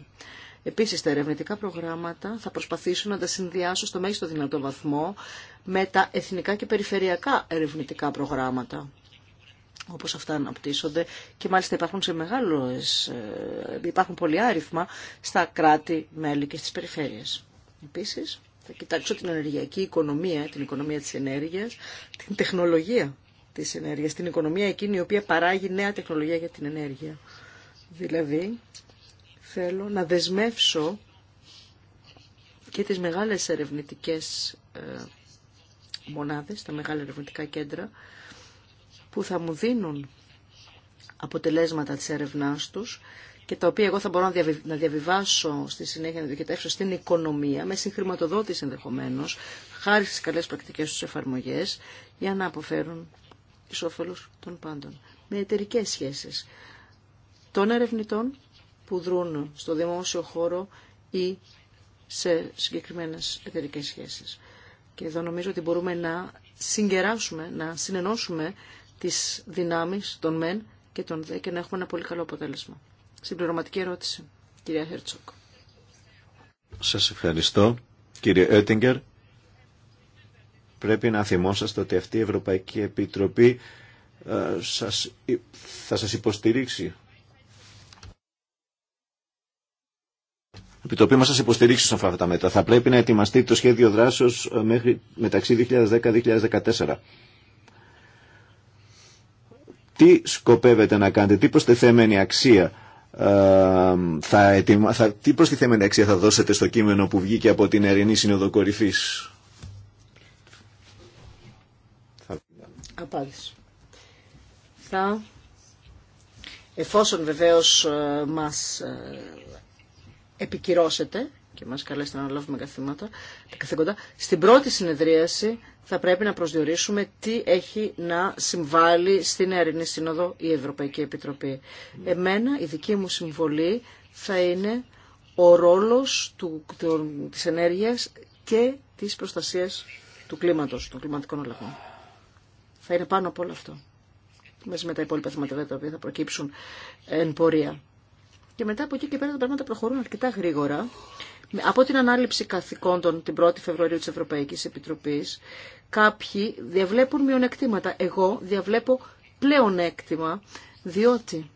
S3: Επίσης, τα ερευνητικά προγράμματα θα προσπαθήσω να τα συνδυάσω στο μέγιστο δυνατό βαθμό με τα εθνικά και περιφερειακά ερευνητικά προγράμματα όπως αυτά αναπτύσσονται και μάλιστα υπάρχουν σε μεγάλες, ε, υπάρχουν πολλοί άριθμα στα κράτη-μέλη και στις περιφέρειες. Επίσης, θα κοιτάξω την ενεργειακή οικονομία, την οικονομία της ενέργειας, την τεχνολογία της ενέργειας, την οικονομία εκείνη η οποία παράγει νέα τεχνολογία για την ενέργεια. Δηλαδή, θέλω να δεσμεύσω και τις μεγάλες ερευνητικές ε, μονάδες, τα μεγάλα ερευνητικά κέντρα, που θα μου δίνουν αποτελέσματα της έρευνάς τους και τα οποία εγώ θα μπορώ να διαβιβάσω στη συνέχεια, να διοικητεύσω στην οικονομία, με συγχρηματοδότηση ενδεχομένω, χάρη στι καλέ πρακτικέ του εφαρμογέ, για να αποφέρουν εις όφελος των πάντων. Με εταιρικέ σχέσεις των ερευνητών που δρούν στο δημόσιο χώρο ή σε συγκεκριμένες εταιρικέ σχέσεις. Και εδώ νομίζω ότι μπορούμε να συγκεράσουμε, να συνενώσουμε τις δυνάμεις των μεν και των δε και να έχουμε ένα πολύ καλό αποτέλεσμα. Συμπληρωματική ερώτηση, κυρία Χέρτσοκ.
S4: Σας ευχαριστώ, κύριε Έτιγκερ. Πρέπει να θυμόσαστε ότι αυτή η Ευρωπαϊκή Επιτροπή ε, σας, θα σας υποστηρίξει. Η Επιτροπή μας σας υποστηρίξει στον αυτά τα μέτρα. Θα πρέπει να ετοιμαστεί το σχέδιο δράσεως ε, μέχρι, μεταξύ 2010-2014. Τι σκοπεύετε να κάνετε, τι προστιθέμενη αξία ε, θα, θα προστιθέμενη αξία θα δώσετε στο κείμενο που βγήκε από την Ερηνή Συνοδοκορυφής.
S3: απάντηση. Θα... Εφόσον βεβαίως ε, μας ε, επικυρώσετε και μας καλέσετε να αναλάβουμε καθήματα, τα καθήκοντα, στην πρώτη συνεδρίαση θα πρέπει να προσδιορίσουμε τι έχει να συμβάλει στην Ερηνή Σύνοδο η Ευρωπαϊκή Επιτροπή. Εμένα η δική μου συμβολή θα είναι ο ρόλος του, του, της ενέργειας και της προστασίας του κλίματος, των κλιματικών αλλαγών θα είναι πάνω από όλο αυτό. Μέσα με τα υπόλοιπα θεματικά τα οποία θα προκύψουν εν πορεία. Και μετά από εκεί και πέρα τα πράγματα προχωρούν αρκετά γρήγορα. Από την ανάληψη καθηκόντων την 1η Φεβρουαρίου της Ευρωπαϊκής Επιτροπής, κάποιοι διαβλέπουν μειονεκτήματα. Εγώ διαβλέπω πλέον διότι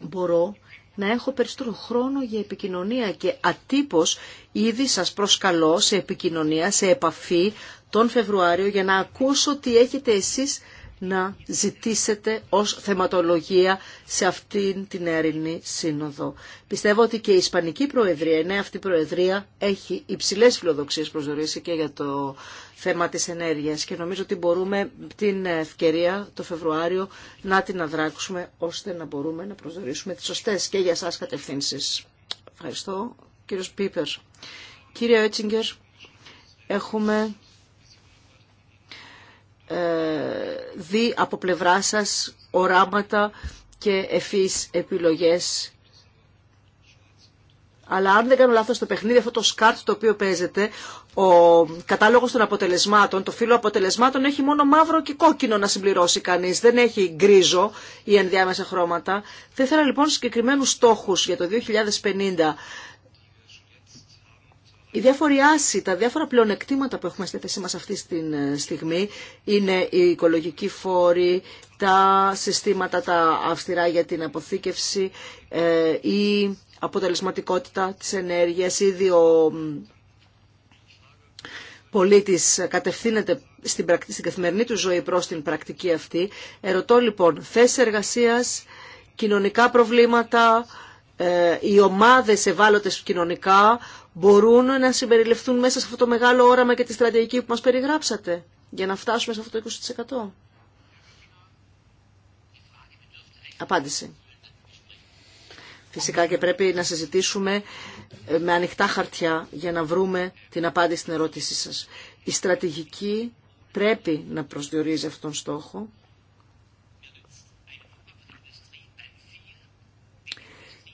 S3: μπορώ να έχω περισσότερο χρόνο για επικοινωνία και ατύπως ήδη σας προσκαλώ σε επικοινωνία, σε επαφή τον Φεβρουάριο για να ακούσω τι έχετε εσείς να ζητήσετε ως θεματολογία σε αυτήν την έρηνη σύνοδο. Πιστεύω ότι και η Ισπανική Προεδρία, η νέα αυτή Προεδρία, έχει υψηλές φιλοδοξίες προσδορίσει και για το θέμα της ενέργειας και νομίζω ότι μπορούμε την ευκαιρία το Φεβρουάριο να την αδράξουμε ώστε να μπορούμε να προσδορίσουμε τις σωστές και για σας κατευθύνσεις. Ευχαριστώ. Κύριος Πίπερ. Κύριε Έτσιγκερ, έχουμε ε, δει από πλευρά σας οράματα και ευφύς επιλογές. Αλλά αν δεν κάνω λάθος το παιχνίδι, αυτό το σκάρτ το οποίο παίζεται, ο κατάλογος των αποτελεσμάτων, το φύλλο αποτελεσμάτων έχει μόνο μαύρο και κόκκινο να συμπληρώσει κανείς, δεν έχει γκρίζο ή ενδιάμεσα χρώματα. Θα ήθελα λοιπόν συγκεκριμένους στόχους για το 2050 οι διάφοροι άσοι, τα διάφορα πλεονεκτήματα που έχουμε στη θέση μας αυτή τη στιγμή είναι οι οικολογικοί φόροι, τα συστήματα τα αυστηρά για την αποθήκευση, ε, η αποτελεσματικότητα της ενέργειας, ήδη ο πολίτης κατευθύνεται στην, στην καθημερινή του ζωή προς την πρακτική αυτή. Ερωτώ λοιπόν, θέσεις εργασίας, κοινωνικά προβλήματα, ε, οι ομάδες ευάλωτες κοινωνικά μπορούν να συμπεριληφθούν μέσα σε αυτό το μεγάλο όραμα και τη στρατηγική που μας περιγράψατε για να φτάσουμε σε αυτό το 20%. Απάντηση. Φυσικά και πρέπει να συζητήσουμε ε, με ανοιχτά χαρτιά για να βρούμε την απάντηση στην ερώτησή σας. Η στρατηγική πρέπει να προσδιορίζει αυτόν τον στόχο.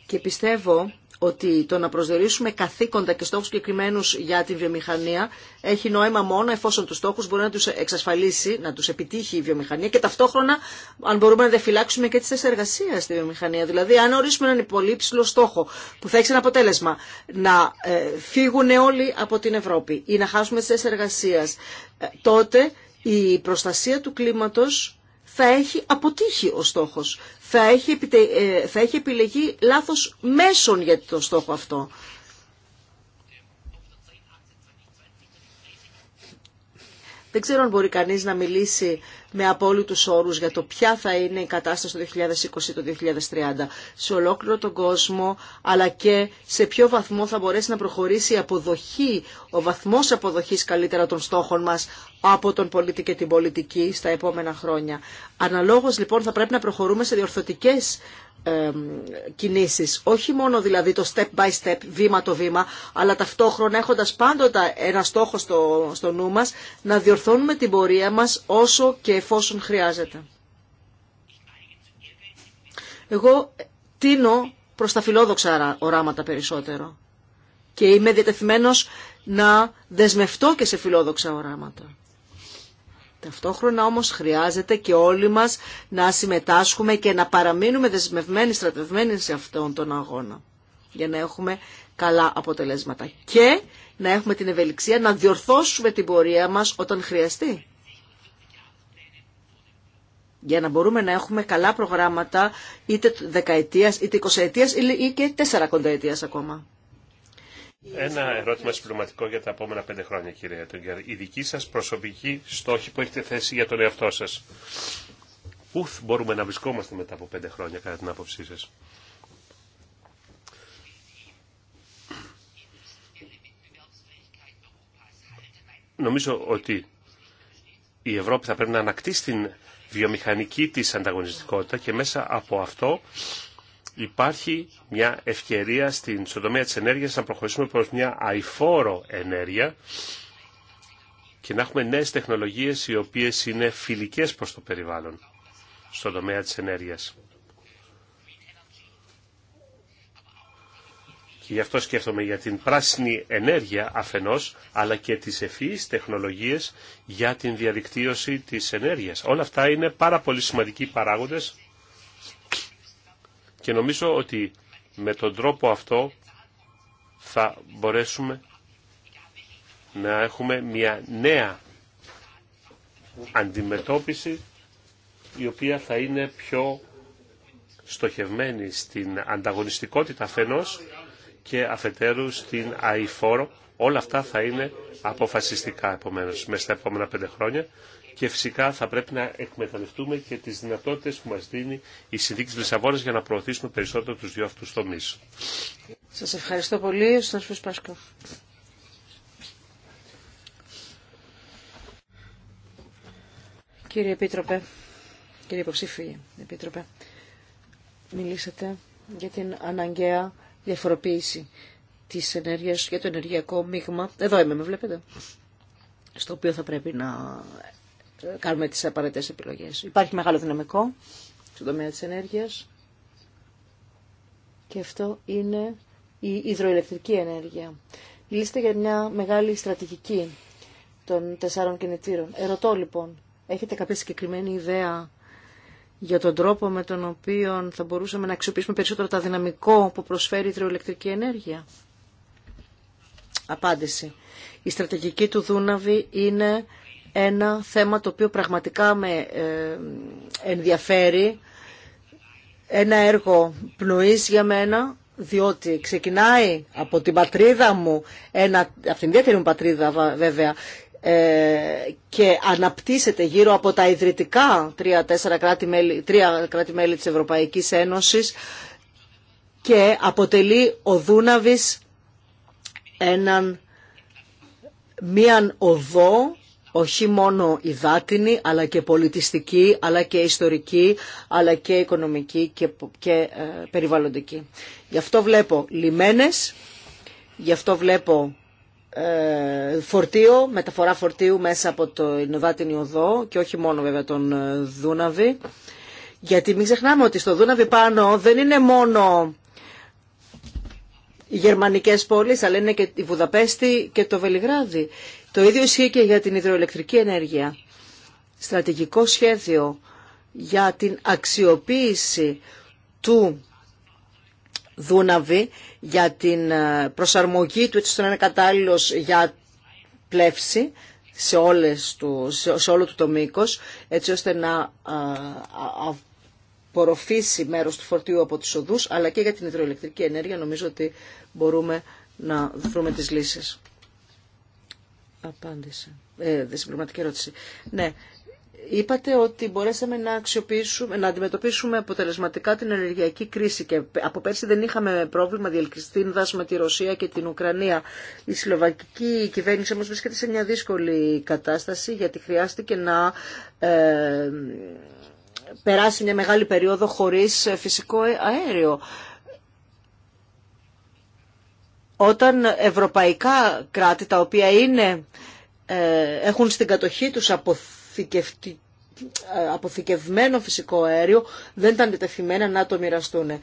S3: Και πιστεύω ότι το να προσδιορίσουμε καθήκοντα και στόχους συγκεκριμένου για τη βιομηχανία έχει νόημα μόνο εφόσον τους στόχους μπορεί να τους εξασφαλίσει, να τους επιτύχει η βιομηχανία και ταυτόχρονα αν μπορούμε να διαφυλάξουμε και τις θέσεις εργασία στη βιομηχανία. Δηλαδή αν ορίσουμε έναν πολύ στόχο που θα έχει ένα αποτέλεσμα να ε, φύγουν όλοι από την Ευρώπη ή να χάσουμε τις θέσεις εργασία, ε, τότε η προστασία του κλίματος θα έχει αποτύχει ο στόχος. Θα έχει, ε, θα έχει επιλεγεί λάθος μέσον για το στόχο αυτό. Δεν ξέρω αν μπορεί κανείς να μιλήσει με απόλυτους όρους για το ποια θα είναι η κατάσταση το 2020 το 2030 σε ολόκληρο τον κόσμο, αλλά και σε ποιο βαθμό θα μπορέσει να προχωρήσει η αποδοχή, ο βαθμός αποδοχής καλύτερα των στόχων μας από τον πολίτη και την πολιτική στα επόμενα χρόνια. Αναλόγως λοιπόν θα πρέπει να προχωρούμε σε διορθωτικές κινήσεις. Όχι μόνο δηλαδή το step by step, βήμα το βήμα, αλλά ταυτόχρονα έχοντας πάντοτε ένα στόχο στο, στο νου μας, να διορθώνουμε την πορεία μας όσο και εφόσον χρειάζεται. Εγώ τίνω προς τα φιλόδοξα οράματα περισσότερο και είμαι διατεθειμένος να δεσμευτώ και σε φιλόδοξα οράματα. Ταυτόχρονα όμως χρειάζεται και όλοι μας να συμμετάσχουμε και να παραμείνουμε δεσμευμένοι, στρατευμένοι σε αυτόν τον αγώνα για να έχουμε καλά αποτελέσματα και να έχουμε την ευελιξία να διορθώσουμε την πορεία μας όταν χρειαστεί. Για να μπορούμε να έχουμε καλά προγράμματα είτε δεκαετίας, είτε εικοσαετίας ή και τέσσερα κονταετίας ακόμα.
S1: Ένα ερώτημα συμπληρωματικό για τα επόμενα πέντε χρόνια, κύριε Έτογκερ. Η δική σας προσωπική στόχη που έχετε θέσει για τον εαυτό σας. Πού μπορούμε να βρισκόμαστε μετά από πέντε χρόνια, κατά την άποψή σας. Νομίζω ότι η Ευρώπη θα πρέπει να ανακτήσει την βιομηχανική της ανταγωνιστικότητα και μέσα από αυτό υπάρχει μια ευκαιρία στην τομέα της ενέργειας να προχωρήσουμε προς μια αηφόρο ενέργεια και να έχουμε νέες τεχνολογίες οι οποίες είναι φιλικές προς το περιβάλλον στον τομέα της ενέργειας. Και γι' αυτό σκέφτομαι για την πράσινη ενέργεια αφενός, αλλά και τις ευφυείς τεχνολογίες για την διαδικτύωση της ενέργειας. Όλα αυτά είναι πάρα πολύ σημαντικοί παράγοντες και νομίζω ότι με τον τρόπο αυτό θα μπορέσουμε να έχουμε μια νέα αντιμετώπιση η οποία θα είναι πιο στοχευμένη στην ανταγωνιστικότητα αφενός και αφετέρου στην αηφόρο. Όλα αυτά θα είναι αποφασιστικά επομένως μέσα στα επόμενα πέντε χρόνια και φυσικά θα πρέπει να εκμεταλλευτούμε και τις δυνατότητες που μας δίνει η συνθήκη της Λισαβόνας για να προωθήσουμε περισσότερο τους δύο αυτούς τομείς.
S3: Σας ευχαριστώ πολύ. Σας Πάσκο. Κύριε Επίτροπε, κύριε υποψήφιοι Επίτροπε, μιλήσατε για την αναγκαία διαφοροποίηση της ενέργειας για το ενεργειακό μείγμα. Εδώ είμαι, με βλέπετε. Στο οποίο θα πρέπει να κάνουμε τις απαραίτητες επιλογές. Υπάρχει μεγάλο δυναμικό στον τομέα της ενέργειας και αυτό είναι η υδροηλεκτρική ενέργεια. Μιλήσετε για μια μεγάλη στρατηγική των τεσσάρων κινητήρων. Ερωτώ λοιπόν, έχετε κάποια συγκεκριμένη ιδέα για τον τρόπο με τον οποίο θα μπορούσαμε να αξιοποιήσουμε περισσότερο τα δυναμικό που προσφέρει η υδροηλεκτρική ενέργεια. Απάντηση. Η στρατηγική του Δούναβη είναι ένα θέμα το οποίο πραγματικά με ε, ενδιαφέρει, ένα έργο πνοής για μένα, διότι ξεκινάει από την πατρίδα μου, ένα, από την ιδιαίτερη μου πατρίδα βέβαια, ε, και αναπτύσσεται γύρω από τα ιδρυτικά τρία-τέσσερα κράτη-μέλη κράτη της Ευρωπαϊκής Ένωσης και αποτελεί ο Δούναβης έναν, μίαν οδό όχι μόνο υδάτινη, αλλά και πολιτιστική, αλλά και ιστορική, αλλά και οικονομική και, ε, περιβαλλοντική. Γι' αυτό βλέπω λιμένες, γι' αυτό βλέπω ε, φορτίο, μεταφορά φορτίου μέσα από το υδάτινη οδό και όχι μόνο βέβαια τον ε, Δούναβη. Γιατί μην ξεχνάμε ότι στο δούναβη πάνω δεν είναι μόνο οι γερμανικές πόλεις, αλλά είναι και η Βουδαπέστη και το Βελιγράδι. Το ίδιο ισχύει και για την υδροελεκτρική ενέργεια. Στρατηγικό σχέδιο για την αξιοποίηση του Δούναβη για την ε, προσαρμογή του έτσι ώστε να είναι κατάλληλος για πλεύση σε, όλες σε όλο του το μήκος, έτσι ώστε να ε, απορροφήσει μέρος του φορτίου από τους οδούς, αλλά και για την υδροελεκτρική ενέργεια νομίζω ότι μπορούμε να βρούμε τις λύσεις. Απάντηση. Ε, συμπληρωματική ερώτηση. Ναι. Είπατε ότι μπορέσαμε να, αξιοποιήσουμε, να αντιμετωπίσουμε αποτελεσματικά την ενεργειακή κρίση και από πέρσι δεν είχαμε πρόβλημα διελκυστίνδα με τη Ρωσία και την Ουκρανία. Η σλοβακική κυβέρνηση όμω βρίσκεται σε μια δύσκολη κατάσταση γιατί χρειάστηκε να ε, περάσει μια μεγάλη περίοδο χωρί φυσικό αέριο όταν ευρωπαϊκά κράτη τα οποία είναι, ε, έχουν στην κατοχή τους αποθηκευμένο φυσικό αέριο δεν ήταν διτεθειμένα να το μοιραστούν.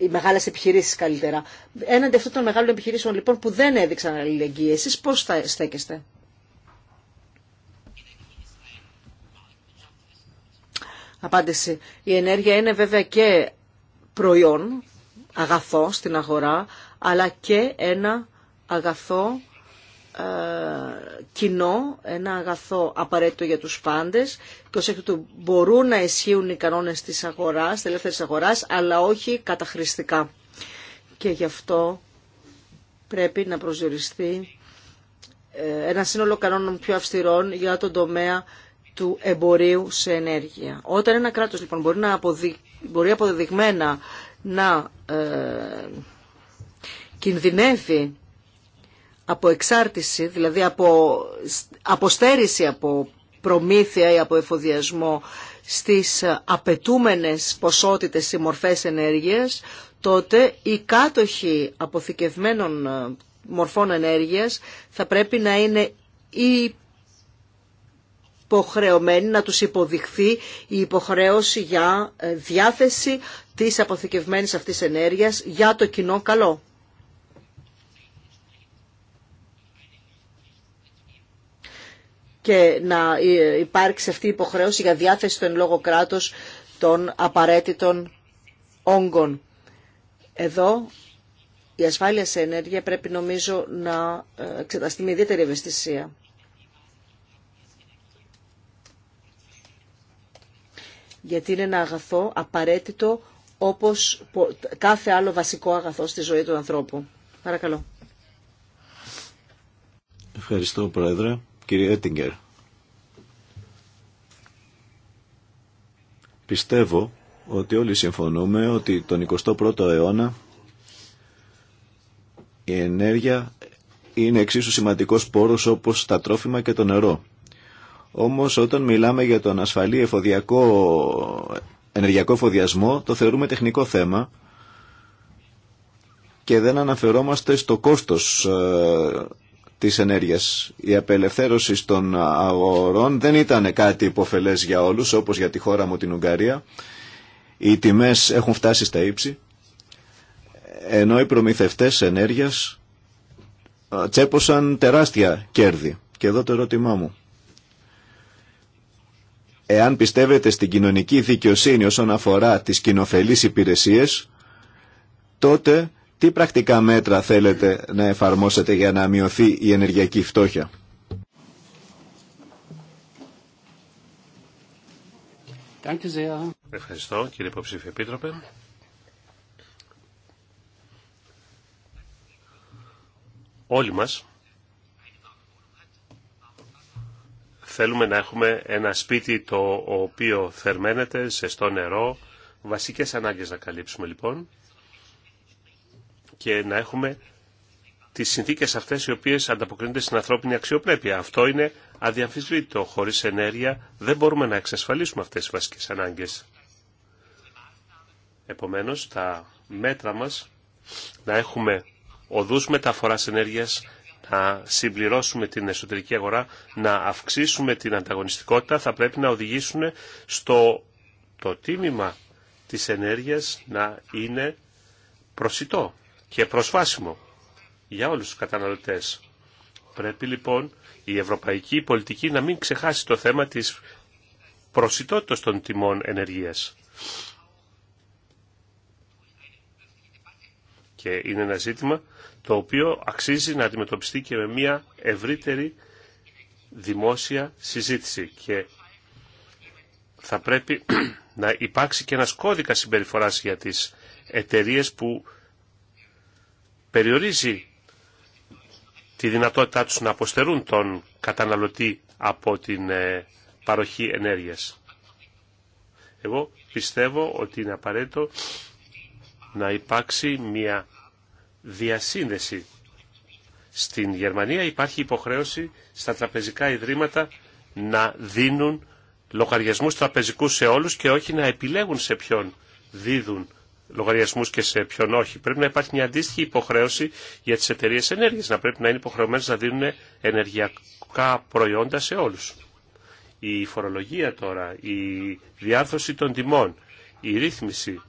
S3: Οι μεγάλες επιχειρήσεις καλύτερα. Έναντι αυτών των μεγάλων επιχειρήσεων λοιπόν που δεν έδειξαν αλληλεγγύη, εσείς πώς θα στέκεστε. Απάντηση. Η ενέργεια είναι βέβαια και προϊόν, αγαθό στην αγορά, αλλά και ένα αγαθό ε, κοινό, ένα αγαθό απαραίτητο για τους πάντες και ως εκ του μπορούν να ισχύουν οι κανόνες της αγοράς, της ελεύθερης αγοράς, αλλά όχι καταχρηστικά. Και γι' αυτό πρέπει να προσδιοριστεί ε, ένα σύνολο κανόνων πιο αυστηρών για τον τομέα του εμπορίου σε ενέργεια. Όταν ένα κράτος λοιπόν μπορεί, να μπορεί αποδεδειγμένα να ε, κινδυνεύει από εξάρτηση, δηλαδή από αποστέρηση από προμήθεια ή από εφοδιασμό στις απαιτούμενες ποσότητες ή μορφές ενέργειας, τότε οι κάτοχοι αποθηκευμένων ε, μορφών ενέργειας θα πρέπει να είναι η υποχρεωμένοι να τους υποδειχθεί η υποχρέωση για ε, διάθεση της αποθηκευμένης αυτής ενέργειας για το κοινό καλό. και να ε, υπάρξει αυτή η υποχρέωση για διάθεση στον λόγο κράτος των απαραίτητων όγκων. Εδώ η ασφάλεια σε ενέργεια πρέπει νομίζω να ε, εξεταστεί με ιδιαίτερη ευαισθησία. Γιατί είναι ένα αγαθό απαραίτητο όπως κάθε άλλο βασικό αγαθό στη ζωή του ανθρώπου. Παρακαλώ.
S4: Ευχαριστώ Πρόεδρε κύριε Έτιγκερ. Πιστεύω ότι όλοι συμφωνούμε ότι τον 21ο αιώνα η ενέργεια είναι εξίσου σημαντικός πόρος όπως τα τρόφιμα και το νερό. Όμως όταν μιλάμε για τον ασφαλή εφοδιακό, ενεργειακό εφοδιασμό το θεωρούμε τεχνικό θέμα και δεν αναφερόμαστε στο κόστος ε, της ενέργειας. Η απελευθέρωση των αγορών δεν ήταν κάτι υποφελές για όλους, όπως για τη χώρα μου την Ουγγαρία. Οι τιμές έχουν φτάσει στα ύψη, ενώ οι προμηθευτές ενέργειας ε, τσέπωσαν τεράστια κέρδη. Και εδώ το ερώτημά μου. Εάν πιστεύετε στην κοινωνική δικαιοσύνη όσον αφορά τις κοινοφελείς υπηρεσίες, τότε τι πρακτικά μέτρα θέλετε να εφαρμόσετε για να μειωθεί η ενεργειακή φτώχεια.
S1: Ευχαριστώ κύριε υποψήφιο επίτροπε. Όλοι μας θέλουμε να έχουμε ένα σπίτι το οποίο θερμαίνεται, σε στο νερό, βασικές ανάγκες να καλύψουμε λοιπόν και να έχουμε τις συνθήκες αυτές οι οποίες ανταποκρίνονται στην ανθρώπινη αξιοπρέπεια. Αυτό είναι αδιαμφισβήτητο. Χωρίς ενέργεια δεν μπορούμε να εξασφαλίσουμε αυτές τις βασικές ανάγκες. Επομένως, τα μέτρα μας να έχουμε οδούς μεταφοράς ενέργειας, να συμπληρώσουμε την εσωτερική αγορά, να αυξήσουμε την ανταγωνιστικότητα, θα πρέπει να οδηγήσουν στο το τίμημα της ενέργειας να είναι προσιτό και προσβάσιμο για όλους τους καταναλωτές. Πρέπει λοιπόν η ευρωπαϊκή πολιτική να μην ξεχάσει το θέμα της προσιτότητας των τιμών ενεργείας. Και είναι ένα ζήτημα το οποίο αξίζει να αντιμετωπιστεί και με μια ευρύτερη δημόσια συζήτηση και θα πρέπει να υπάρξει και ένας κώδικας συμπεριφοράς για τις εταιρείες που περιορίζει τη δυνατότητά τους να αποστερούν τον καταναλωτή από την ε, παροχή ενέργειας. Εγώ πιστεύω ότι είναι απαραίτητο να υπάρξει μια διασύνδεση. Στην Γερμανία υπάρχει υποχρέωση στα τραπεζικά ιδρύματα να δίνουν λογαριασμούς τραπεζικούς σε όλους και όχι να επιλέγουν σε ποιον δίδουν λογαριασμού και σε ποιον όχι. Πρέπει να υπάρχει μια αντίστοιχη υποχρέωση για τι εταιρείε ενέργεια. Να πρέπει να είναι υποχρεωμένε να δίνουν ενεργειακά προϊόντα σε όλου. Η φορολογία τώρα, η διάρθρωση των τιμών, η ρύθμιση,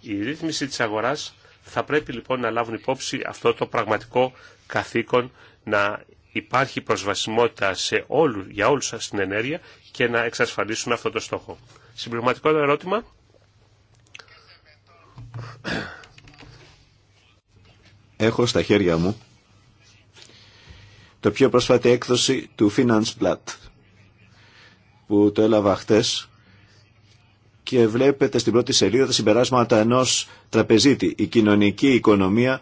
S1: η ρύθμιση της αγοράς θα πρέπει λοιπόν να λάβουν υπόψη αυτό το πραγματικό καθήκον να υπάρχει προσβασιμότητα σε όλους, για όλους σας στην ενέργεια και να εξασφαλίσουν αυτό το στόχο. Συμπληρωματικό ερώτημα.
S4: Έχω στα χέρια μου το πιο πρόσφατη έκδοση του Finance Plat που το έλαβα χτες και βλέπετε στην πρώτη σελίδα τα συμπεράσματα ενός τραπεζίτη. Η κοινωνική οικονομία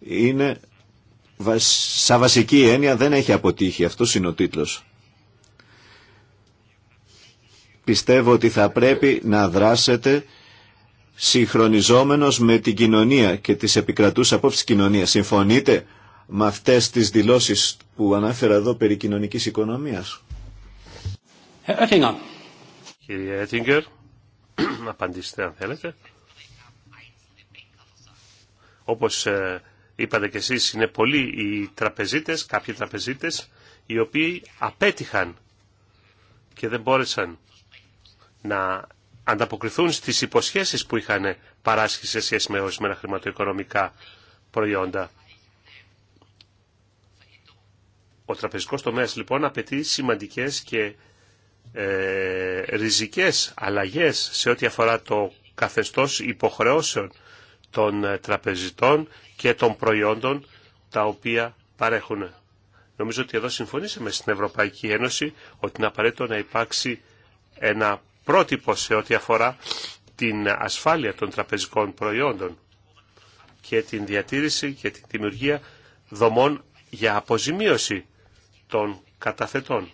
S4: είναι σαν βασική έννοια δεν έχει αποτύχει. Αυτό είναι ο τίτλος. Πιστεύω ότι θα πρέπει να δράσετε συγχρονιζόμενος με την κοινωνία και τις επικρατούς απόψεις κοινωνίας. Συμφωνείτε με αυτές τις δηλώσεις που ανάφερα εδώ περί κοινωνικής οικονομίας.
S1: Ε, Κύριε Έτιγκερ, απαντήστε αν θέλετε. Όπως ε, είπατε και εσείς, είναι πολλοί οι τραπεζίτες, κάποιοι τραπεζίτες, οι οποίοι απέτυχαν και δεν μπόρεσαν να ανταποκριθούν στις υποσχέσεις που είχαν παράσχει σε σχέση με ορισμένα χρηματοοικονομικά προϊόντα. Ο τραπεζικός τομέας λοιπόν απαιτεί σημαντικές και ε, ριζικές αλλαγές σε ό,τι αφορά το καθεστώς υποχρεώσεων των ε, τραπεζιτών και των προϊόντων τα οποία παρέχουν. Νομίζω ότι εδώ συμφωνήσαμε στην Ευρωπαϊκή Ένωση ότι είναι απαραίτητο να υπάρξει ένα πρότυπο σε ό,τι αφορά την ασφάλεια των τραπεζικών προϊόντων και την διατήρηση και την δημιουργία δομών για αποζημίωση των καταθετών.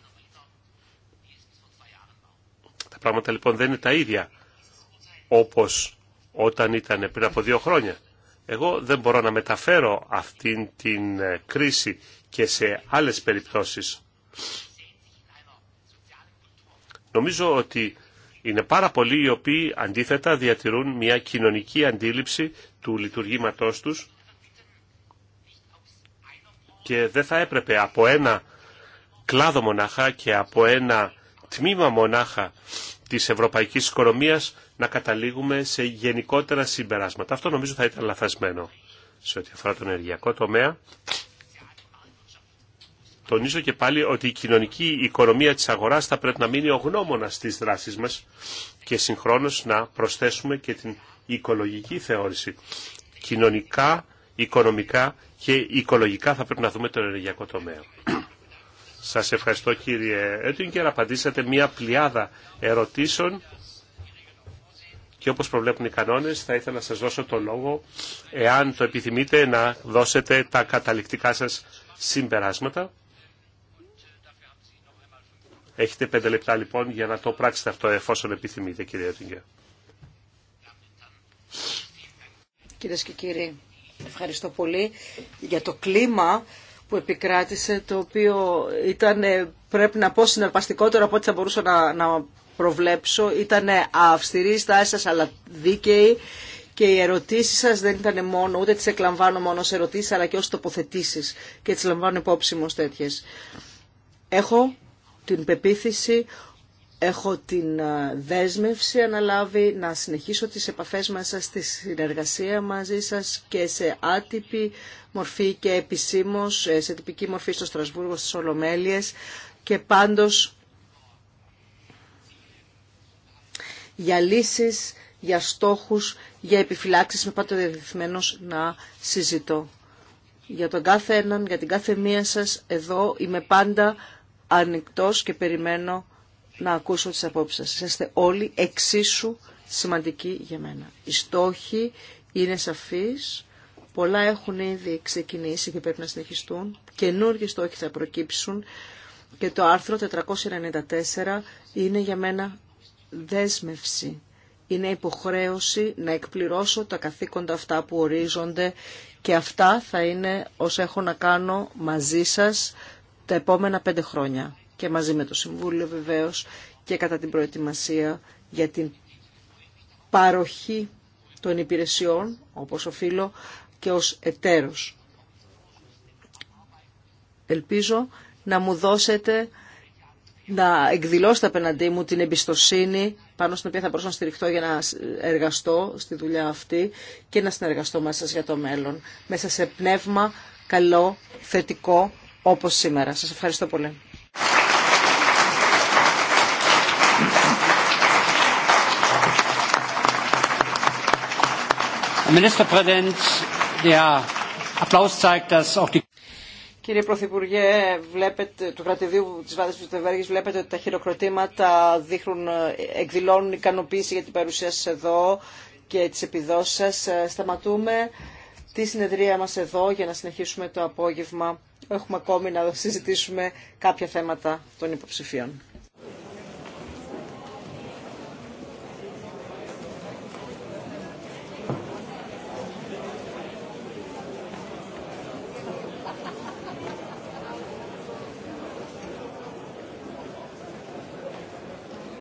S1: Τα πράγματα λοιπόν δεν είναι τα ίδια όπως όταν ήταν πριν από δύο χρόνια. Εγώ δεν μπορώ να μεταφέρω αυτήν την ε, κρίση και σε άλλες περιπτώσεις. Νομίζω ότι είναι πάρα πολλοί οι οποίοι αντίθετα διατηρούν μια κοινωνική αντίληψη του λειτουργήματός τους και δεν θα έπρεπε από ένα κλάδο μονάχα και από ένα τμήμα μονάχα της ευρωπαϊκής οικονομίας να καταλήγουμε σε γενικότερα συμπεράσματα. Αυτό νομίζω θα ήταν λαθασμένο σε ό,τι αφορά τον ενεργειακό τομέα τονίζω και πάλι ότι η κοινωνική οικονομία της αγοράς θα πρέπει να μείνει ο γνώμονας στις δράσεις μας και συγχρόνως να προσθέσουμε και την οικολογική θεώρηση. Κοινωνικά, οικονομικά και οικολογικά θα πρέπει να δούμε τον ενεργειακό τομέα. Σας ευχαριστώ κύριε Έτουγκερ. Απαντήσατε μια πλειάδα ερωτήσεων και όπως προβλέπουν οι κανόνες θα ήθελα να σας δώσω το λόγο εάν το επιθυμείτε να δώσετε τα καταληκτικά σας συμπεράσματα. Έχετε πέντε λεπτά λοιπόν για να το πράξετε αυτό εφόσον επιθυμείτε κύριε Ότιγκερ.
S3: Κυρίες και κύριοι, ευχαριστώ πολύ για το κλίμα που επικράτησε, το οποίο ήταν, πρέπει να πω, συναρπαστικότερο από ό,τι θα μπορούσα να, να προβλέψω. Ήταν αυστηρή η στάση σας, αλλά δίκαιη και οι ερωτήσεις σας δεν ήταν μόνο, ούτε τις εκλαμβάνω μόνο σε ερωτήσεις, αλλά και ως τοποθετήσεις και τις λαμβάνω υπόψη μου τέτοιες. Έχω την πεποίθηση, έχω την δέσμευση αναλάβει να συνεχίσω τις επαφές μας στη συνεργασία μαζί σας και σε άτυπη μορφή και επισήμως, ε, σε τυπική μορφή στο Στρασβούργο, στις Ολομέλειες και πάντως για λύσεις, για στόχους, για επιφυλάξεις με πάντα διαδεθμένος να συζητώ. Για τον κάθε έναν, για την κάθε μία σας, εδώ είμαι πάντα ανοιχτός και περιμένω να ακούσω τις απόψεις σας. Είστε όλοι εξίσου σημαντικοί για μένα. Οι στόχοι είναι σαφείς, πολλά έχουν ήδη ξεκινήσει και πρέπει να συνεχιστούν, καινούργιοι στόχοι θα προκύψουν και το άρθρο 494 είναι για μένα δέσμευση. Είναι υποχρέωση να εκπληρώσω τα καθήκοντα αυτά που ορίζονται και αυτά θα είναι όσα έχω να κάνω μαζί σας τα επόμενα πέντε χρόνια και μαζί με το Συμβούλιο βεβαίως και κατά την προετοιμασία για την παροχή των υπηρεσιών, όπως οφείλω, και ως εταίρος. Ελπίζω να μου δώσετε να εκδηλώσετε απέναντί μου την εμπιστοσύνη πάνω στην οποία θα μπορούσα να στηριχτώ για να εργαστώ στη δουλειά αυτή και να συνεργαστώ μαζί σας για το μέλλον. Μέσα σε πνεύμα καλό, θετικό, όπως σήμερα. Σας ευχαριστώ πολύ. Κύριε Πρωθυπουργέ βλέπετε, του κρατηδίου της του Βουστεβέργης, βλέπετε ότι τα χειροκροτήματα δείχνουν, εκδηλώνουν ικανοποίηση για την παρουσία σα εδώ και τι επιδόσει σα. Σταματούμε τη συνεδρία μα εδώ για να συνεχίσουμε το απόγευμα. Έχουμε ακόμη να συζητήσουμε κάποια θέματα των υποψηφίων.